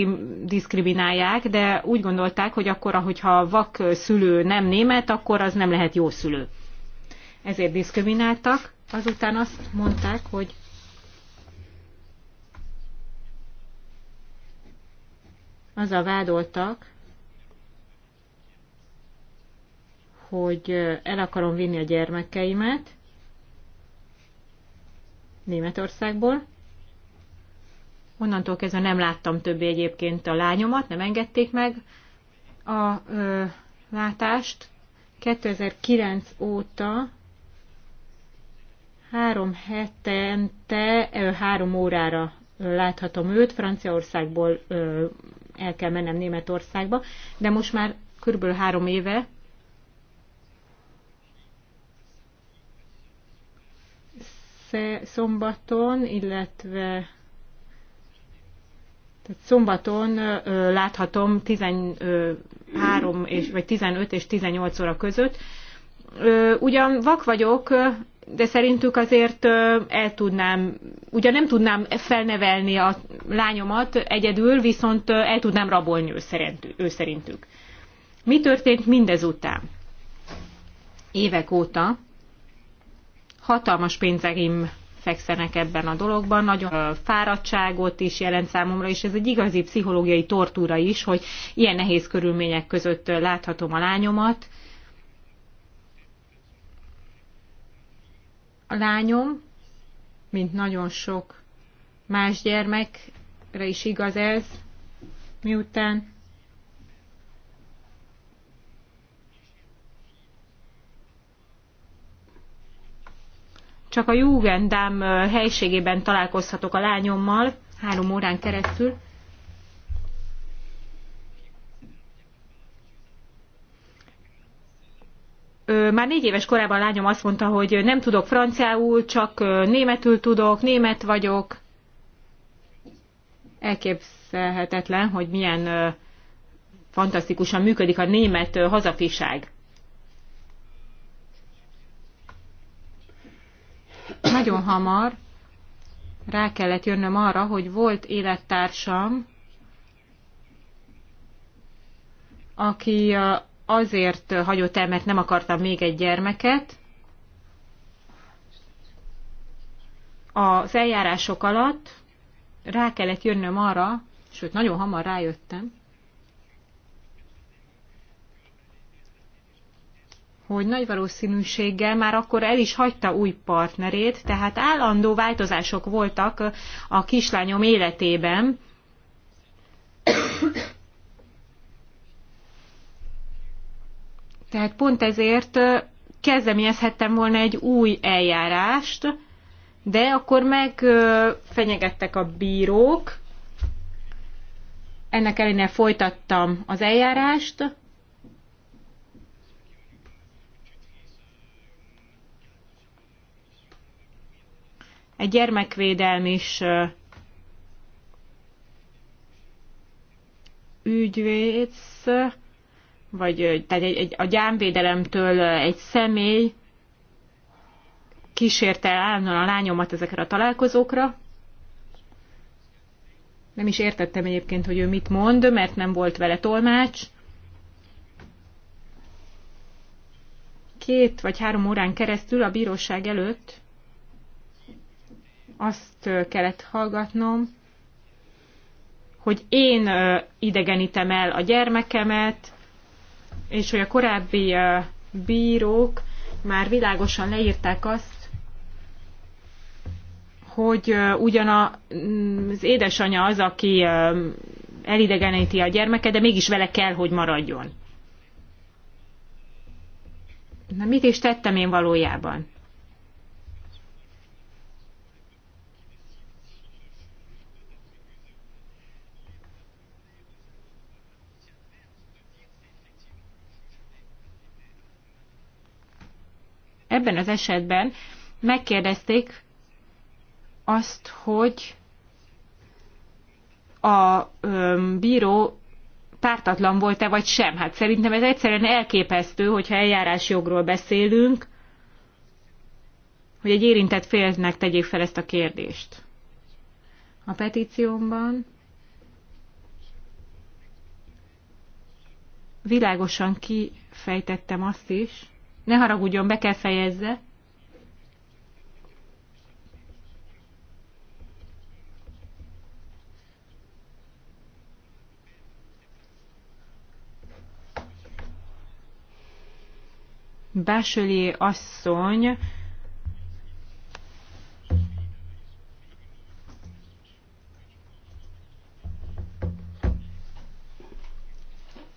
diszkriminálják, de úgy gondolták, hogy akkor, ahogyha a vakszülő nem német, akkor az nem lehet jó szülő. Ezért diszkrimináltak. Azután azt mondták, hogy azzal vádoltak, hogy el akarom vinni a gyermekeimet Németországból. Onnantól kezdve nem láttam többé egyébként a lányomat, nem engedték meg a ö, látást. 2009 óta három hetente ö, három órára láthatom őt, Franciaországból ö, el kell mennem Németországba, de most már körülbelül három éve szombaton, illetve tehát szombaton ö, láthatom 13 és, vagy 15 és 18 óra között. Ö, ugyan vak vagyok, de szerintük azért el tudnám, ugye nem tudnám felnevelni a lányomat egyedül, viszont el tudnám rabolni ő szerintük. Mi történt mindezután? Évek óta Hatalmas pénzeim fekszenek ebben a dologban, nagyon fáradtságot is jelent számomra, és ez egy igazi pszichológiai tortúra is, hogy ilyen nehéz körülmények között láthatom a lányomat. A lányom, mint nagyon sok más gyermekre is igaz ez, miután Csak a Jugendám helységében találkozhatok a lányommal három órán keresztül. Már négy éves korában a lányom azt mondta, hogy nem tudok franciául, csak németül tudok, német vagyok. Elképzelhetetlen, hogy milyen fantasztikusan működik a német hazafiság. nagyon hamar rá kellett jönnöm arra, hogy volt élettársam, aki azért hagyott el, mert nem akartam még egy gyermeket. Az eljárások alatt rá kellett jönnöm arra, sőt, nagyon hamar rájöttem, hogy nagy valószínűséggel már akkor el is hagyta új partnerét, tehát állandó változások voltak a kislányom életében. Tehát pont ezért kezdeményezhettem volna egy új eljárást, de akkor megfenyegettek a bírók, ennek ellenére folytattam az eljárást, egy gyermekvédelmi is ügyvész, vagy tehát egy, egy, a gyámvédelemtől egy személy kísérte állandóan a lányomat ezekre a találkozókra. Nem is értettem egyébként, hogy ő mit mond, mert nem volt vele tolmács. Két vagy három órán keresztül a bíróság előtt azt kellett hallgatnom, hogy én idegenítem el a gyermekemet, és hogy a korábbi bírók már világosan leírták azt, hogy ugyan mm, az édesanyja az, aki elidegeníti a gyermeket, de mégis vele kell, hogy maradjon. Na mit is tettem én valójában? ebben az esetben megkérdezték azt, hogy a öm, bíró pártatlan volt-e vagy sem. Hát szerintem ez egyszerűen elképesztő, hogyha eljárásjogról beszélünk, hogy egy érintett félnek tegyék fel ezt a kérdést. A petíciómban világosan kifejtettem azt is, ne haragudjon, be kell fejezze. Básölié asszony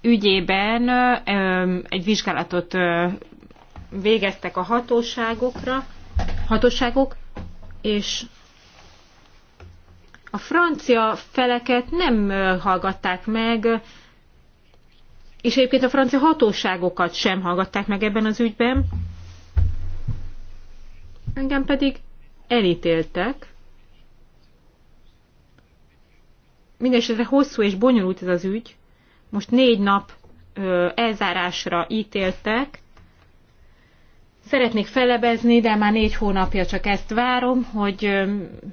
ügyében egy vizsgálatot végeztek a hatóságokra, hatóságok, és a francia feleket nem hallgatták meg, és egyébként a francia hatóságokat sem hallgatták meg ebben az ügyben. Engem pedig elítéltek. Mindenesetre hosszú és bonyolult ez az ügy. Most négy nap ö, elzárásra ítéltek, Szeretnék felebezni, de már négy hónapja csak ezt várom, hogy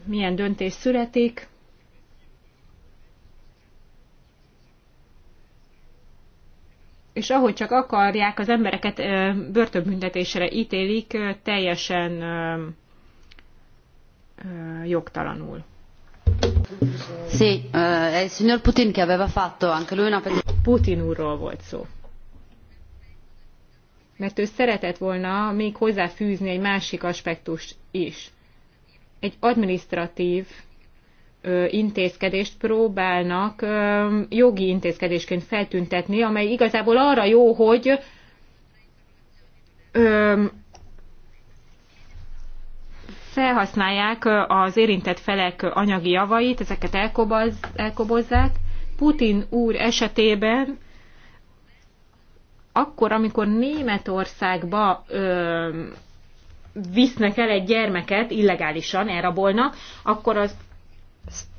milyen döntés születik. És ahogy csak akarják, az embereket börtönbüntetésre ítélik, teljesen jogtalanul. Sì, eh, signor Putin che aveva fatto anche lui una... Putin úrról volt szó mert ő szeretett volna még hozzáfűzni egy másik aspektust is. Egy administratív ö, intézkedést próbálnak ö, jogi intézkedésként feltüntetni, amely igazából arra jó, hogy ö, felhasználják az érintett felek anyagi javait, ezeket elkobozzák. Putin úr esetében akkor, amikor Németországba ö, visznek el egy gyermeket illegálisan, elrabolnak, akkor az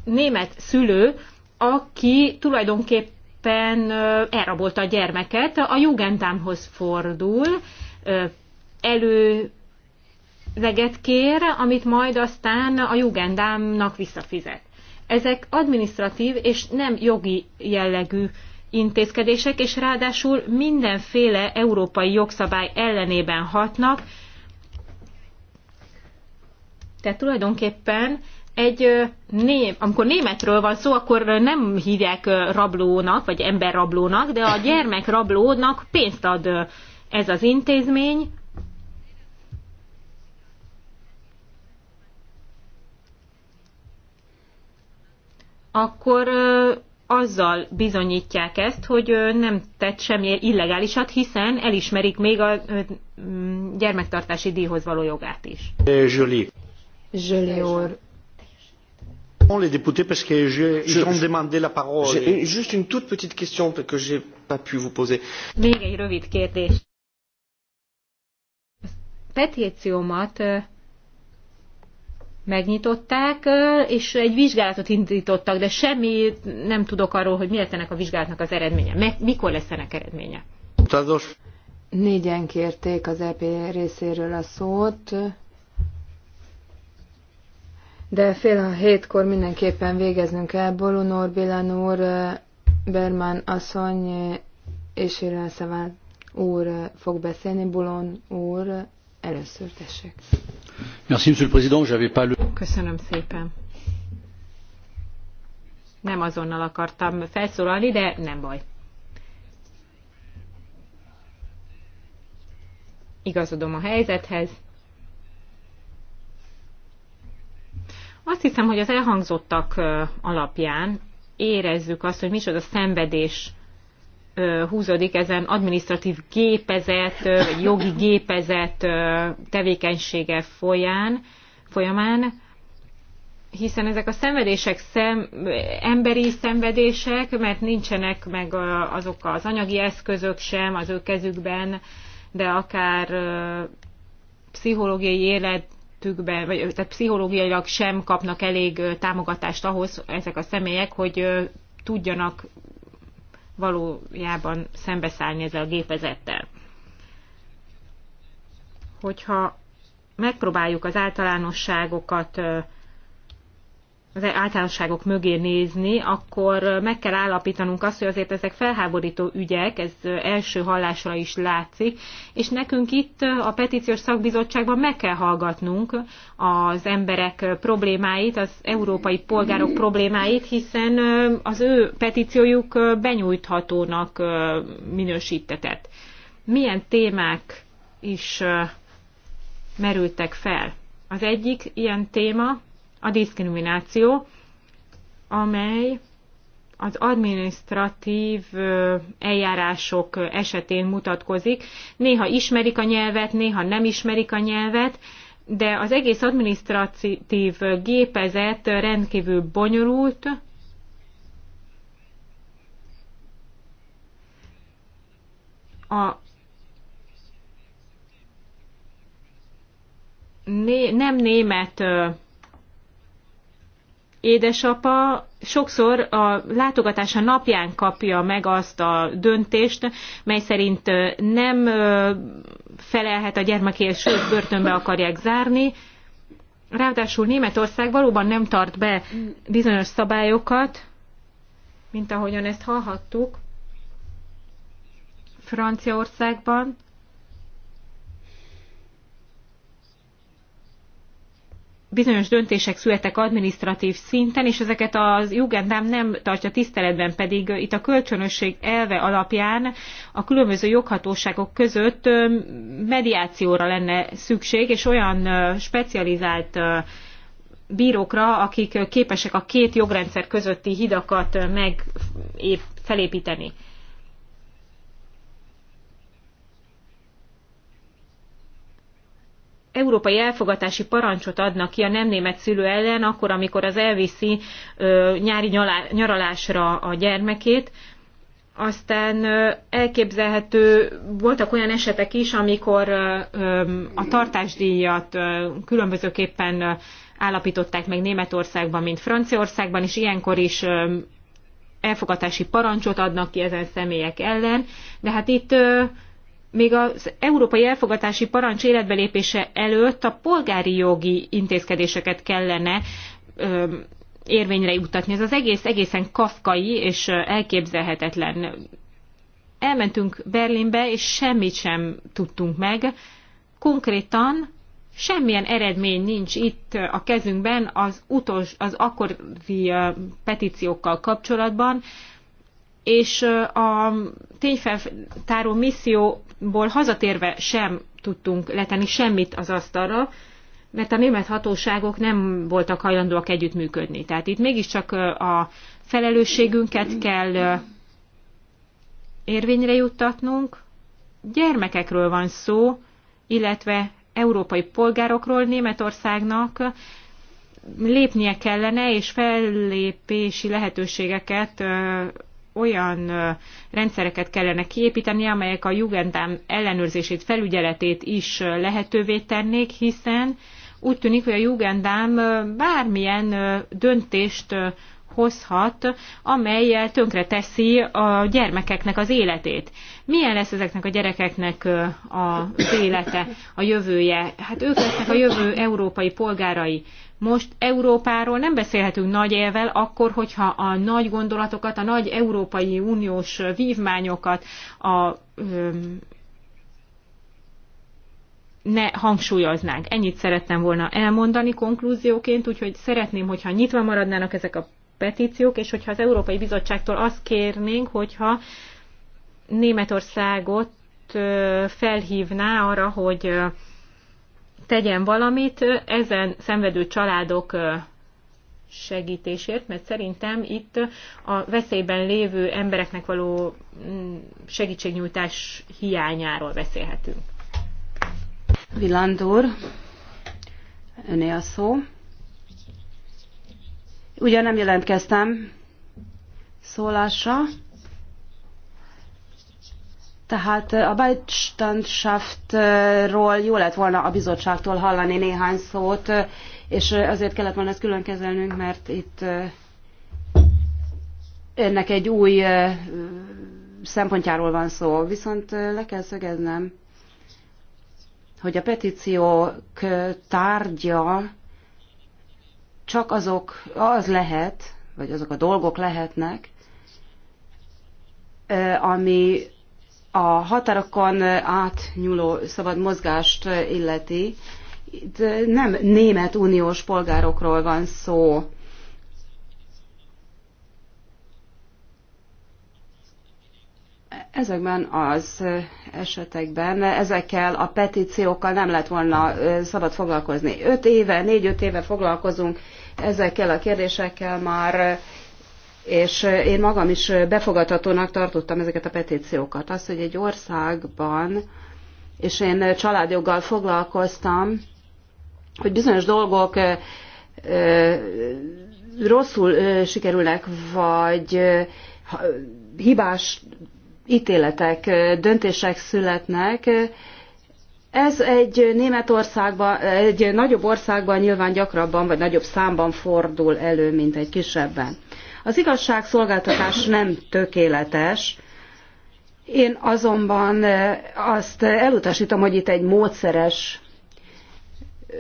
német szülő, aki tulajdonképpen ö, elrabolta a gyermeket, a jugendámhoz fordul, ö, elő leget kér, amit majd aztán a jugendámnak visszafizet. Ezek administratív és nem jogi jellegű intézkedések, és ráadásul mindenféle európai jogszabály ellenében hatnak. Tehát tulajdonképpen egy ném, amikor németről van szó, akkor nem hívják rablónak, vagy emberrablónak, de a gyermek rablónak pénzt ad ez az intézmény. Akkor azzal bizonyítják ezt, hogy nem tett semmi illegálisat, hiszen elismerik még a mm, gyermektartási díjhoz való jogát is. Eh, Jolie. Jolie úr. Eh, les députés, parce que ils ont demandé la parole. Juste une toute petite question que j'ai pas pu vous poser. Még egy rövid kérdés. Petíciómat megnyitották, és egy vizsgálatot indítottak, de semmi nem tudok arról, hogy mi lett ennek a vizsgálatnak az eredménye. Meg, mikor lesz ennek eredménye? Utazos. Négyen kérték az EP részéről a szót, de fél a hétkor mindenképpen végeznünk kell. Bolunor, Bilan úr, Berman asszony és Irán Szaván úr fog beszélni. Bolon úr, először tessék. Köszönöm szépen. Nem azonnal akartam felszólalni, de nem baj. Igazodom a helyzethez. Azt hiszem, hogy az elhangzottak alapján érezzük azt, hogy micsoda szenvedés húzódik ezen adminisztratív gépezet, vagy jogi gépezet tevékenysége folyán, folyamán, hiszen ezek a szenvedések szem, emberi szenvedések, mert nincsenek meg azok az anyagi eszközök sem az ő kezükben, de akár pszichológiai életükben, vagy tehát pszichológiailag sem kapnak elég támogatást ahhoz ezek a személyek, hogy tudjanak valójában szembeszállni ezzel a gépezettel. Hogyha megpróbáljuk az általánosságokat az általánosságok mögé nézni, akkor meg kell állapítanunk azt, hogy azért ezek felháborító ügyek, ez első hallásra is látszik, és nekünk itt a petíciós szakbizottságban meg kell hallgatnunk az emberek problémáit, az európai polgárok problémáit, hiszen az ő petíciójuk benyújthatónak minősítetett. Milyen témák is merültek fel? Az egyik ilyen téma, a diszkrimináció, amely az administratív eljárások esetén mutatkozik. Néha ismerik a nyelvet, néha nem ismerik a nyelvet, de az egész administratív gépezet rendkívül bonyolult, a né, nem német édesapa sokszor a látogatása napján kapja meg azt a döntést, mely szerint nem felelhet a gyermekért, sőt börtönbe akarják zárni. Ráadásul Németország valóban nem tart be bizonyos szabályokat, mint ahogyan ezt hallhattuk Franciaországban, bizonyos döntések születtek adminisztratív szinten, és ezeket az Jugendám nem tartja tiszteletben, pedig itt a kölcsönösség elve alapján a különböző joghatóságok között mediációra lenne szükség, és olyan specializált bírókra, akik képesek a két jogrendszer közötti hidakat meg felépíteni. európai elfogatási parancsot adnak ki a nem német szülő ellen, akkor, amikor az elviszi nyári nyaralásra a gyermekét, aztán elképzelhető, voltak olyan esetek is, amikor a tartásdíjat különbözőképpen állapították meg Németországban, mint Franciaországban, és ilyenkor is elfogatási parancsot adnak ki ezen személyek ellen, de hát itt még az európai elfogadási parancs életbelépése előtt a polgári jogi intézkedéseket kellene ö, érvényre juttatni. Ez az egész egészen kafkai és elképzelhetetlen. Elmentünk Berlinbe, és semmit sem tudtunk meg. Konkrétan semmilyen eredmény nincs itt a kezünkben az, utos, az akkori petíciókkal kapcsolatban, és a tényfeltáró misszió ból hazatérve sem tudtunk letenni semmit az asztalra, mert a német hatóságok nem voltak hajlandóak együttműködni. Tehát itt mégiscsak a felelősségünket kell érvényre juttatnunk. Gyermekekről van szó, illetve európai polgárokról Németországnak lépnie kellene, és fellépési lehetőségeket olyan rendszereket kellene kiépíteni, amelyek a Jugendám ellenőrzését, felügyeletét is lehetővé tennék, hiszen úgy tűnik, hogy a Jugendám bármilyen döntést hozhat, amely tönkre teszi a gyermekeknek az életét. Milyen lesz ezeknek a gyerekeknek az élete, a jövője? Hát ők lesznek a jövő európai polgárai. Most Európáról nem beszélhetünk nagy élvel, akkor, hogyha a nagy gondolatokat, a nagy Európai Uniós vívmányokat a, öm, ne hangsúlyoznánk. Ennyit szerettem volna elmondani konklúzióként, úgyhogy szeretném, hogyha nyitva maradnának ezek a petíciók, és hogyha az Európai Bizottságtól azt kérnénk, hogyha Németországot felhívná arra, hogy tegyen valamit ezen szenvedő családok segítésért, mert szerintem itt a veszélyben lévő embereknek való mm, segítségnyújtás hiányáról beszélhetünk. Vilandor, öné a szó. Ugyan nem jelentkeztem szólásra, tehát eh, a Beistandschaftról jó lett volna a bizottságtól hallani néhány szót, eh, és eh, azért kellett volna ezt külön kezelnünk, mert itt ennek egy új szempontjáról van szó. Viszont le kell szögeznem, hogy a petíciók tárgya csak azok, az lehet, vagy azok a dolgok lehetnek, ami a határokon átnyúló szabad mozgást illeti, itt nem német uniós polgárokról van szó. Ezekben az esetekben ezekkel a petíciókkal nem lehet volna szabad foglalkozni. Öt éve, négy-öt éve foglalkozunk ezekkel a kérdésekkel már és én magam is befogadhatónak tartottam ezeket a petíciókat. Az, hogy egy országban, és én családjoggal foglalkoztam, hogy bizonyos dolgok rosszul sikerülnek, vagy hibás ítéletek, döntések születnek, ez egy Németországban, egy nagyobb országban nyilván gyakrabban, vagy nagyobb számban fordul elő, mint egy kisebben. Az igazságszolgáltatás nem tökéletes, én azonban eh, azt elutasítom, hogy itt egy módszeres eh,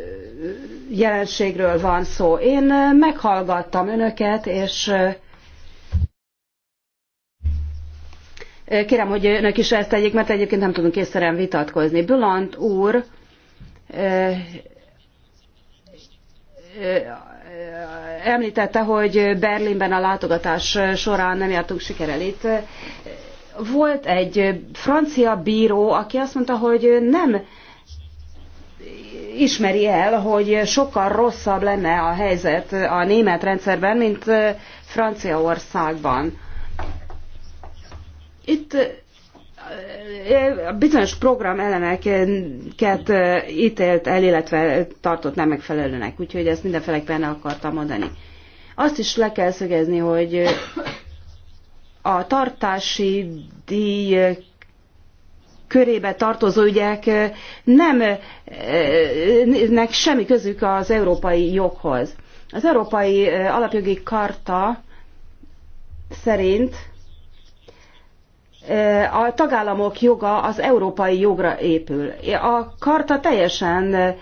jelenségről van szó. Én eh, meghallgattam önöket, és kérem, hogy önök is ezt tegyék, mert egyébként nem tudunk észszerűen vitatkozni. Bülant úr említette, hogy Berlinben a látogatás során nem jártunk sikerrel itt. Volt egy francia bíró, aki azt mondta, hogy nem ismeri el, hogy sokkal rosszabb lenne a helyzet a német rendszerben, mint Franciaországban. Itt bizonyos programelemeket ítélt el, illetve tartott nem megfelelőnek, úgyhogy ezt mindenféleképpen el akartam mondani. Azt is le kell szögezni, hogy a tartási díj körébe tartozó ügyek nem nek semmi közük az európai joghoz. Az európai alapjogi karta szerint Eh, a tagállamok joga az európai jogra épül. A karta teljesen eh,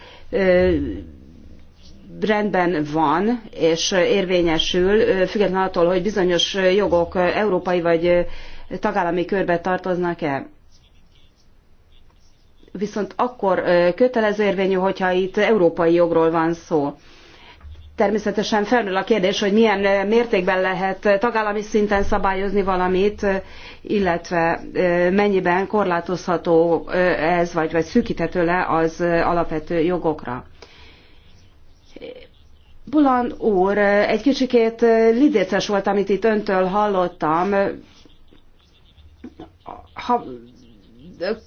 rendben van és érvényesül, eh, függetlenül attól, hogy bizonyos jogok európai vagy tagállami körbe tartoznak-e. Viszont akkor kötelező érvényű, hogyha itt európai jogról van szó. Természetesen felmerül a kérdés, hogy milyen eh, mértékben lehet tagállami szinten szabályozni valamit, eh, illetve eh, mennyiben korlátozható ez, vagy, vagy szűkíthető le az alapvető jogokra. Bulan úr, egy kicsikét lidéces volt, amit itt öntől hallottam. Ha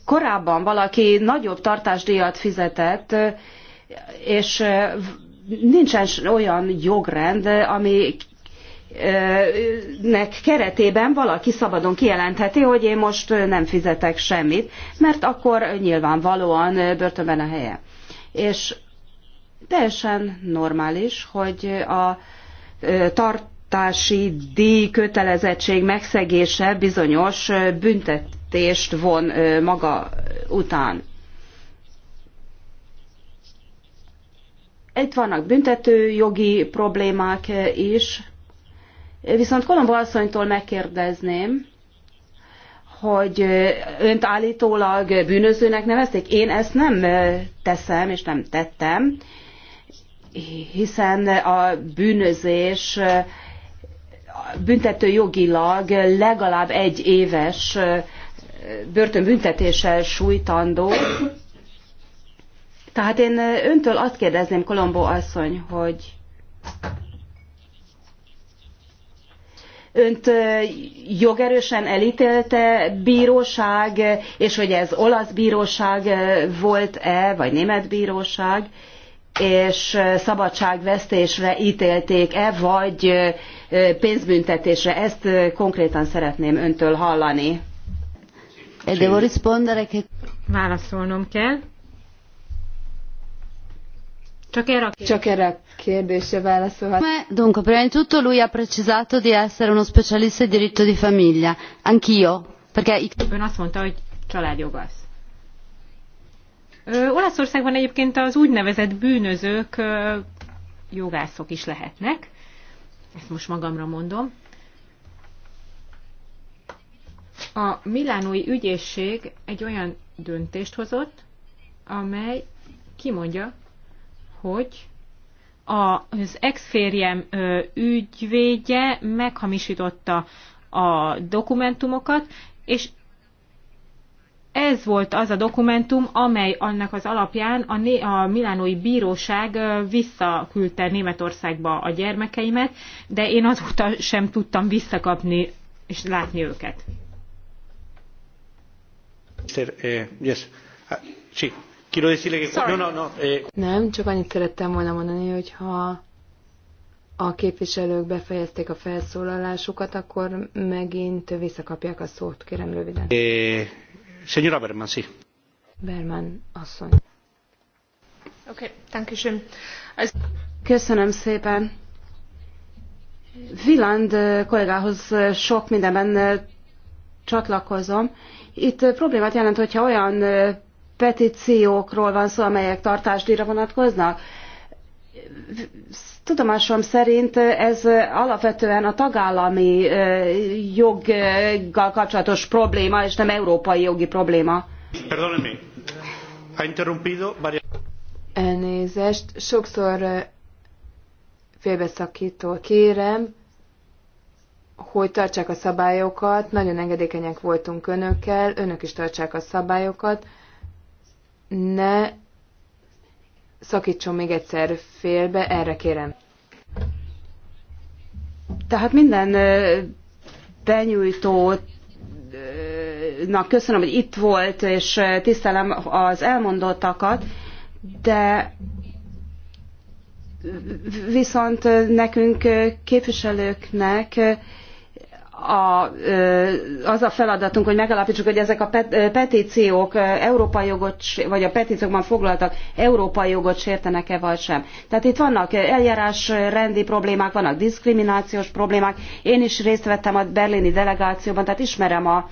korábban valaki nagyobb tartásdíjat fizetett, és nincsen olyan jogrend, ami nek keretében valaki szabadon kijelentheti, hogy én most nem fizetek semmit, mert akkor nyilvánvalóan börtönben a helye. És teljesen normális, hogy a tartási díj kötelezettség megszegése bizonyos büntetést von maga után. Itt vannak büntető jogi problémák is, viszont Kolomba asszonytól megkérdezném, hogy önt állítólag bűnözőnek nevezték. Én ezt nem teszem, és nem tettem, hiszen a bűnözés büntető jogilag legalább egy éves börtönbüntetéssel sújtandó, tehát én öntől azt kérdezném, Kolombó asszony, hogy önt jogerősen elítélte bíróság, és hogy ez olasz bíróság volt-e, vagy német bíróság, és szabadságvesztésre ítélték-e, vagy pénzbüntetésre. Ezt konkrétan szeretném öntől hallani. Eh, Válaszolnom kell. Csak erre a kérdésre, Csak erre a kérdésre válaszolhat. Dunque, prima di tutto lui ha precisato di essere uno specialista di diritto di famiglia. Anch'io. Perché... Ön azt mondta, hogy családjogász. Olaszországban egyébként az úgynevezett bűnözők ö, jogászok is lehetnek. Ezt most magamra mondom. A Milánói ügyészség egy olyan döntést hozott, amely kimondja, hogy az ex-férjem ügyvédje meghamisította a dokumentumokat, és ez volt az a dokumentum, amely annak az alapján a, né- a Milánói Bíróság visszaküldte Németországba a gyermekeimet, de én azóta sem tudtam visszakapni és látni őket. Mr. Uh, eh, yes. Uh, sí. Eh. Nem, csak annyit szerettem volna mondani, hogy ha a képviselők befejezték a felszólalásukat, akkor megint visszakapják a szót, kérem röviden. Eh, señora Berman, sí. Berman asszony. Okay, thank you. Köszönöm szépen. Viland eh, kollégához eh, sok mindenben csatlakozom. Itt problémát jelent, hogyha olyan petíciókról van szó, amelyek tartásdíjra vonatkoznak. Tudomásom szerint ez alapvetően a tagállami joggal kapcsolatos probléma, és nem európai jogi probléma. Elnézést, sokszor félbeszakító. Kérem, hogy tartsák a szabályokat, nagyon engedékenyek voltunk önökkel, önök is tartsák a szabályokat ne szakítson még egyszer félbe, erre kérem. Tehát minden benyújtónak köszönöm, hogy itt volt, és tisztelem az elmondottakat, de viszont nekünk képviselőknek a, az a feladatunk, hogy megalapítsuk, hogy ezek a petíciók európai jogot, vagy a petíciókban foglaltak európai jogot sértenek-e vagy sem. Tehát itt vannak eljárásrendi problémák, vannak diszkriminációs problémák. Én is részt vettem a berlini delegációban, tehát ismerem a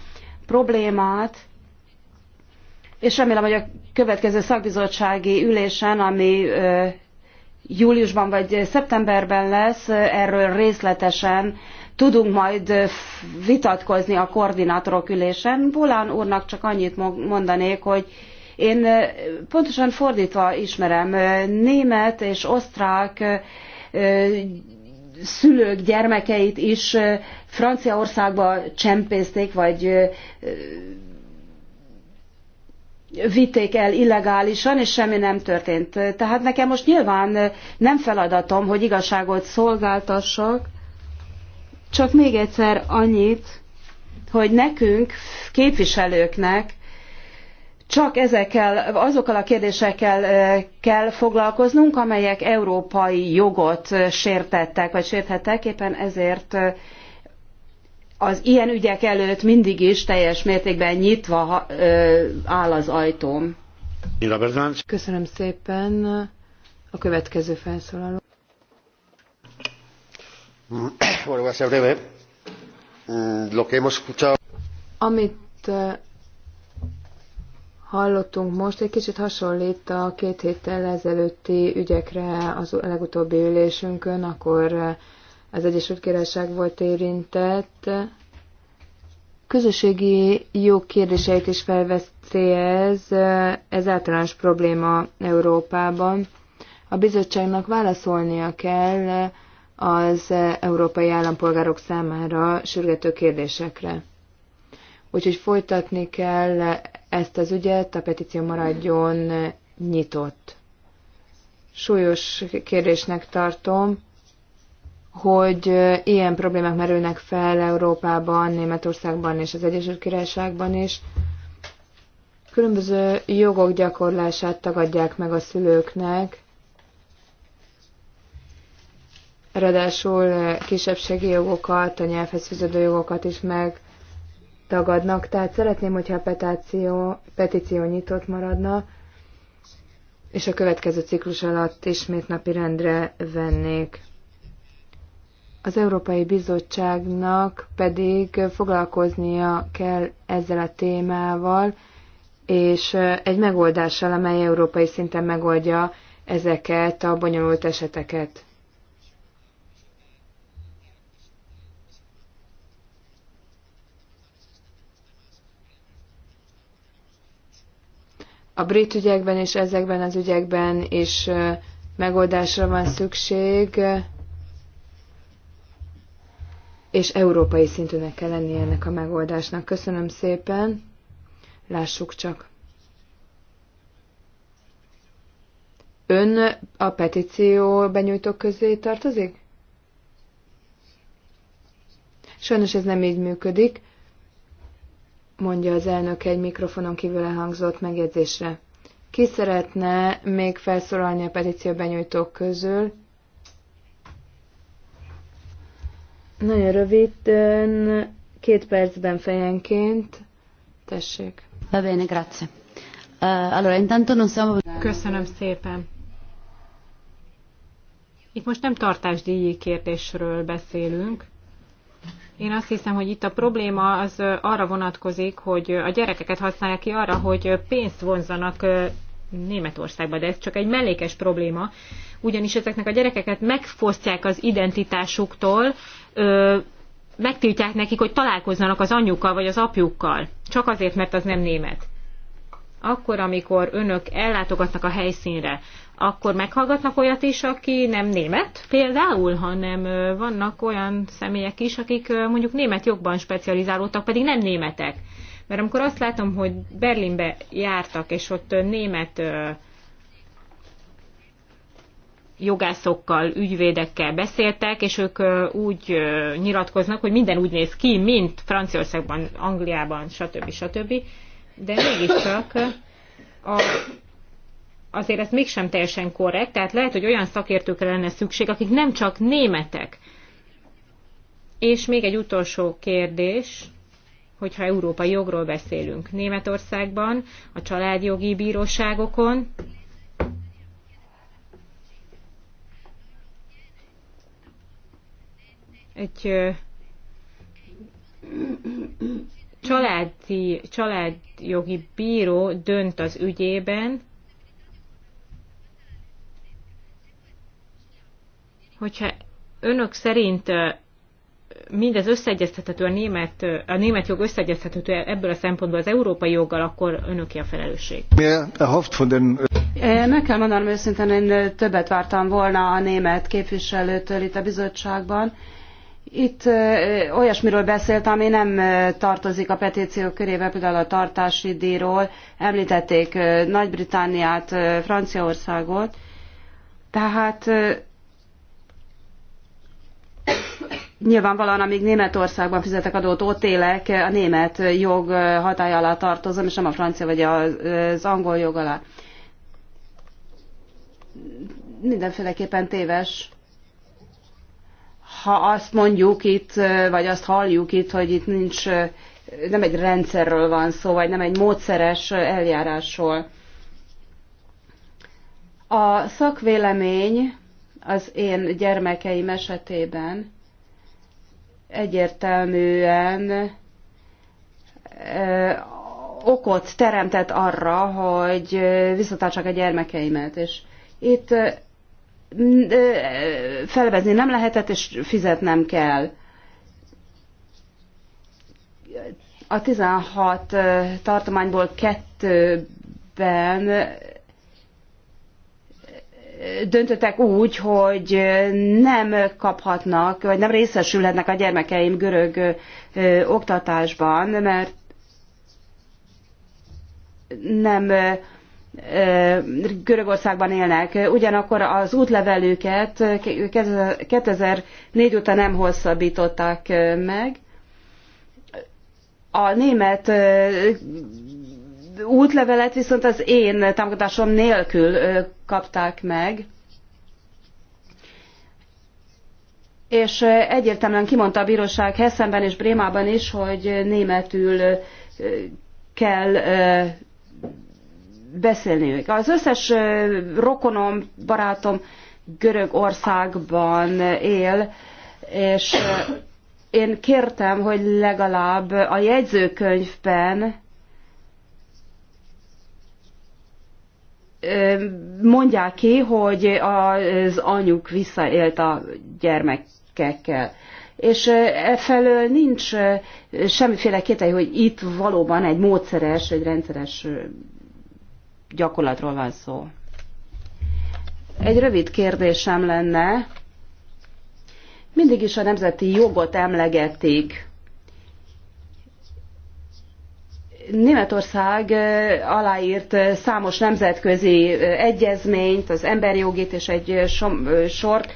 problémát, és remélem, hogy a következő szakbizottsági ülésen, ami júliusban vagy szeptemberben lesz, erről részletesen tudunk majd vitatkozni a koordinátorok ülésen. Bulán úrnak csak annyit mondanék, hogy én pontosan fordítva ismerem német és osztrák szülők gyermekeit is Franciaországba csempészték, vagy vitték el illegálisan, és semmi nem történt. Tehát nekem most nyilván nem feladatom, hogy igazságot szolgáltassak, csak még egyszer annyit, hogy nekünk, képviselőknek csak ezekkel, azokkal a kérdésekkel kell foglalkoznunk, amelyek európai jogot sértettek, vagy sérthettek, éppen ezért az ilyen ügyek előtt mindig is teljes mértékben nyitva áll az ajtóm. Köszönöm szépen. A következő felszólaló. Bueno, voy a ser breve. Mm, lo que hemos escuchado... Amit eh, hallottunk most, egy kicsit hasonlít a két héttel ezelőtti ügyekre az legutóbbi ülésünkön, akkor eh, az Egyesült Királyság volt érintett. Közösségi jog kérdéseit is felveszi ez, eh, ez általános probléma Európában. A bizottságnak válaszolnia kell az európai állampolgárok számára sürgető kérdésekre. Úgyhogy folytatni kell ezt az ügyet, a petíció maradjon nyitott. Súlyos kérdésnek tartom, hogy ilyen problémák merülnek fel Európában, Németországban és az Egyesült Királyságban is. Különböző jogok gyakorlását tagadják meg a szülőknek, ráadásul eh, kisebbségi jogokat, a nyelvhez fűződő jogokat is megtagadnak. Tehát szeretném, hogyha a petáció, petíció nyitott maradna, és a következő ciklus alatt ismét napirendre vennék. Az Európai Bizottságnak pedig foglalkoznia kell ezzel a témával, és eh, egy megoldással, amely európai szinten megoldja ezeket a bonyolult eseteket. a brit ügyekben és ezekben az ügyekben is megoldásra van szükség, és európai szintűnek kell lennie ennek a megoldásnak. Köszönöm szépen, lássuk csak. Ön a petíció benyújtók közé tartozik? Sajnos ez nem így működik mondja az elnök egy mikrofonon kívül elhangzott megjegyzésre. Ki szeretne még felszólalni a petíció benyújtók közül? Nagyon röviden, két percben fejenként. Tessék. Va bene, grazie. Uh, allora, intanto non siamo... Köszönöm szépen. Itt most nem tartásdíjé kérdésről beszélünk, én azt hiszem, hogy itt a probléma az arra vonatkozik, hogy a gyerekeket használják ki arra, hogy pénzt vonzanak Németországba, de ez csak egy mellékes probléma, ugyanis ezeknek a gyerekeket megfosztják az identitásuktól, megtiltják nekik, hogy találkozzanak az anyjukkal vagy az apjukkal, csak azért, mert az nem német akkor, amikor önök ellátogatnak a helyszínre, akkor meghallgatnak olyat is, aki nem német például, hanem vannak olyan személyek is, akik mondjuk német jogban specializálódtak, pedig nem németek. Mert amikor azt látom, hogy Berlinbe jártak, és ott német jogászokkal, ügyvédekkel beszéltek, és ők úgy nyilatkoznak, hogy minden úgy néz ki, mint Franciaországban, Angliában, stb. stb de mégiscsak a, azért ez mégsem teljesen korrekt, tehát lehet, hogy olyan szakértőkre lenne szükség, akik nem csak németek. És még egy utolsó kérdés, hogyha európai jogról beszélünk. Németországban, a családjogi bíróságokon, egy családi, családjogi bíró dönt az ügyében, hogyha önök szerint mindez összeegyeztethető a német, a német jog összeegyeztethető ebből a szempontból az európai joggal, akkor önöki a felelősség. Meg kell mondanom őszintén, én többet vártam volna a német képviselőtől itt a bizottságban, itt olyasmiről beszélt, ami nem tartozik a petíció körébe, például a tartási díjról. Említették Nagy-Britániát, Franciaországot. Tehát nyilvánvalóan, amíg Németországban fizetek adót, ott élek, a német jog hatája alá tartozom, és nem a francia vagy az angol jog alá. Mindenféleképpen téves ha azt mondjuk itt, vagy azt halljuk itt, hogy itt nincs, nem egy rendszerről van szó, vagy nem egy módszeres eljárásról. A szakvélemény az én gyermekeim esetében egyértelműen okot teremtett arra, hogy visszatartsak a gyermekeimet. És itt felvezni nem lehetett, és fizetnem kell. A 16 tartományból kettőben döntöttek úgy, hogy nem kaphatnak, vagy nem részesülhetnek a gyermekeim görög oktatásban, mert nem Görögországban élnek. Ugyanakkor az útlevelüket 2004 óta nem hosszabbították meg. A német útlevelet viszont az én támogatásom nélkül kapták meg. És egyértelműen kimondta a bíróság Hessenben és Brémában is, hogy németül kell beszélniük. Az összes rokonom, barátom Görögországban él, és én kértem, hogy legalább a jegyzőkönyvben mondják ki, hogy az anyuk visszaélt a gyermekekkel. És e felől nincs semmiféle kétel, hogy itt valóban egy módszeres, egy rendszeres gyakorlatról van szó. Egy rövid kérdésem lenne. Mindig is a nemzeti jogot emlegetik. Németország eh, aláírt eh, számos nemzetközi eh, egyezményt, az emberjogit és egy sort,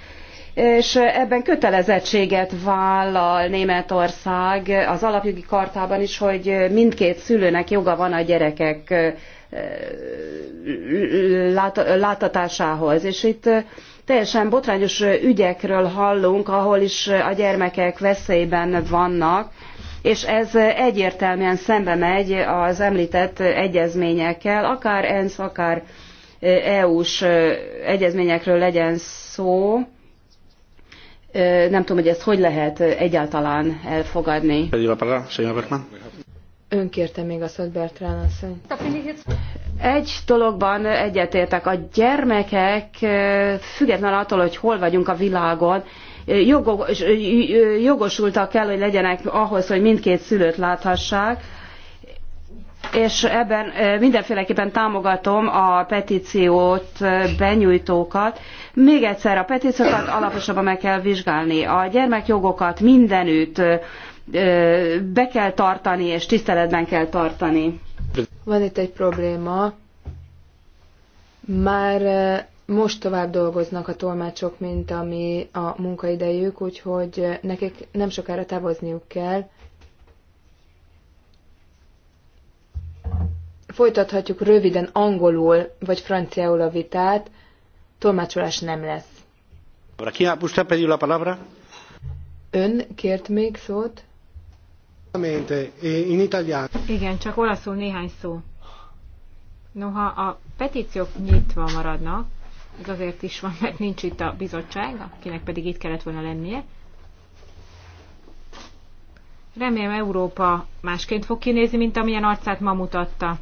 és ebben kötelezettséget vállal Németország az alapjogi kartában is, hogy mindkét szülőnek joga van a gyerekek látatásához. És itt teljesen botrányos ügyekről hallunk, ahol is a gyermekek veszélyben vannak, és ez egyértelműen szembe megy az említett egyezményekkel, akár ENSZ, akár EU-s egyezményekről legyen szó. Nem tudom, hogy ezt hogy lehet egyáltalán elfogadni. Pedig a Bergman kérte még a szót, Bertrán asszony. Egy dologban egyetértek, a gyermekek független attól, hogy hol vagyunk a világon, jogos, jogosultak kell, hogy legyenek ahhoz, hogy mindkét szülőt láthassák, és ebben mindenféleképpen támogatom a petíciót benyújtókat. Még egyszer, a petíciókat alaposabban meg kell vizsgálni. A gyermekjogokat mindenütt be kell tartani, és tiszteletben kell tartani. Van itt egy probléma. Már most tovább dolgoznak a tolmácsok, mint ami a munkaidejük, úgyhogy nekik nem sokára távozniuk kell. Folytathatjuk röviden angolul vagy franciául a vitát, tolmácsolás nem lesz. Ön kért még szót? E Igen, csak olaszul néhány szó. Noha a petíciók nyitva maradnak, ez azért is van, mert nincs itt a bizottság, akinek pedig itt kellett volna lennie. Remélem Európa másként fog kinézni, mint amilyen arcát ma mutatta.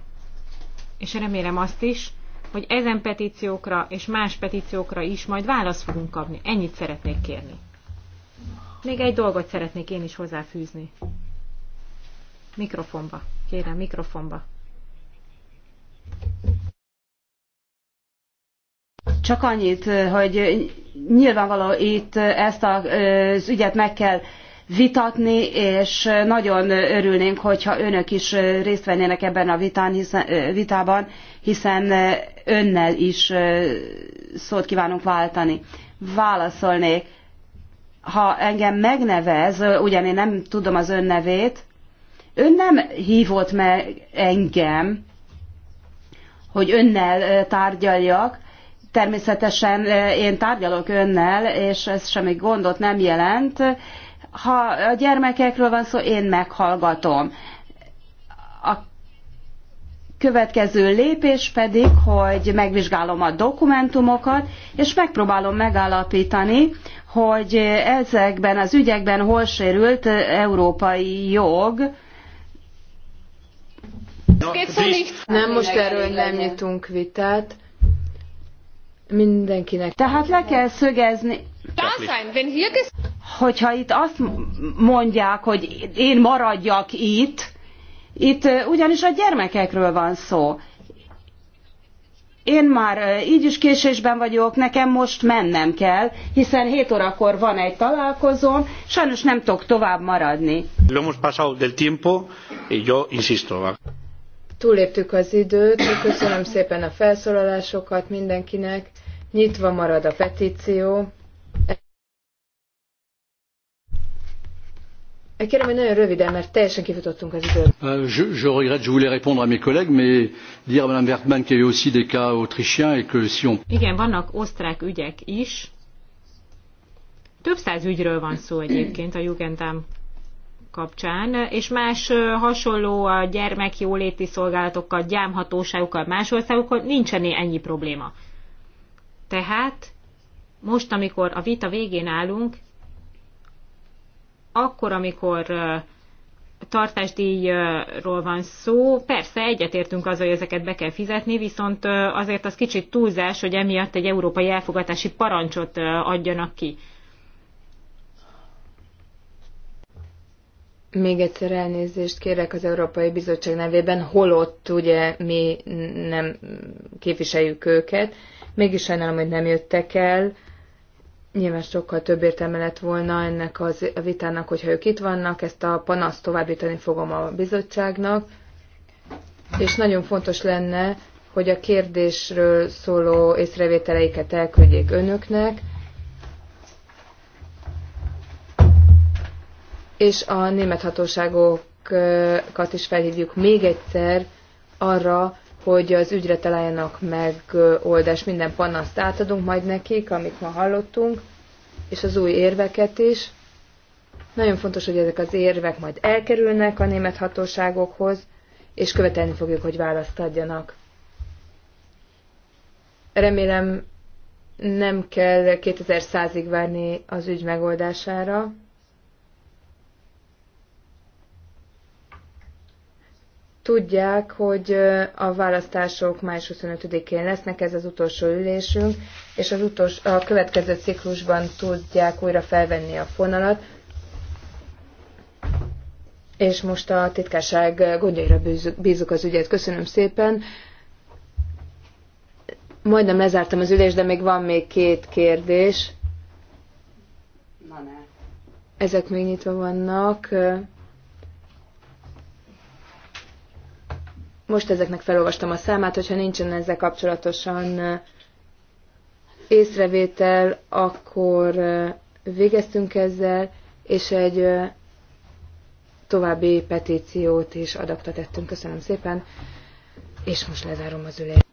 És remélem azt is, hogy ezen petíciókra és más petíciókra is majd választ fogunk kapni. Ennyit szeretnék kérni. Még egy dolgot szeretnék én is hozzáfűzni. Mikrofonba. Kérem, mikrofonba. Csak annyit, hogy nyilvánvaló itt ezt az ügyet meg kell vitatni, és nagyon örülnénk, hogyha önök is részt vennének ebben a vitán, hiszen, vitában, hiszen önnel is szót kívánunk váltani. Válaszolnék. Ha engem megnevez, ugyan én nem tudom az ön nevét, Ön nem hívott meg engem, hogy önnel tárgyaljak. Természetesen én tárgyalok önnel, és ez semmi gondot nem jelent. Ha a gyermekekről van szó, én meghallgatom. A következő lépés pedig, hogy megvizsgálom a dokumentumokat, és megpróbálom megállapítani, hogy ezekben az ügyekben hol sérült európai jog, nem, most erről nem nyitunk vitát. Mindenkinek. Tehát le kell szögezni. Hogyha itt azt mondják, hogy én maradjak itt, itt ugyanis a gyermekekről van szó. Én már így is késésben vagyok, nekem most mennem kell, hiszen 7 órakor van egy találkozón, sajnos nem tudok tovább maradni. Lo hemos pasado del tiempo y yo insisto túléptük az időt, köszönöm szépen a felszólalásokat mindenkinek, nyitva marad a petíció. Kérem, hogy nagyon röviden, mert teljesen kifutottunk az időt. Je, je regrette, je voulais répondre à mes collègues, mais dire à Mme Wertmann qu'il y a aussi des cas autrichiens et que si on... Igen, vannak osztrák ügyek is. Több száz ügyről van szó egyébként a Jugendám kapcsán, és más hasonló a gyermekjóléti szolgálatokkal, gyámhatóságokkal, más országokkal nincsen ennyi probléma. Tehát most, amikor a vita végén állunk, akkor, amikor tartásdíjról van szó, persze egyetértünk azzal, hogy ezeket be kell fizetni, viszont azért az kicsit túlzás, hogy emiatt egy európai elfogatási parancsot adjanak ki. Még egyszer elnézést kérek az Európai Bizottság nevében, holott ugye mi nem képviseljük őket. Mégis sajnálom, hogy nem jöttek el. Nyilván sokkal több értelme lett volna ennek az a vitának, hogyha ők itt vannak. Ezt a panaszt továbbítani fogom a bizottságnak. És nagyon fontos lenne, hogy a kérdésről szóló észrevételeiket elküldjék önöknek és a német hatóságokat is felhívjuk még egyszer arra, hogy az ügyre találjanak megoldást, minden panaszt átadunk majd nekik, amit ma hallottunk, és az új érveket is. Nagyon fontos, hogy ezek az érvek majd elkerülnek a német hatóságokhoz, és követelni fogjuk, hogy választ adjanak. Remélem nem kell 2100-ig várni az ügy megoldására. Tudják, hogy a választások május 25-én lesznek, ez az utolsó ülésünk, és az utolsó, a következő ciklusban tudják újra felvenni a fonalat. És most a titkárság gondjaira bízunk az ügyet. Köszönöm szépen. Majdnem lezártam az ülést, de még van még két kérdés. Ezek még nyitva vannak. Most ezeknek felolvastam a számát, hogyha nincsen ezzel kapcsolatosan észrevétel, akkor végeztünk ezzel, és egy további petíciót is adaptatettünk. Köszönöm szépen, és most lezárom az ülést.